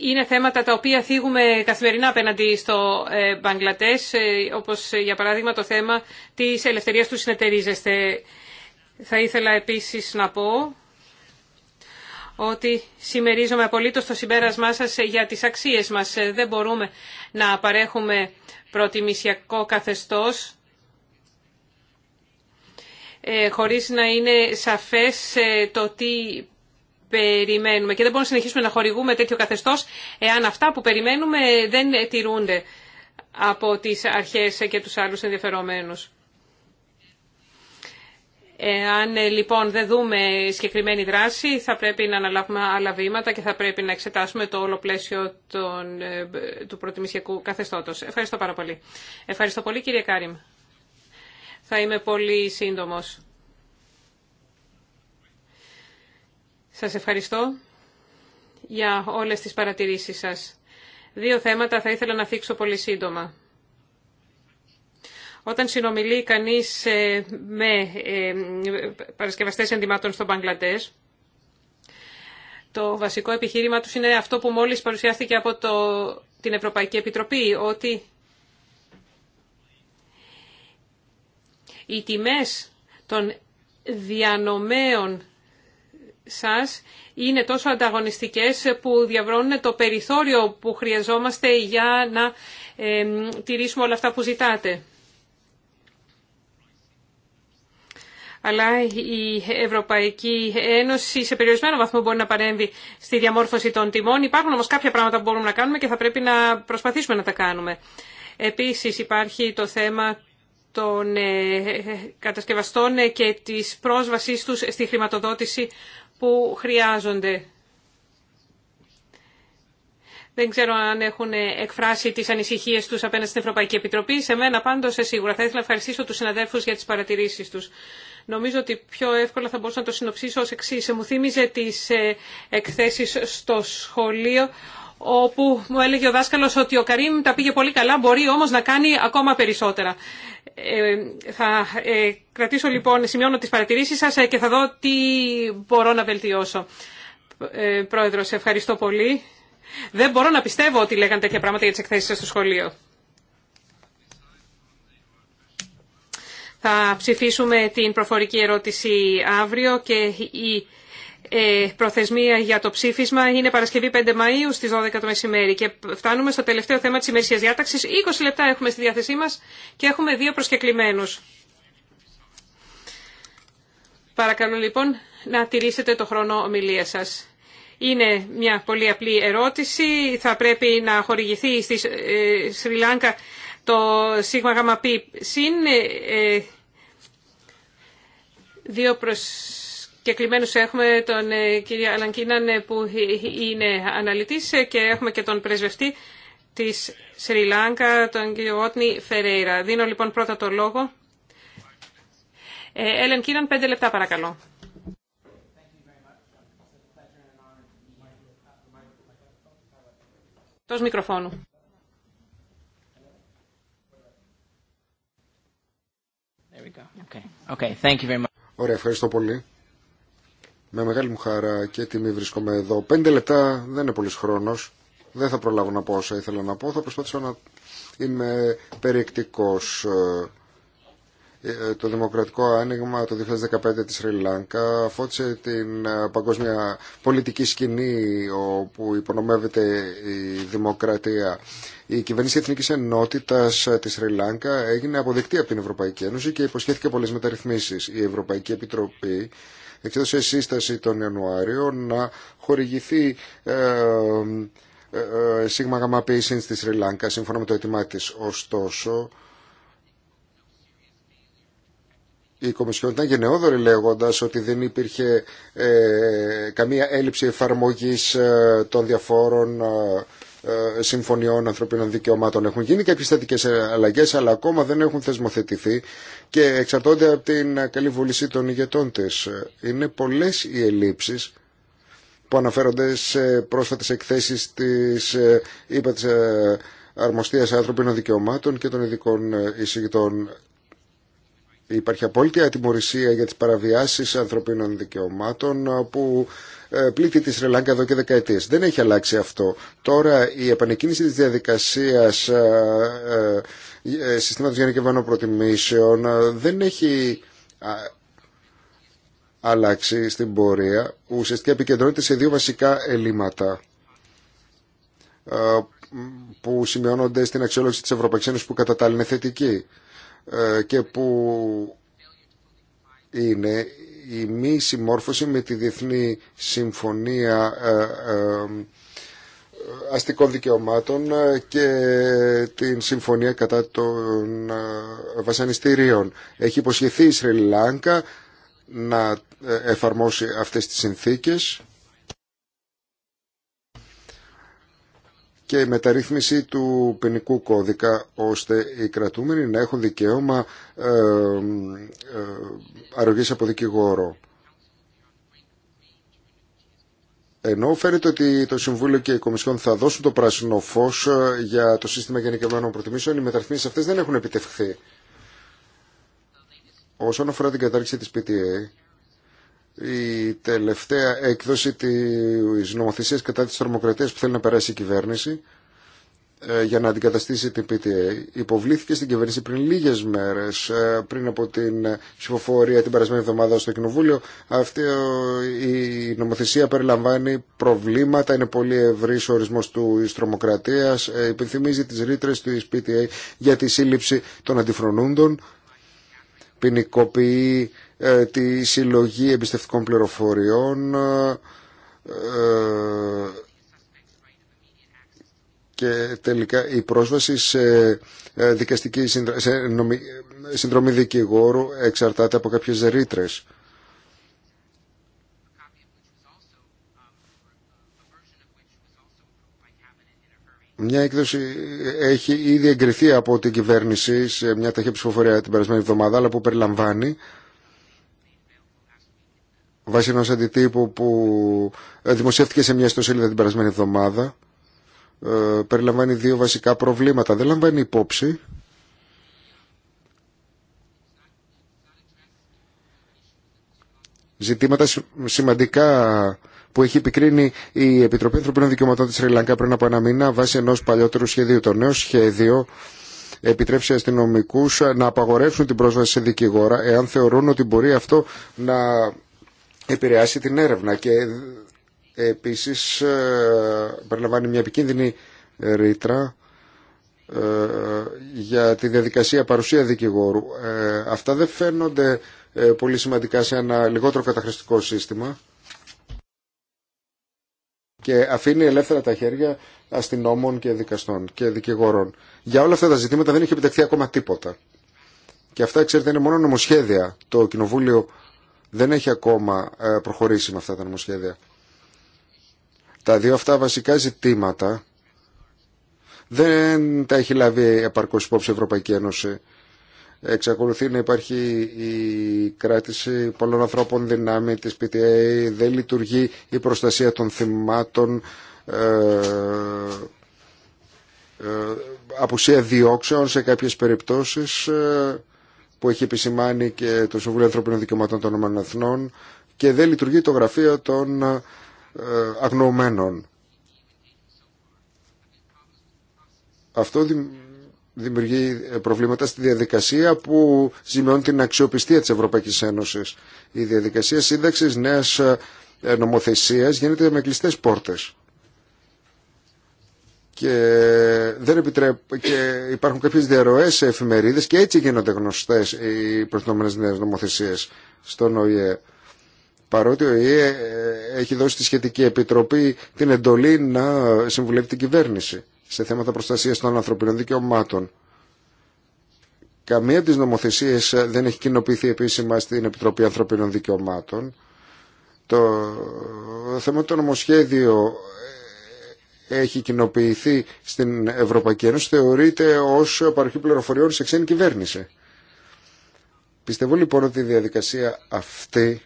είναι θέματα τα οποία θίγουμε καθημερινά απέναντι στο ε, Μπαγκλατές, ε, όπως για παράδειγμα το θέμα της ελευθερίας του συνεταιρίζεστε. Θα ήθελα επίσης να πω ότι συμμερίζομαι απολύτως το συμπέρασμά σας για τις αξίες μας. Δεν μπορούμε να παρέχουμε προτιμησιακό καθεστώς χωρίς να είναι σαφές το τι περιμένουμε και δεν μπορούμε να συνεχίσουμε να χορηγούμε τέτοιο καθεστώς εάν αυτά που περιμένουμε δεν τηρούνται από τις αρχές και τους άλλους ενδιαφερομένους. Εάν ε, λοιπόν δεν δούμε συγκεκριμένη δράση, θα πρέπει να αναλάβουμε άλλα βήματα και θα πρέπει να εξετάσουμε το όλο πλαίσιο των, ε, του προτιμησιακού καθεστώτος. Ευχαριστώ πάρα πολύ. Ευχαριστώ πολύ κύριε Κάριμ. Θα είμαι πολύ σύντομος. Σας ευχαριστώ για όλες τις παρατηρήσεις σας. Δύο θέματα θα ήθελα να θίξω πολύ σύντομα. Όταν συνομιλεί κανείς ε, με ε, παρασκευαστές ενδυμάτων στον Παγκλαντές, το βασικό επιχείρημα τους είναι αυτό που μόλις παρουσιάστηκε από την Ευρωπαϊκή Επιτροπή, ότι οι τιμές των διανομέων σας είναι τόσο ανταγωνιστικές που διαβρώνουν το περιθώριο που χρειαζόμαστε για να ε, τηρήσουμε όλα αυτά που ζητάτε. αλλά η Ευρωπαϊκή Ένωση σε περιορισμένο βαθμό μπορεί να παρέμβει στη διαμόρφωση των τιμών. Υπάρχουν όμως κάποια πράγματα που μπορούμε να κάνουμε και θα πρέπει να προσπαθήσουμε να τα κάνουμε. Επίσης υπάρχει το θέμα των ε, κατασκευαστών και της πρόσβασής τους στη χρηματοδότηση που χρειάζονται. Δεν ξέρω αν έχουν εκφράσει τις ανησυχίες τους απέναντι στην Ευρωπαϊκή Επιτροπή. Σε μένα πάντως σίγουρα θα ήθελα να ευχαριστήσω τους συναδέλφους για τις παρατηρήσεις τους. Νομίζω ότι πιο εύκολα θα μπορούσα να το συνοψίσω ως εξής. Μου θύμιζε τις ε, εκθέσεις στο σχολείο όπου μου έλεγε ο δάσκαλος ότι ο Καρίν τα πήγε πολύ καλά, μπορεί όμως να κάνει ακόμα περισσότερα. Ε, θα ε, κρατήσω λοιπόν, σημειώνω τις παρατηρήσεις σας ε, και θα δω τι μπορώ να βελτιώσω. Ε, πρόεδρος, ευχαριστώ πολύ. Δεν μπορώ να πιστεύω ότι λέγανε τέτοια πράγματα για τις εκθέσεις σας στο σχολείο. Θα ψηφίσουμε την προφορική ερώτηση αύριο και η ε, προθεσμία για το ψήφισμα είναι Παρασκευή 5 Μαΐου στις 12 το μεσημέρι και φτάνουμε στο τελευταίο θέμα της ημερησίας διάταξης. 20 λεπτά έχουμε στη διάθεσή μας και έχουμε δύο προσκεκλημένους. Παρακαλώ λοιπόν να τηρήσετε το χρόνο ομιλία σας. Είναι μια πολύ απλή ερώτηση. Θα πρέπει να χορηγηθεί στη ε, Σρι Λάνκα το σίγμα γάμα συν ε, δύο προς και κλειμένους έχουμε τον ε, κύριο Αλανκίναν ε, που ε, είναι αναλυτής και έχουμε και τον πρεσβευτή της Σρι Λάγκα, τον κύριο Ότνη Φερέιρα. Δίνω λοιπόν πρώτα το λόγο. Ε, Έλεν Κίναν, πέντε λεπτά παρακαλώ. Τος μικροφόνου. Ωραία, ευχαριστώ πολύ. Με μεγάλη μου χαρά και τιμή βρίσκομαι εδώ. Πέντε λεπτά δεν είναι πολύ χρόνο. Δεν θα προλάβω να πω όσα ήθελα να πω. Θα προσπαθήσω να είμαι περιεκτικό. Ε, ε, το δημοκρατικό άνοιγμα το 2015 της Σρι Λάνκα φώτισε την ε, παγκόσμια πολιτική σκηνή όπου υπονομεύεται η δημοκρατία. Η κυβέρνηση Εθνική Ενότητα της Σρι έγινε αποδεκτή από την Ευρωπαϊκή Ένωση και υποσχέθηκε πολλές μεταρρυθμίσεις. Η Ευρωπαϊκή Επιτροπή εξέδωσε σύσταση τον Ιανουάριο να χορηγηθεί ε, ε, ε, σίγμα γαμαπίσιν στη Σρι Λάνκα σύμφωνα με το αίτημά της. Ωστόσο, η Κομισιόν ήταν γενναιόδορη λέγοντας ότι δεν υπήρχε καμία έλλειψη εφαρμογής των διαφόρων ε, συμφωνιών ανθρωπίνων δικαιωμάτων. Έχουν γίνει και θετικές ε, αλλαγές, αλλά ακόμα δεν έχουν θεσμοθετηθεί και εξαρτώνται από την καλή βούληση των ηγετών της. Είναι πολλές οι ελλείψεις που αναφέρονται σε πρόσφατες εκθέσεις της, ε, είπα, της αρμοστίας ανθρωπίνων δικαιωμάτων και των ειδικών εισηγητών. Υπάρχει απόλυτη ατιμορρησία για τις παραβιάσεις ανθρωπίνων δικαιωμάτων που ε, πλήττει τη Σρελάνκα εδώ και δεκαετίες. Δεν έχει αλλάξει αυτό. Τώρα η επανεκκίνηση της διαδικασίας ε, ε, συστήματος γενικευμένων προτιμήσεων δεν έχει αλλάξει στην πορεία. Ουσιαστικά επικεντρώνεται σε δύο βασικά ελλείμματα που σημειώνονται στην αξιόλογηση της Ευρωπαϊκής Ένωσης που κατά τα είναι θετική. Ε, και που είναι η μη συμμόρφωση με τη Διεθνή Συμφωνία ε, ε, Αστικών Δικαιωμάτων και την Συμφωνία κατά των βασανιστήριων. Έχει υποσχεθεί η Σρι να εφαρμόσει αυτές τις συνθήκες και η μεταρρύθμιση του ποινικού κώδικα ώστε οι κρατούμενοι να έχουν δικαίωμα ε, ε, αρρωγής από δικηγόρο. Ενώ φαίνεται ότι το Συμβούλιο και η Κομισιόν θα δώσουν το πράσινο φως ε, για το σύστημα γενικευμένων προτιμήσεων, οι μεταρρυθμίσεις αυτές δεν έχουν επιτευχθεί. Όσον αφορά την κατάρξη της PTA, η τελευταία έκδοση της νομοθεσίας κατά της τρομοκρατίας που θέλει να περάσει η κυβέρνηση ε, για να αντικαταστήσει την PTA υποβλήθηκε στην κυβέρνηση πριν λίγες μέρες ε, πριν από την ψηφοφορία την περασμένη εβδομάδα στο Κοινοβούλιο αυτή ε, η νομοθεσία περιλαμβάνει προβλήματα είναι πολύ ευρύς ο ορισμός του τρομοκρατίας υπενθυμίζει τις ρήτρε της PTA για τη σύλληψη των αντιφρονούντων ποινικοποιεί ε, τη συλλογή εμπιστευτικών πληροφοριών ε, και τελικά η πρόσβαση σε, ε, δικαστική, σε συνδρομή δικηγόρου εξαρτάται από κάποιες ρήτρε. Μια έκδοση έχει ήδη εγκριθεί από την κυβέρνηση σε μια ταχύα ψηφοφορία την περασμένη εβδομάδα, αλλά που περιλαμβάνει βάσει ενός αντιτύπου που ε, δημοσιεύτηκε σε μια ιστοσελίδα την περασμένη εβδομάδα ε, περιλαμβάνει δύο βασικά προβλήματα. Δεν λαμβάνει υπόψη ζητήματα σημαντικά που έχει επικρίνει η Επιτροπή Ανθρωπίνων Δικαιωματών της Ριλανκά πριν από ένα μήνα βάσει ενός παλιότερου σχεδίου. Το νέο σχέδιο επιτρέψει αστυνομικού αστυνομικούς να απαγορεύσουν την πρόσβαση σε δικηγόρα εάν θεωρούν ότι μπορεί αυτό να επηρεάσει την έρευνα και ε, επίσης ε, περιλαμβάνει μια επικίνδυνη ρήτρα ε, για τη διαδικασία παρουσία δικηγόρου. Αυτά δεν φαίνονται πολύ σημαντικά σε ένα λιγότερο καταχρηστικό σύστημα και αφήνει ελεύθερα τα χέρια αστυνόμων και δικαστών και δικηγόρων. Για όλα αυτά τα ζητήματα δεν έχει επιτευχθεί ακόμα τίποτα. Και αυτά, ξέρετε, είναι μόνο νομοσχέδια. Το Κοινοβούλιο δεν έχει ακόμα ε, προχωρήσει με αυτά τα νομοσχέδια. Τα δύο αυτά βασικά ζητήματα δεν τα έχει λάβει επαρκώς υπόψη η Ευρωπαϊκή Ένωση. Εξακολουθεί να υπάρχει η κράτηση πολλών ανθρώπων δυνάμει της PTA, δεν λειτουργεί η προστασία των θυμάτων, ε, ε απουσία διώξεων σε κάποιες περιπτώσεις. Ε, που έχει επισημάνει και το Συμβούλιο Ανθρωπίνων Δικαιωμάτων των Ηνωμένων Εθνών και δεν λειτουργεί το γραφείο των ε, αγνοωμένων. Αυτό δημιουργεί ε, προβλήματα στη διαδικασία που ζημιώνει την αξιοπιστία της Ευρωπαϊκής Ένωσης. Η διαδικασία σύνταξης νέας ε, νομοθεσίας γίνεται με κλειστές πόρτες και, δεν επιτρέπ, και υπάρχουν κάποιες διαρροές σε εφημερίδες και έτσι γίνονται γνωστές οι προτινόμενες νέες νομοθεσίες στον ΟΗΕ. Παρότι ο ΟΗΕ ε, έχει δώσει τη σχετική επιτροπή την εντολή να συμβουλεύει την κυβέρνηση σε θέματα προστασίας των ανθρωπινών δικαιωμάτων. Καμία της νομοθεσίας ε, δεν έχει κοινοποιηθεί επίσημα στην Επιτροπή Ανθρωπίνων Δικαιωμάτων. Το θέμα το νομοσχέδιο έχει κοινοποιηθεί στην Ευρωπαϊκή Ένωση θεωρείται ως παροχή πληροφοριών σε ξένη κυβέρνηση. Πιστεύω λοιπόν ότι η διαδικασία αυτή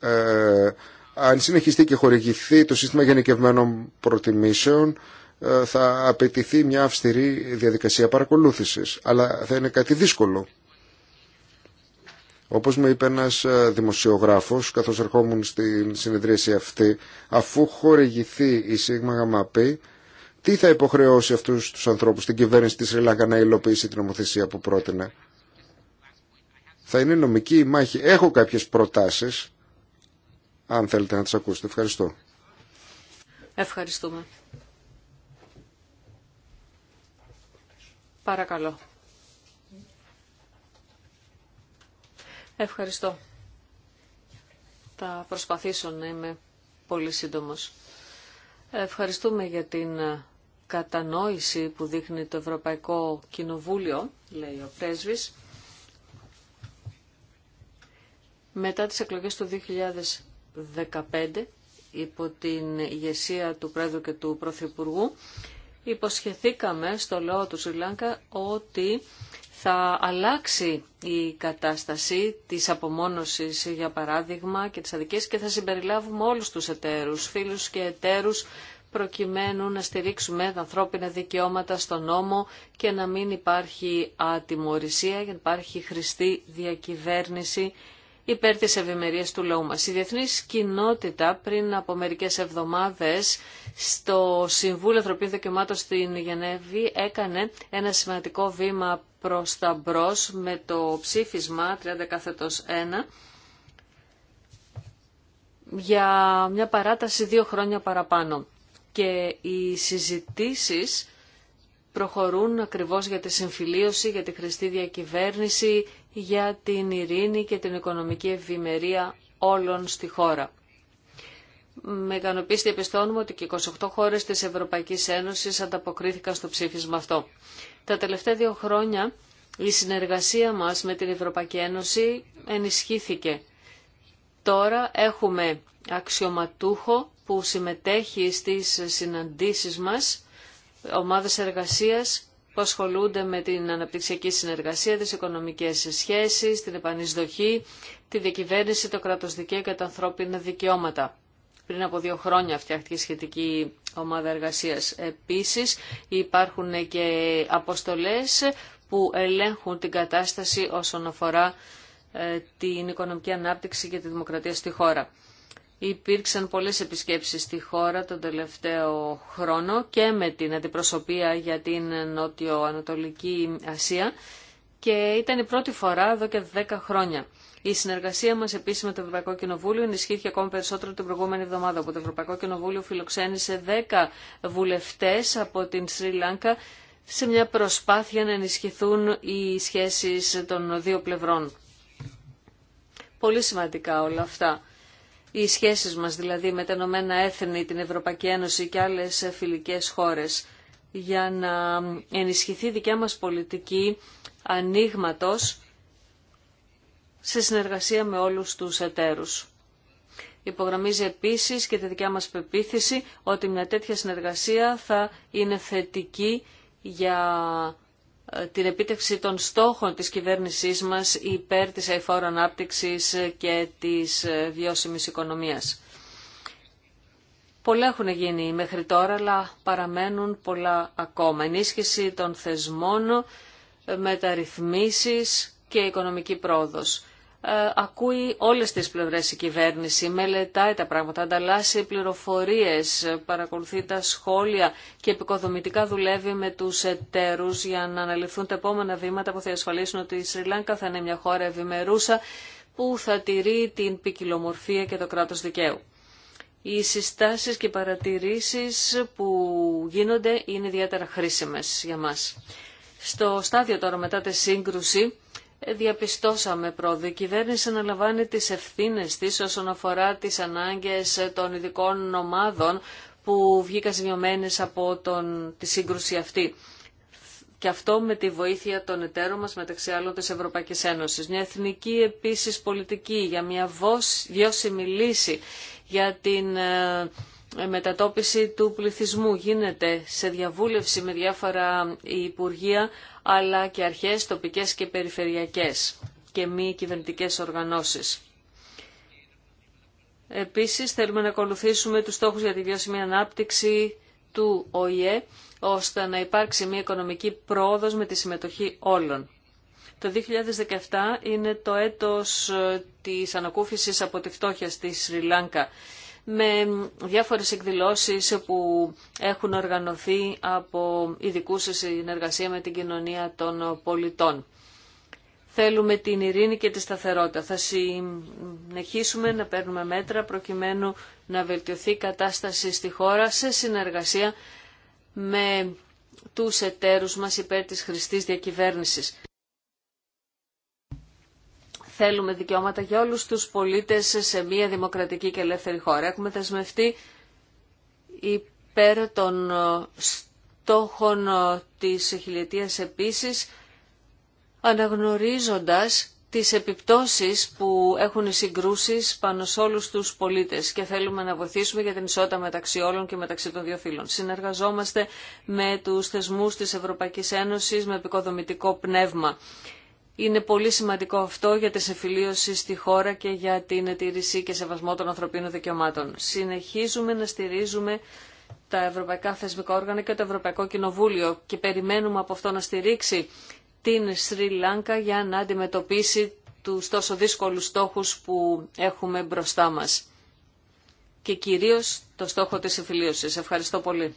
ε, αν συνεχιστεί και χορηγηθεί το σύστημα γενικευμένων προτιμήσεων ε, θα απαιτηθεί μια αυστηρή διαδικασία παρακολούθησης αλλά θα είναι κάτι δύσκολο. Όπως μου είπε ένα ε, δημοσιογράφος, καθώς ερχόμουν στην συνεδρίαση αυτή, αφού χορηγηθεί η ΣΥΓΜΑ τι θα υποχρεώσει αυτού του ανθρώπου, την κυβέρνηση τη Ριλάγκα να υλοποιήσει την νομοθεσία που πρότεινε. Θα είναι νομική η μάχη. Έχω κάποιες προτάσεις, αν θέλετε να τις ακούσετε. Ευχαριστώ. Ευχαριστούμε. Παρακαλώ. Ευχαριστώ. Θα προσπαθήσω να είμαι πολύ σύντομος. Ευχαριστούμε για την κατανόηση που δείχνει το Ευρωπαϊκό Κοινοβούλιο, λέει ο πρέσβης. Μετά τις εκλογές του 2015, υπό την ηγεσία του Πρέδου και του Πρωθυπουργού, υποσχεθήκαμε στο λαό του Σιλάνκα ότι θα αλλάξει η κατάσταση της απομόνωσης για παράδειγμα και της αδικίας και θα συμπεριλάβουμε όλους τους εταίρους, φίλους και εταίρους προκειμένου να στηρίξουμε τα ανθρώπινα δικαιώματα στον νόμο και να μην υπάρχει ατιμωρησία, για να υπάρχει χρηστή διακυβέρνηση υπέρ της ευημερίας του λαού μας. Η διεθνής κοινότητα πριν από μερικές εβδομάδες στο Συμβούλιο Ανθρωπίνων Δικαιωμάτων στην Γενέβη έκανε ένα σημαντικό βήμα προς τα μπρος με το ψήφισμα 30 καθετός 1 για μια παράταση δύο χρόνια παραπάνω. Και οι συζητήσεις προχωρούν ακριβώς για τη συμφιλίωση, για τη χρηστή διακυβέρνηση, για την ειρήνη και την οικονομική ευημερία όλων στη χώρα. Με ικανοποίηση διαπιστώνουμε ότι και 28 χώρες της Ευρωπαϊκής Ένωσης ανταποκρίθηκαν στο ψήφισμα αυτό. Τα τελευταία δύο χρόνια η συνεργασία μας με την Ευρωπαϊκή Ένωση ενισχύθηκε. Τώρα έχουμε αξιωματούχο που συμμετέχει στις συναντήσεις μας, ομάδες εργασίας που ασχολούνται με την αναπτυξιακή συνεργασία, τις οικονομικές σχέσεις, την επανεισδοχή, τη διακυβέρνηση, το κρατοσδικαίο και τα ανθρώπινα δικαιώματα. Πριν από δύο χρόνια φτιάχτηκε σχετική ομάδα εργασίας. Επίσης υπάρχουν και αποστολές που ελέγχουν την κατάσταση όσον αφορά ε, την οικονομική ανάπτυξη και τη δημοκρατία στη χώρα. Υπήρξαν πολλές επισκέψεις στη χώρα τον τελευταίο χρόνο και με την αντιπροσωπεία για την Νότιο-Ανατολική Ασία και ήταν η πρώτη φορά εδώ και 10 χρόνια. Η συνεργασία μα επίση με το Ευρωπαϊκό Κοινοβούλιο ενισχύθηκε ακόμα περισσότερο την προηγούμενη εβδομάδα, όπου το Ευρωπαϊκό Κοινοβούλιο φιλοξένησε 10 βουλευτέ από την Σρι Λάνκα σε μια προσπάθεια να ενισχυθούν οι σχέσεις των δύο πλευρών. Πολύ σημαντικά όλα αυτά. Οι σχέσεις μας δηλαδή με τα Ηνωμένα Έθνη, την Ευρωπαϊκή Ένωση και άλλες φιλικές χώρες για να ενισχυθεί δικιά μας πολιτική ανοίγματο σε συνεργασία με όλους τους εταίρους. Υπογραμμίζει επίσης και τη δικιά μας πεποίθηση ότι μια τέτοια συνεργασία θα είναι θετική για ε, την επίτευξη των στόχων της κυβέρνησής μας υπέρ της αηφόρου ανάπτυξης και της ε, βιώσιμης οικονομίας. Πολλά έχουν γίνει μέχρι τώρα, αλλά παραμένουν πολλά ακόμα. Ενίσχυση των θεσμών, ε, μεταρρυθμίσεις και οικονομική πρόοδος. Ε, ακούει όλες τις πλευρές η κυβέρνηση, μελετάει τα πράγματα, ανταλλάσσει πληροφορίες, παρακολουθεί τα σχόλια και επικοδομητικά δουλεύει με τους εταίρους για να αναλυθούν τα επόμενα βήματα που θα ασφαλίσουν ότι η Σρι Λάνκα θα είναι μια χώρα ευημερούσα που θα τηρεί την ποικιλομορφία και το κράτος δικαίου. Οι συστάσεις και παρατηρήσεις που γίνονται είναι ιδιαίτερα χρήσιμες για μας. Στο στάδιο τώρα μετά τη σύγκρουση, διαπιστώσαμε πρώτα. Η κυβέρνηση αναλαμβάνει τις ευθύνες της όσον αφορά τις ανάγκες των ειδικών ομάδων που βγήκαν σημειωμένες από τον, τη σύγκρουση αυτή. Και αυτό με τη βοήθεια των εταίρων μας, μεταξύ άλλων της Ευρωπαϊκής Ένωσης. Μια εθνική επίσης πολιτική για μια βιώσιμη λύση για την ε, ε, μετατόπιση του πληθυσμού γίνεται σε διαβούλευση με διάφορα υπουργεία αλλά και αρχές τοπικές και περιφερειακές και μη κυβερνητικές οργανώσεις. Επίσης θέλουμε να ακολουθήσουμε τους στόχους για τη βιώσιμη ανάπτυξη του ΟΗΕ ώστε να υπάρξει μια οικονομική πρόοδος με τη συμμετοχή όλων. Το 2017 είναι το έτος ε, της ανακούφισης από τη φτώχεια στη Σρι Λάνκα με διάφορες εκδηλώσεις που έχουν οργανωθεί από ειδικού σε συνεργασία με την κοινωνία των πολιτών. Θέλουμε την ειρήνη και τη σταθερότητα. Θα συνεχίσουμε να παίρνουμε μέτρα προκειμένου να βελτιωθεί η κατάσταση στη χώρα σε συνεργασία με τους εταίρους μας υπέρ της χρηστής διακυβέρνησης θέλουμε δικαιώματα για όλους τους πολίτες σε μια δημοκρατική και ελεύθερη χώρα. Έχουμε δεσμευτεί υπέρ των ε, στόχων ε, της χιλιετίας επίσης, αναγνωρίζοντας τις επιπτώσεις που έχουν οι συγκρούσεις πάνω σε όλους τους πολίτες και θέλουμε να βοηθήσουμε για την ισότητα μεταξύ όλων και μεταξύ των δύο φύλων. Συνεργαζόμαστε με τους θεσμούς της Ευρωπαϊκής Ένωσης με επικοδομητικό πνεύμα. Είναι πολύ σημαντικό αυτό για τη συμφιλίωση στη χώρα και για την ετήρηση και σεβασμό των ανθρωπίνων δικαιωμάτων. Συνεχίζουμε να στηρίζουμε τα ευρωπαϊκά θεσμικά όργανα και το Ευρωπαϊκό Κοινοβούλιο και περιμένουμε από αυτό να στηρίξει την Σρι Λάνκα για να αντιμετωπίσει τους τόσο δύσκολους στόχους που έχουμε μπροστά μας και κυρίως το στόχο της συμφιλίωσης. Ευχαριστώ πολύ.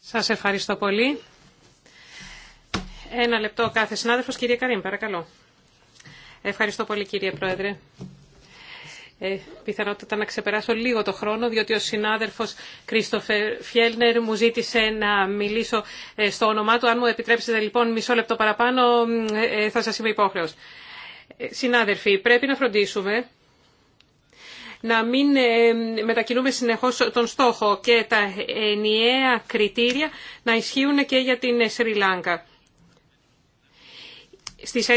Σας ευχαριστώ πολύ. Ένα λεπτό κάθε συνάδελφος. Κυρία Καρίν, παρακαλώ. Ευχαριστώ πολύ κύριε Πρόεδρε. Ε, πιθανότητα να ξεπεράσω λίγο το χρόνο, διότι ο συνάδελφος Κρίστοφερ Φιέλνερ μου ζήτησε να μιλήσω ε, στο όνομά του. Αν μου επιτρέψετε λοιπόν μισό λεπτό παραπάνω, ε, ε, θα σας είμαι υπόχρεος. Συνάδελφοι, πρέπει να φροντίσουμε να μην μετακινούμε συνεχώς τον στόχο και τα ενιαία κριτήρια να ισχύουν και για την Σρι Λάγκα. Στις 11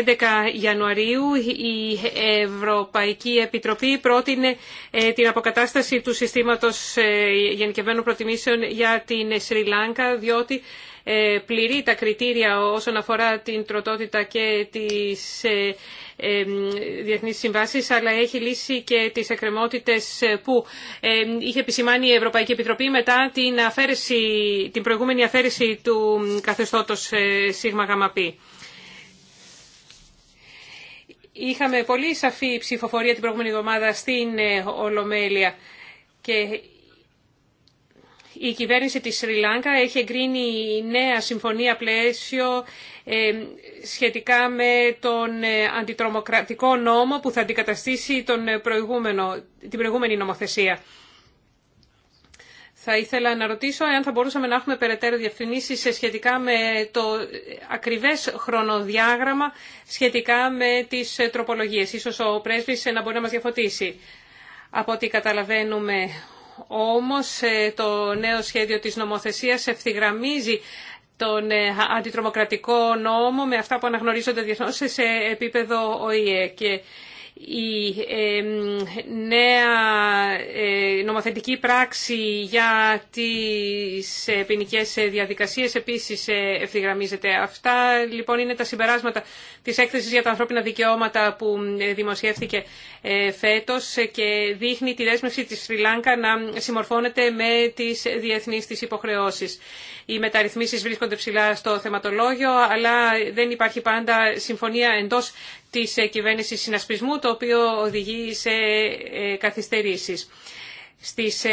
Ιανουαρίου η Ευρωπαϊκή Επιτροπή πρότεινε ε, την αποκατάσταση του συστήματος ε, γενικευμένων προτιμήσεων για την Σρι Λάγκα, διότι ε, πληρεί τα κριτήρια όσον αφορά την τροτότητα και τις διεθνείς συμβάσεις, αλλά έχει λύσει και τις εκκρεμότητες που είχε επισημάνει η Ευρωπαϊκή Επιτροπή μετά την, αφαίρεση, την προηγούμενη αφαίρεση του καθεστώτος ΣΥΓΜΑΓΑΜΑΠΗ. Είχαμε πολύ σαφή ψηφοφορία την προηγούμενη εβδομάδα στην ε, Ολομέλεια και η κυβέρνηση της Σρι Λάγκα έχει εγκρίνει νέα συμφωνία πλαίσιο ε, σχετικά με τον ε, αντιτρομοκρατικό νόμο που θα αντικαταστήσει τον προηγούμενο, την προηγούμενη νομοθεσία. Θα ήθελα να ρωτήσω εάν θα μπορούσαμε να έχουμε περαιτέρω διευθυνήσεις σχετικά με το ακριβές χρονοδιάγραμμα σχετικά με τις τροπολογίες. Ίσως ο πρέσβης να μπορεί να μας διαφωτίσει. Από ό,τι καταλαβαίνουμε όμως ε, το νέο σχέδιο της νομοθεσίας ευθυγραμμίζει τον ε, αντιτρομοκρατικό νόμο με αυτά που αναγνωρίζονται διεθνώς σε επίπεδο ΟΗΕ η νέα ε, νομοθετική πράξη για τις ε, ποινικέ ε, διαδικασίες επίσης ευθυγραμμίζεται. Αυτά λοιπόν είναι τα συμπεράσματα της έκθεσης για τα ανθρώπινα δικαιώματα που δημοσιεύθηκε φέτος και δείχνει τη δέσμευση της Φιλάνκα να συμμορφώνεται με τις διεθνείς της υποχρεώσεις. Οι μεταρρυθμίσεις βρίσκονται ψηλά στο θεματολόγιο αλλά δεν υπάρχει πάντα συμφωνία εντός της ε, κυβέρνηση συνασπισμού, το οποίο οδηγεί σε ε, καθυστερήσεις. Στις 11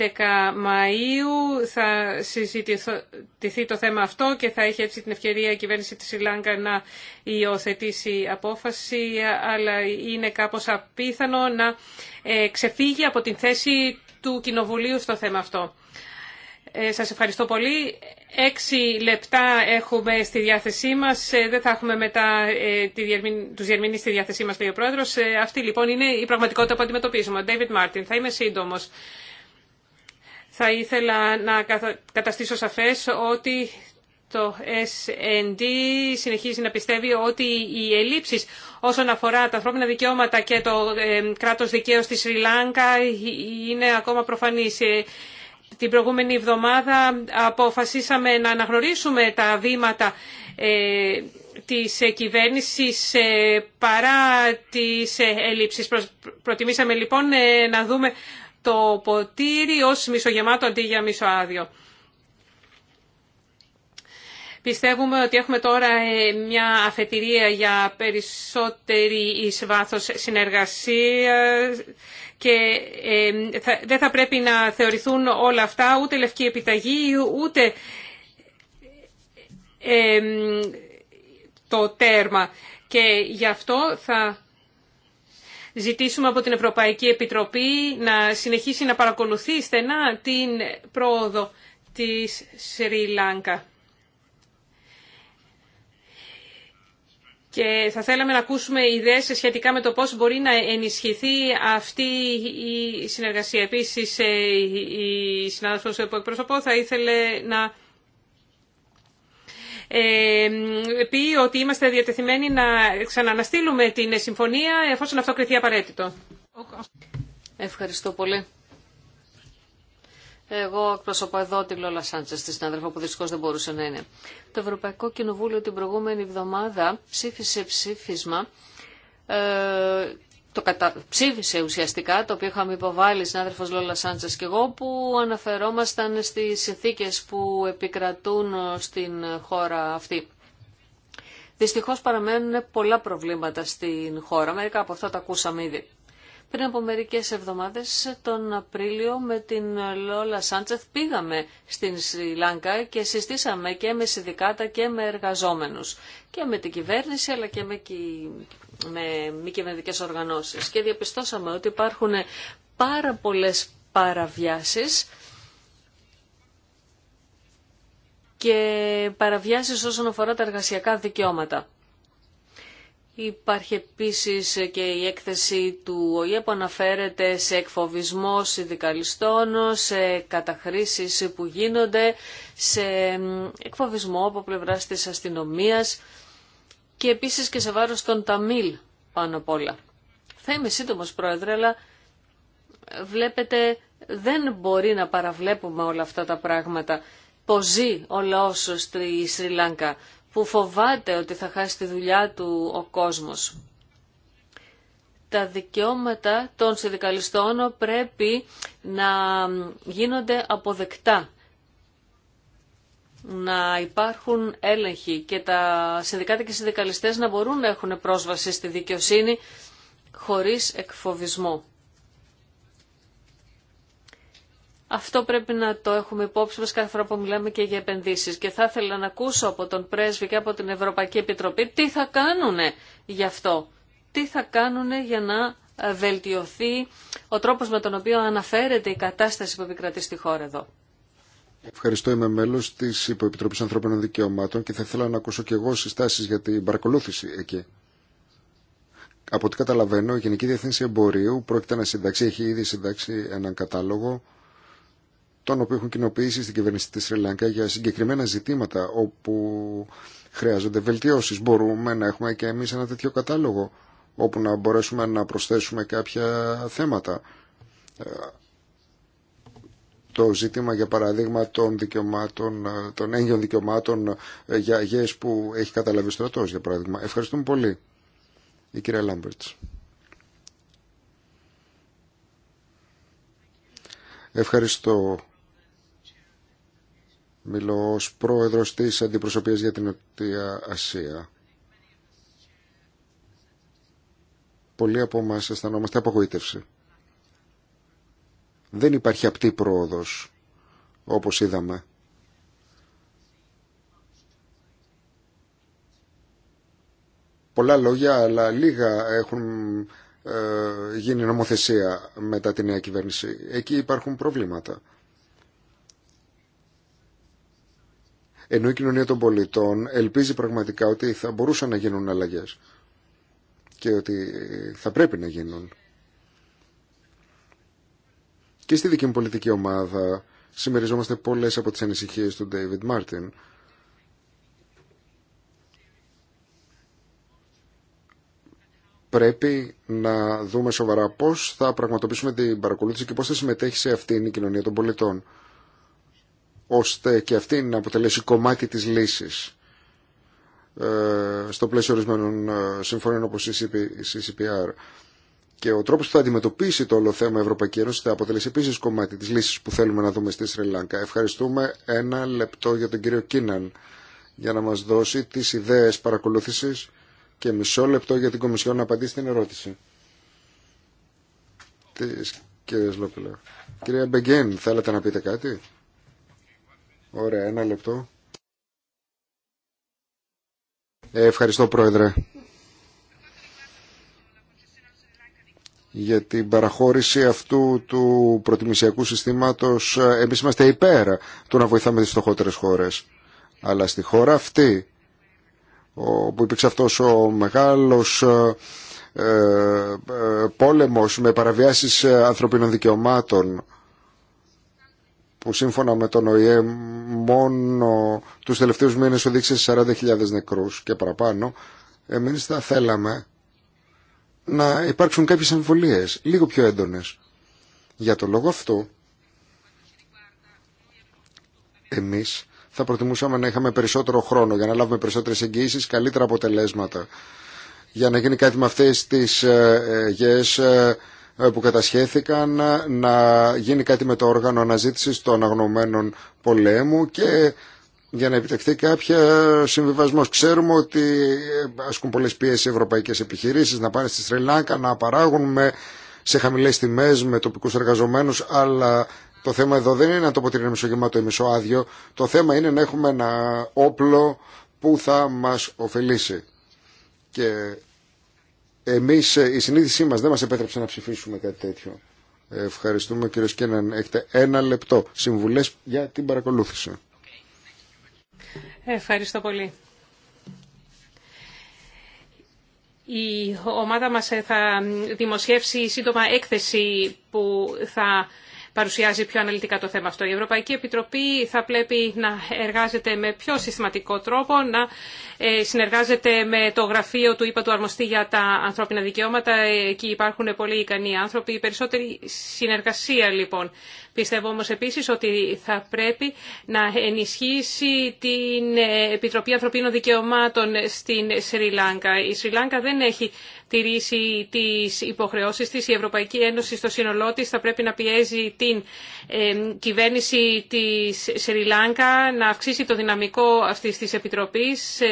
ε, Μαΐου θα συζητηθεί το θέμα αυτό και θα έχει έτσι την ευκαιρία η κυβέρνηση της Ιλάνκα να υιοθετήσει απόφαση, αλλά είναι κάπως απίθανο να ξεφύγει από την θέση του Κοινοβουλίου στο θέμα αυτό. Σας ευχαριστώ πολύ. Έξι λεπτά έχουμε στη διάθεσή μας, ε, δεν θα έχουμε μετά ε, του διερμηνεί στη διάθεσή μας, λέει ο ε, Αυτή λοιπόν είναι η πραγματικότητα που αντιμετωπίζουμε. David Μάρτιν, θα είμαι σύντομο. Θα ήθελα να καταστήσω σαφές ότι το SND συνεχίζει να πιστεύει ότι οι ελλείψεις όσον αφορά τα ανθρώπινα δικαιώματα και το κράτος δικαίου στη Σρι Λάγκα είναι ακόμα προφανής. Την προηγούμενη εβδομάδα αποφασίσαμε να αναγνωρίσουμε τα βήματα ε, της κυβέρνησης ε, παρά τις ε, ελλείψεις. Προτιμήσαμε λοιπόν να δούμε το ποτήρι ως μισογεμάτο αντί για μισοάδιο. Πιστεύουμε ότι έχουμε τώρα μια αφετηρία για περισσότερη εις βάθος συνεργασία και δεν θα πρέπει να θεωρηθούν όλα αυτά ούτε λευκή επιταγή ούτε το τέρμα. Και γι' αυτό θα ζητήσουμε από την Ευρωπαϊκή Επιτροπή να συνεχίσει να παρακολουθεί στενά την πρόοδο της Σρι Λάγκα. και θα θέλαμε να ακούσουμε ιδέες σχετικά με το πώς μπορεί να ενισχυθεί αυτή η συνεργασία. Επίσης, ε, η συνάδελφος που εκπροσωπώ θα ήθελε να ε, πει ότι είμαστε διατεθειμένοι να ξαναναστείλουμε την συμφωνία εφόσον αυτό κριθεί απαραίτητο. Ευχαριστώ πολύ. Εγώ εκπροσωπώ εδώ τη Λόλα Σάντσε, τη συνάδελφο που δυστυχώ δεν μπορούσε να είναι. Το Ευρωπαϊκό Κοινοβούλιο την προηγούμενη εβδομάδα ψήφισε ψήφισμα. Ε, το κατα... ψήφισε ουσιαστικά, το οποίο είχαμε υποβάλει συνάδελφο Λόλα Σάντσε και εγώ, που αναφερόμασταν στι συνθήκε που επικρατούν στην χώρα αυτή. Δυστυχώ παραμένουν πολλά προβλήματα στην χώρα. Μερικά από αυτά τα ακούσαμε ήδη. Πριν από μερικές εβδομάδες, τον Απρίλιο, με την Λόλα Σάντσεφ πήγαμε στην Σιλάνκα και συστήσαμε και με συνδικάτα και με εργαζόμενους και με την κυβέρνηση αλλά και με, κυ... με μη κυβερνητικές οργανώσεις και διαπιστώσαμε ότι υπάρχουν πάρα πολλές παραβιάσεις και παραβιάσεις όσον αφορά τα εργασιακά δικαιώματα. Υπάρχει επίσης και η έκθεση του ΟΗΕ που αναφέρεται σε εκφοβισμό συνδικαλιστών, σε καταχρήσεις που γίνονται, σε εκφοβισμό από πλευράς της αστυνομίας και επίσης και σε βάρος των Ταμίλ πάνω απ' όλα. Θα είμαι σύντομος πρόεδρε, αλλά βλέπετε δεν μπορεί να παραβλέπουμε όλα αυτά τα πράγματα. Ποζεί ο λαός στη Σρι Λάγκα που φοβάται ότι θα χάσει τη δουλειά του ο κόσμος. Τα δικαιώματα των συνδικαλιστών πρέπει να γίνονται αποδεκτά, να υπάρχουν έλεγχοι και τα συνδικάτα και συνδικαλιστές να μπορούν να έχουν πρόσβαση στη δικαιοσύνη χωρίς εκφοβισμό. Αυτό πρέπει να το έχουμε υπόψη μας κάθε φορά που μιλάμε και για επενδύσεις. Και θα ήθελα να ακούσω από τον πρέσβη και από την Ευρωπαϊκή Επιτροπή τι θα κάνουν γι' αυτό. Τι θα κάνουν για να βελτιωθεί ο τρόπος με τον οποίο αναφέρεται η κατάσταση που επικρατεί στη χώρα εδώ. Ευχαριστώ. Είμαι μέλο τη Υποεπιτροπή Ανθρώπινων Δικαιωμάτων και θα ήθελα να ακούσω και εγώ συστάσει για την παρακολούθηση εκεί. Από ό,τι καταλαβαίνω, η Γενική Διεθνήση Εμπορίου πρόκειται να συντάξει, έχει ήδη συντάξει έναν κατάλογο τον οποίο έχουν κοινοποιήσει στην κυβέρνηση της Σριλάνκα για συγκεκριμένα ζητήματα όπου χρειάζονται βελτιώσεις. Μπορούμε να έχουμε και εμείς ένα τέτοιο κατάλογο όπου να μπορέσουμε να προσθέσουμε κάποια θέματα. Ε, το ζήτημα, για παράδειγμα, των, δικαιωμάτων, ε, των έγκυων δικαιωμάτων ε, για αγιές που έχει καταλαβεί στρατός, για παράδειγμα. Ευχαριστούμε πολύ, η κυρία Λάμπερτς. Ευχαριστώ Μιλώ ω πρόεδρος της Αντιπροσωπείας για την Νοτιά Ασία. Πολλοί από εμά αισθανόμαστε απογοήτευση. Δεν υπάρχει απτή πρόοδος, όπως είδαμε. Πολλά λόγια, αλλά λίγα έχουν ε, γίνει νομοθεσία μετά τη νέα κυβέρνηση. Εκεί υπάρχουν προβλήματα. ενώ η κοινωνία των πολιτών ελπίζει πραγματικά ότι θα μπορούσαν να γίνουν αλλαγές και ότι θα πρέπει να γίνουν. Και στη δική μου πολιτική ομάδα συμμεριζόμαστε πολλές από τις ανησυχίες του David Μάρτιν. Πρέπει να δούμε σοβαρά πώς θα πραγματοποιήσουμε την παρακολούθηση και πώς θα συμμετέχει σε αυτήν η κοινωνία των πολιτών ώστε και αυτή να αποτελέσει κομμάτι της λύσης ε, στο πλαίσιο ορισμένων ε, συμφωνίων όπως η CCPR. Και ο τρόπος που θα αντιμετωπίσει το όλο θέμα Ευρωπαϊκή Ένωση θα αποτελέσει επίσης κομμάτι της λύσης που θέλουμε να δούμε στη Σρι Λάνκα. Ευχαριστούμε ένα λεπτό για τον κύριο Κίναν για να μας δώσει τις ιδέες παρακολούθησης και μισό λεπτό για την Κομισιόν να απαντήσει την ερώτηση. Της κυρίας Λόπουλα. Κυρία Μπεγκέν, θέλετε να πείτε κάτι. Ωραία, ένα λεπτό. Ε, ευχαριστώ πρόεδρε. για την παραχώρηση αυτού του προτιμησιακού συστήματος. Εμείς είμαστε υπέρ του να βοηθάμε τις φτωχότερες χώρες. Αλλά στη χώρα αυτή, όπου υπήρξε αυτός ο μεγάλος ε, ε, ε, πόλεμος με παραβιάσεις ανθρωπίνων δικαιωμάτων, που σύμφωνα με τον ΟΗΕ μόνο τους τελευταίους μήνες οδήγησε σε 40.000 νεκρούς και παραπάνω, εμείς θα θέλαμε να υπάρξουν κάποιες αμφιβολίες, λίγο πιο έντονες. Για τον λόγο αυτό, εμείς θα προτιμούσαμε να είχαμε περισσότερο χρόνο για να λάβουμε περισσότερες εγγύησεις, καλύτερα αποτελέσματα, για να γίνει κάτι με αυτές τις ε, ε, ε ε, που κατασχέθηκαν ε, να γίνει κάτι με το όργανο αναζήτησης των αγνωμένων πολέμου και για να επιτευχθεί κάποια ε, συμβιβασμός. Ξέρουμε ότι ασκούν πολλές πίεσεις ευρωπαϊκές επιχειρήσεις να πάνε στη Στριλάνκα να παράγουν με, σε χαμηλές τιμές με τοπικούς εργαζομένους, αλλά το θέμα εδώ δεν είναι να το ότι είναι μισογεμάτο ή μισοάδιο. Το θέμα είναι να έχουμε ένα όπλο που θα μας ωφελήσει. Και Εμεί, ε, η συνείδησή μα, δεν μας επέτρεψε να ψηφίσουμε κάτι τέτοιο. Ε, ευχαριστούμε κύριο Σκέναν. Έχετε ένα λεπτό. Συμβουλές για την παρακολούθηση. Ευχαριστώ πολύ. Η ομάδα μας ε, θα δημοσιεύσει σύντομα έκθεση που θα παρουσιάζει πιο αναλυτικά το θέμα αυτό. Η Ευρωπαϊκή Επιτροπή θα πρέπει να εργάζεται με πιο συστηματικό τρόπο, να ε, συνεργάζεται με το γραφείο του ΥΠΑ του Αρμοστή για τα ανθρώπινα δικαιώματα. Εκεί υπάρχουν πολύ ικανοί άνθρωποι. περισσότερη συνεργασία λοιπόν. Πιστεύω όμως επίσης ότι θα πρέπει να ενισχύσει την Επιτροπή Ανθρωπίνων Δικαιωμάτων στην Σρι Λάγκα. Η Σρι Λάγκα δεν έχει τηρήσει τις υποχρεώσεις της. Η Ευρωπαϊκή Ένωση στο σύνολό της θα πρέπει να πιέζει την κυβέρνηση της Σρι Λάγκα να αυξήσει το δυναμικό αυτής της Επιτροπής ε,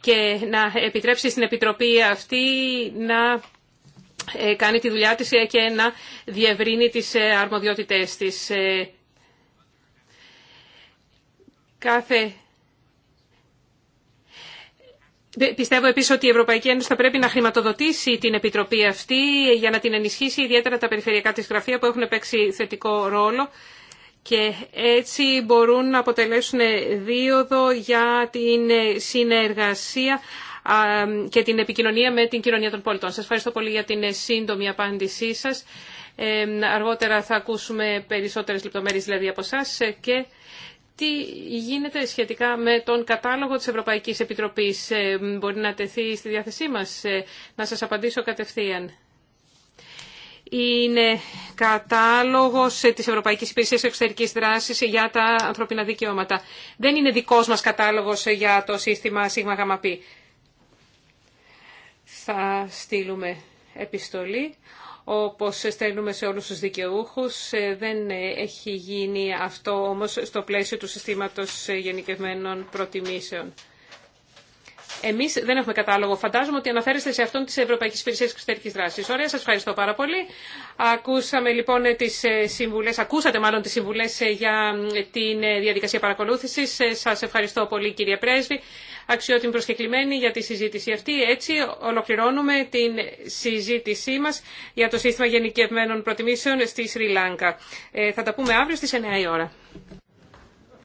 και να επιτρέψει στην Επιτροπή αυτή να ε, κάνει τη δουλειά της ε, και να διευρύνει τις ε, αρμοδιότητές της. Κάθε... Πιστεύω επίσης ότι η Ευρωπαϊκή Ένωση θα πρέπει να χρηματοδοτήσει την Επιτροπή αυτή για να την ενισχύσει ιδιαίτερα τα περιφερειακά της γραφεία που έχουν παίξει θετικό ρόλο και έτσι μπορούν να αποτελέσουν δίοδο για την συνεργασία και την επικοινωνία με την κοινωνία των πολιτών. Σας ευχαριστώ πολύ για την ε, σύντομη απάντησή σας. Ε, αργότερα θα ακούσουμε περισσότερες λεπτομέρειες δηλαδή από εσά και τι γίνεται σχετικά με τον κατάλογο της Ευρωπαϊκής Επιτροπής. Ε, μπορεί να τεθεί στη διάθεσή μας να σας απαντήσω κατευθείαν είναι κατάλογος της Ευρωπαϊκής Υπηρεσίας Εξωτερικής Δράσης για τα ανθρωπίνα δικαιώματα. Δεν είναι δικός μας κατάλογος για το σύστημα ΣΥΓΜΑΓΑΜΑΠΗ θα στείλουμε επιστολή όπως στέλνουμε σε όλους τους δικαιούχους. Ε, δεν έχει γίνει αυτό όμως στο πλαίσιο του συστήματος γενικευμένων προτιμήσεων. Εμεί δεν έχουμε κατάλογο. Φαντάζομαι ότι αναφέρεστε σε αυτόν τη Ευρωπαϊκή Υπηρεσία Εξωτερική Δράση. Ωραία, σα ευχαριστώ πάρα πολύ. Ακούσαμε λοιπόν τι ε, συμβουλέ, ακούσατε μάλλον τι συμβουλέ ε, για ε, τη διαδικασία παρακολούθηση. Σα ευχαριστώ πολύ, κύριε Πρέσβη. Αξιότιμη προσκεκλημένη για τη συζήτηση αυτή. Έτσι, ολοκληρώνουμε την συζήτησή μα για το σύστημα γενικευμένων προτιμήσεων στη Σρι Λάγκα. Ε, θα τα πούμε αύριο στι 9 η ώρα.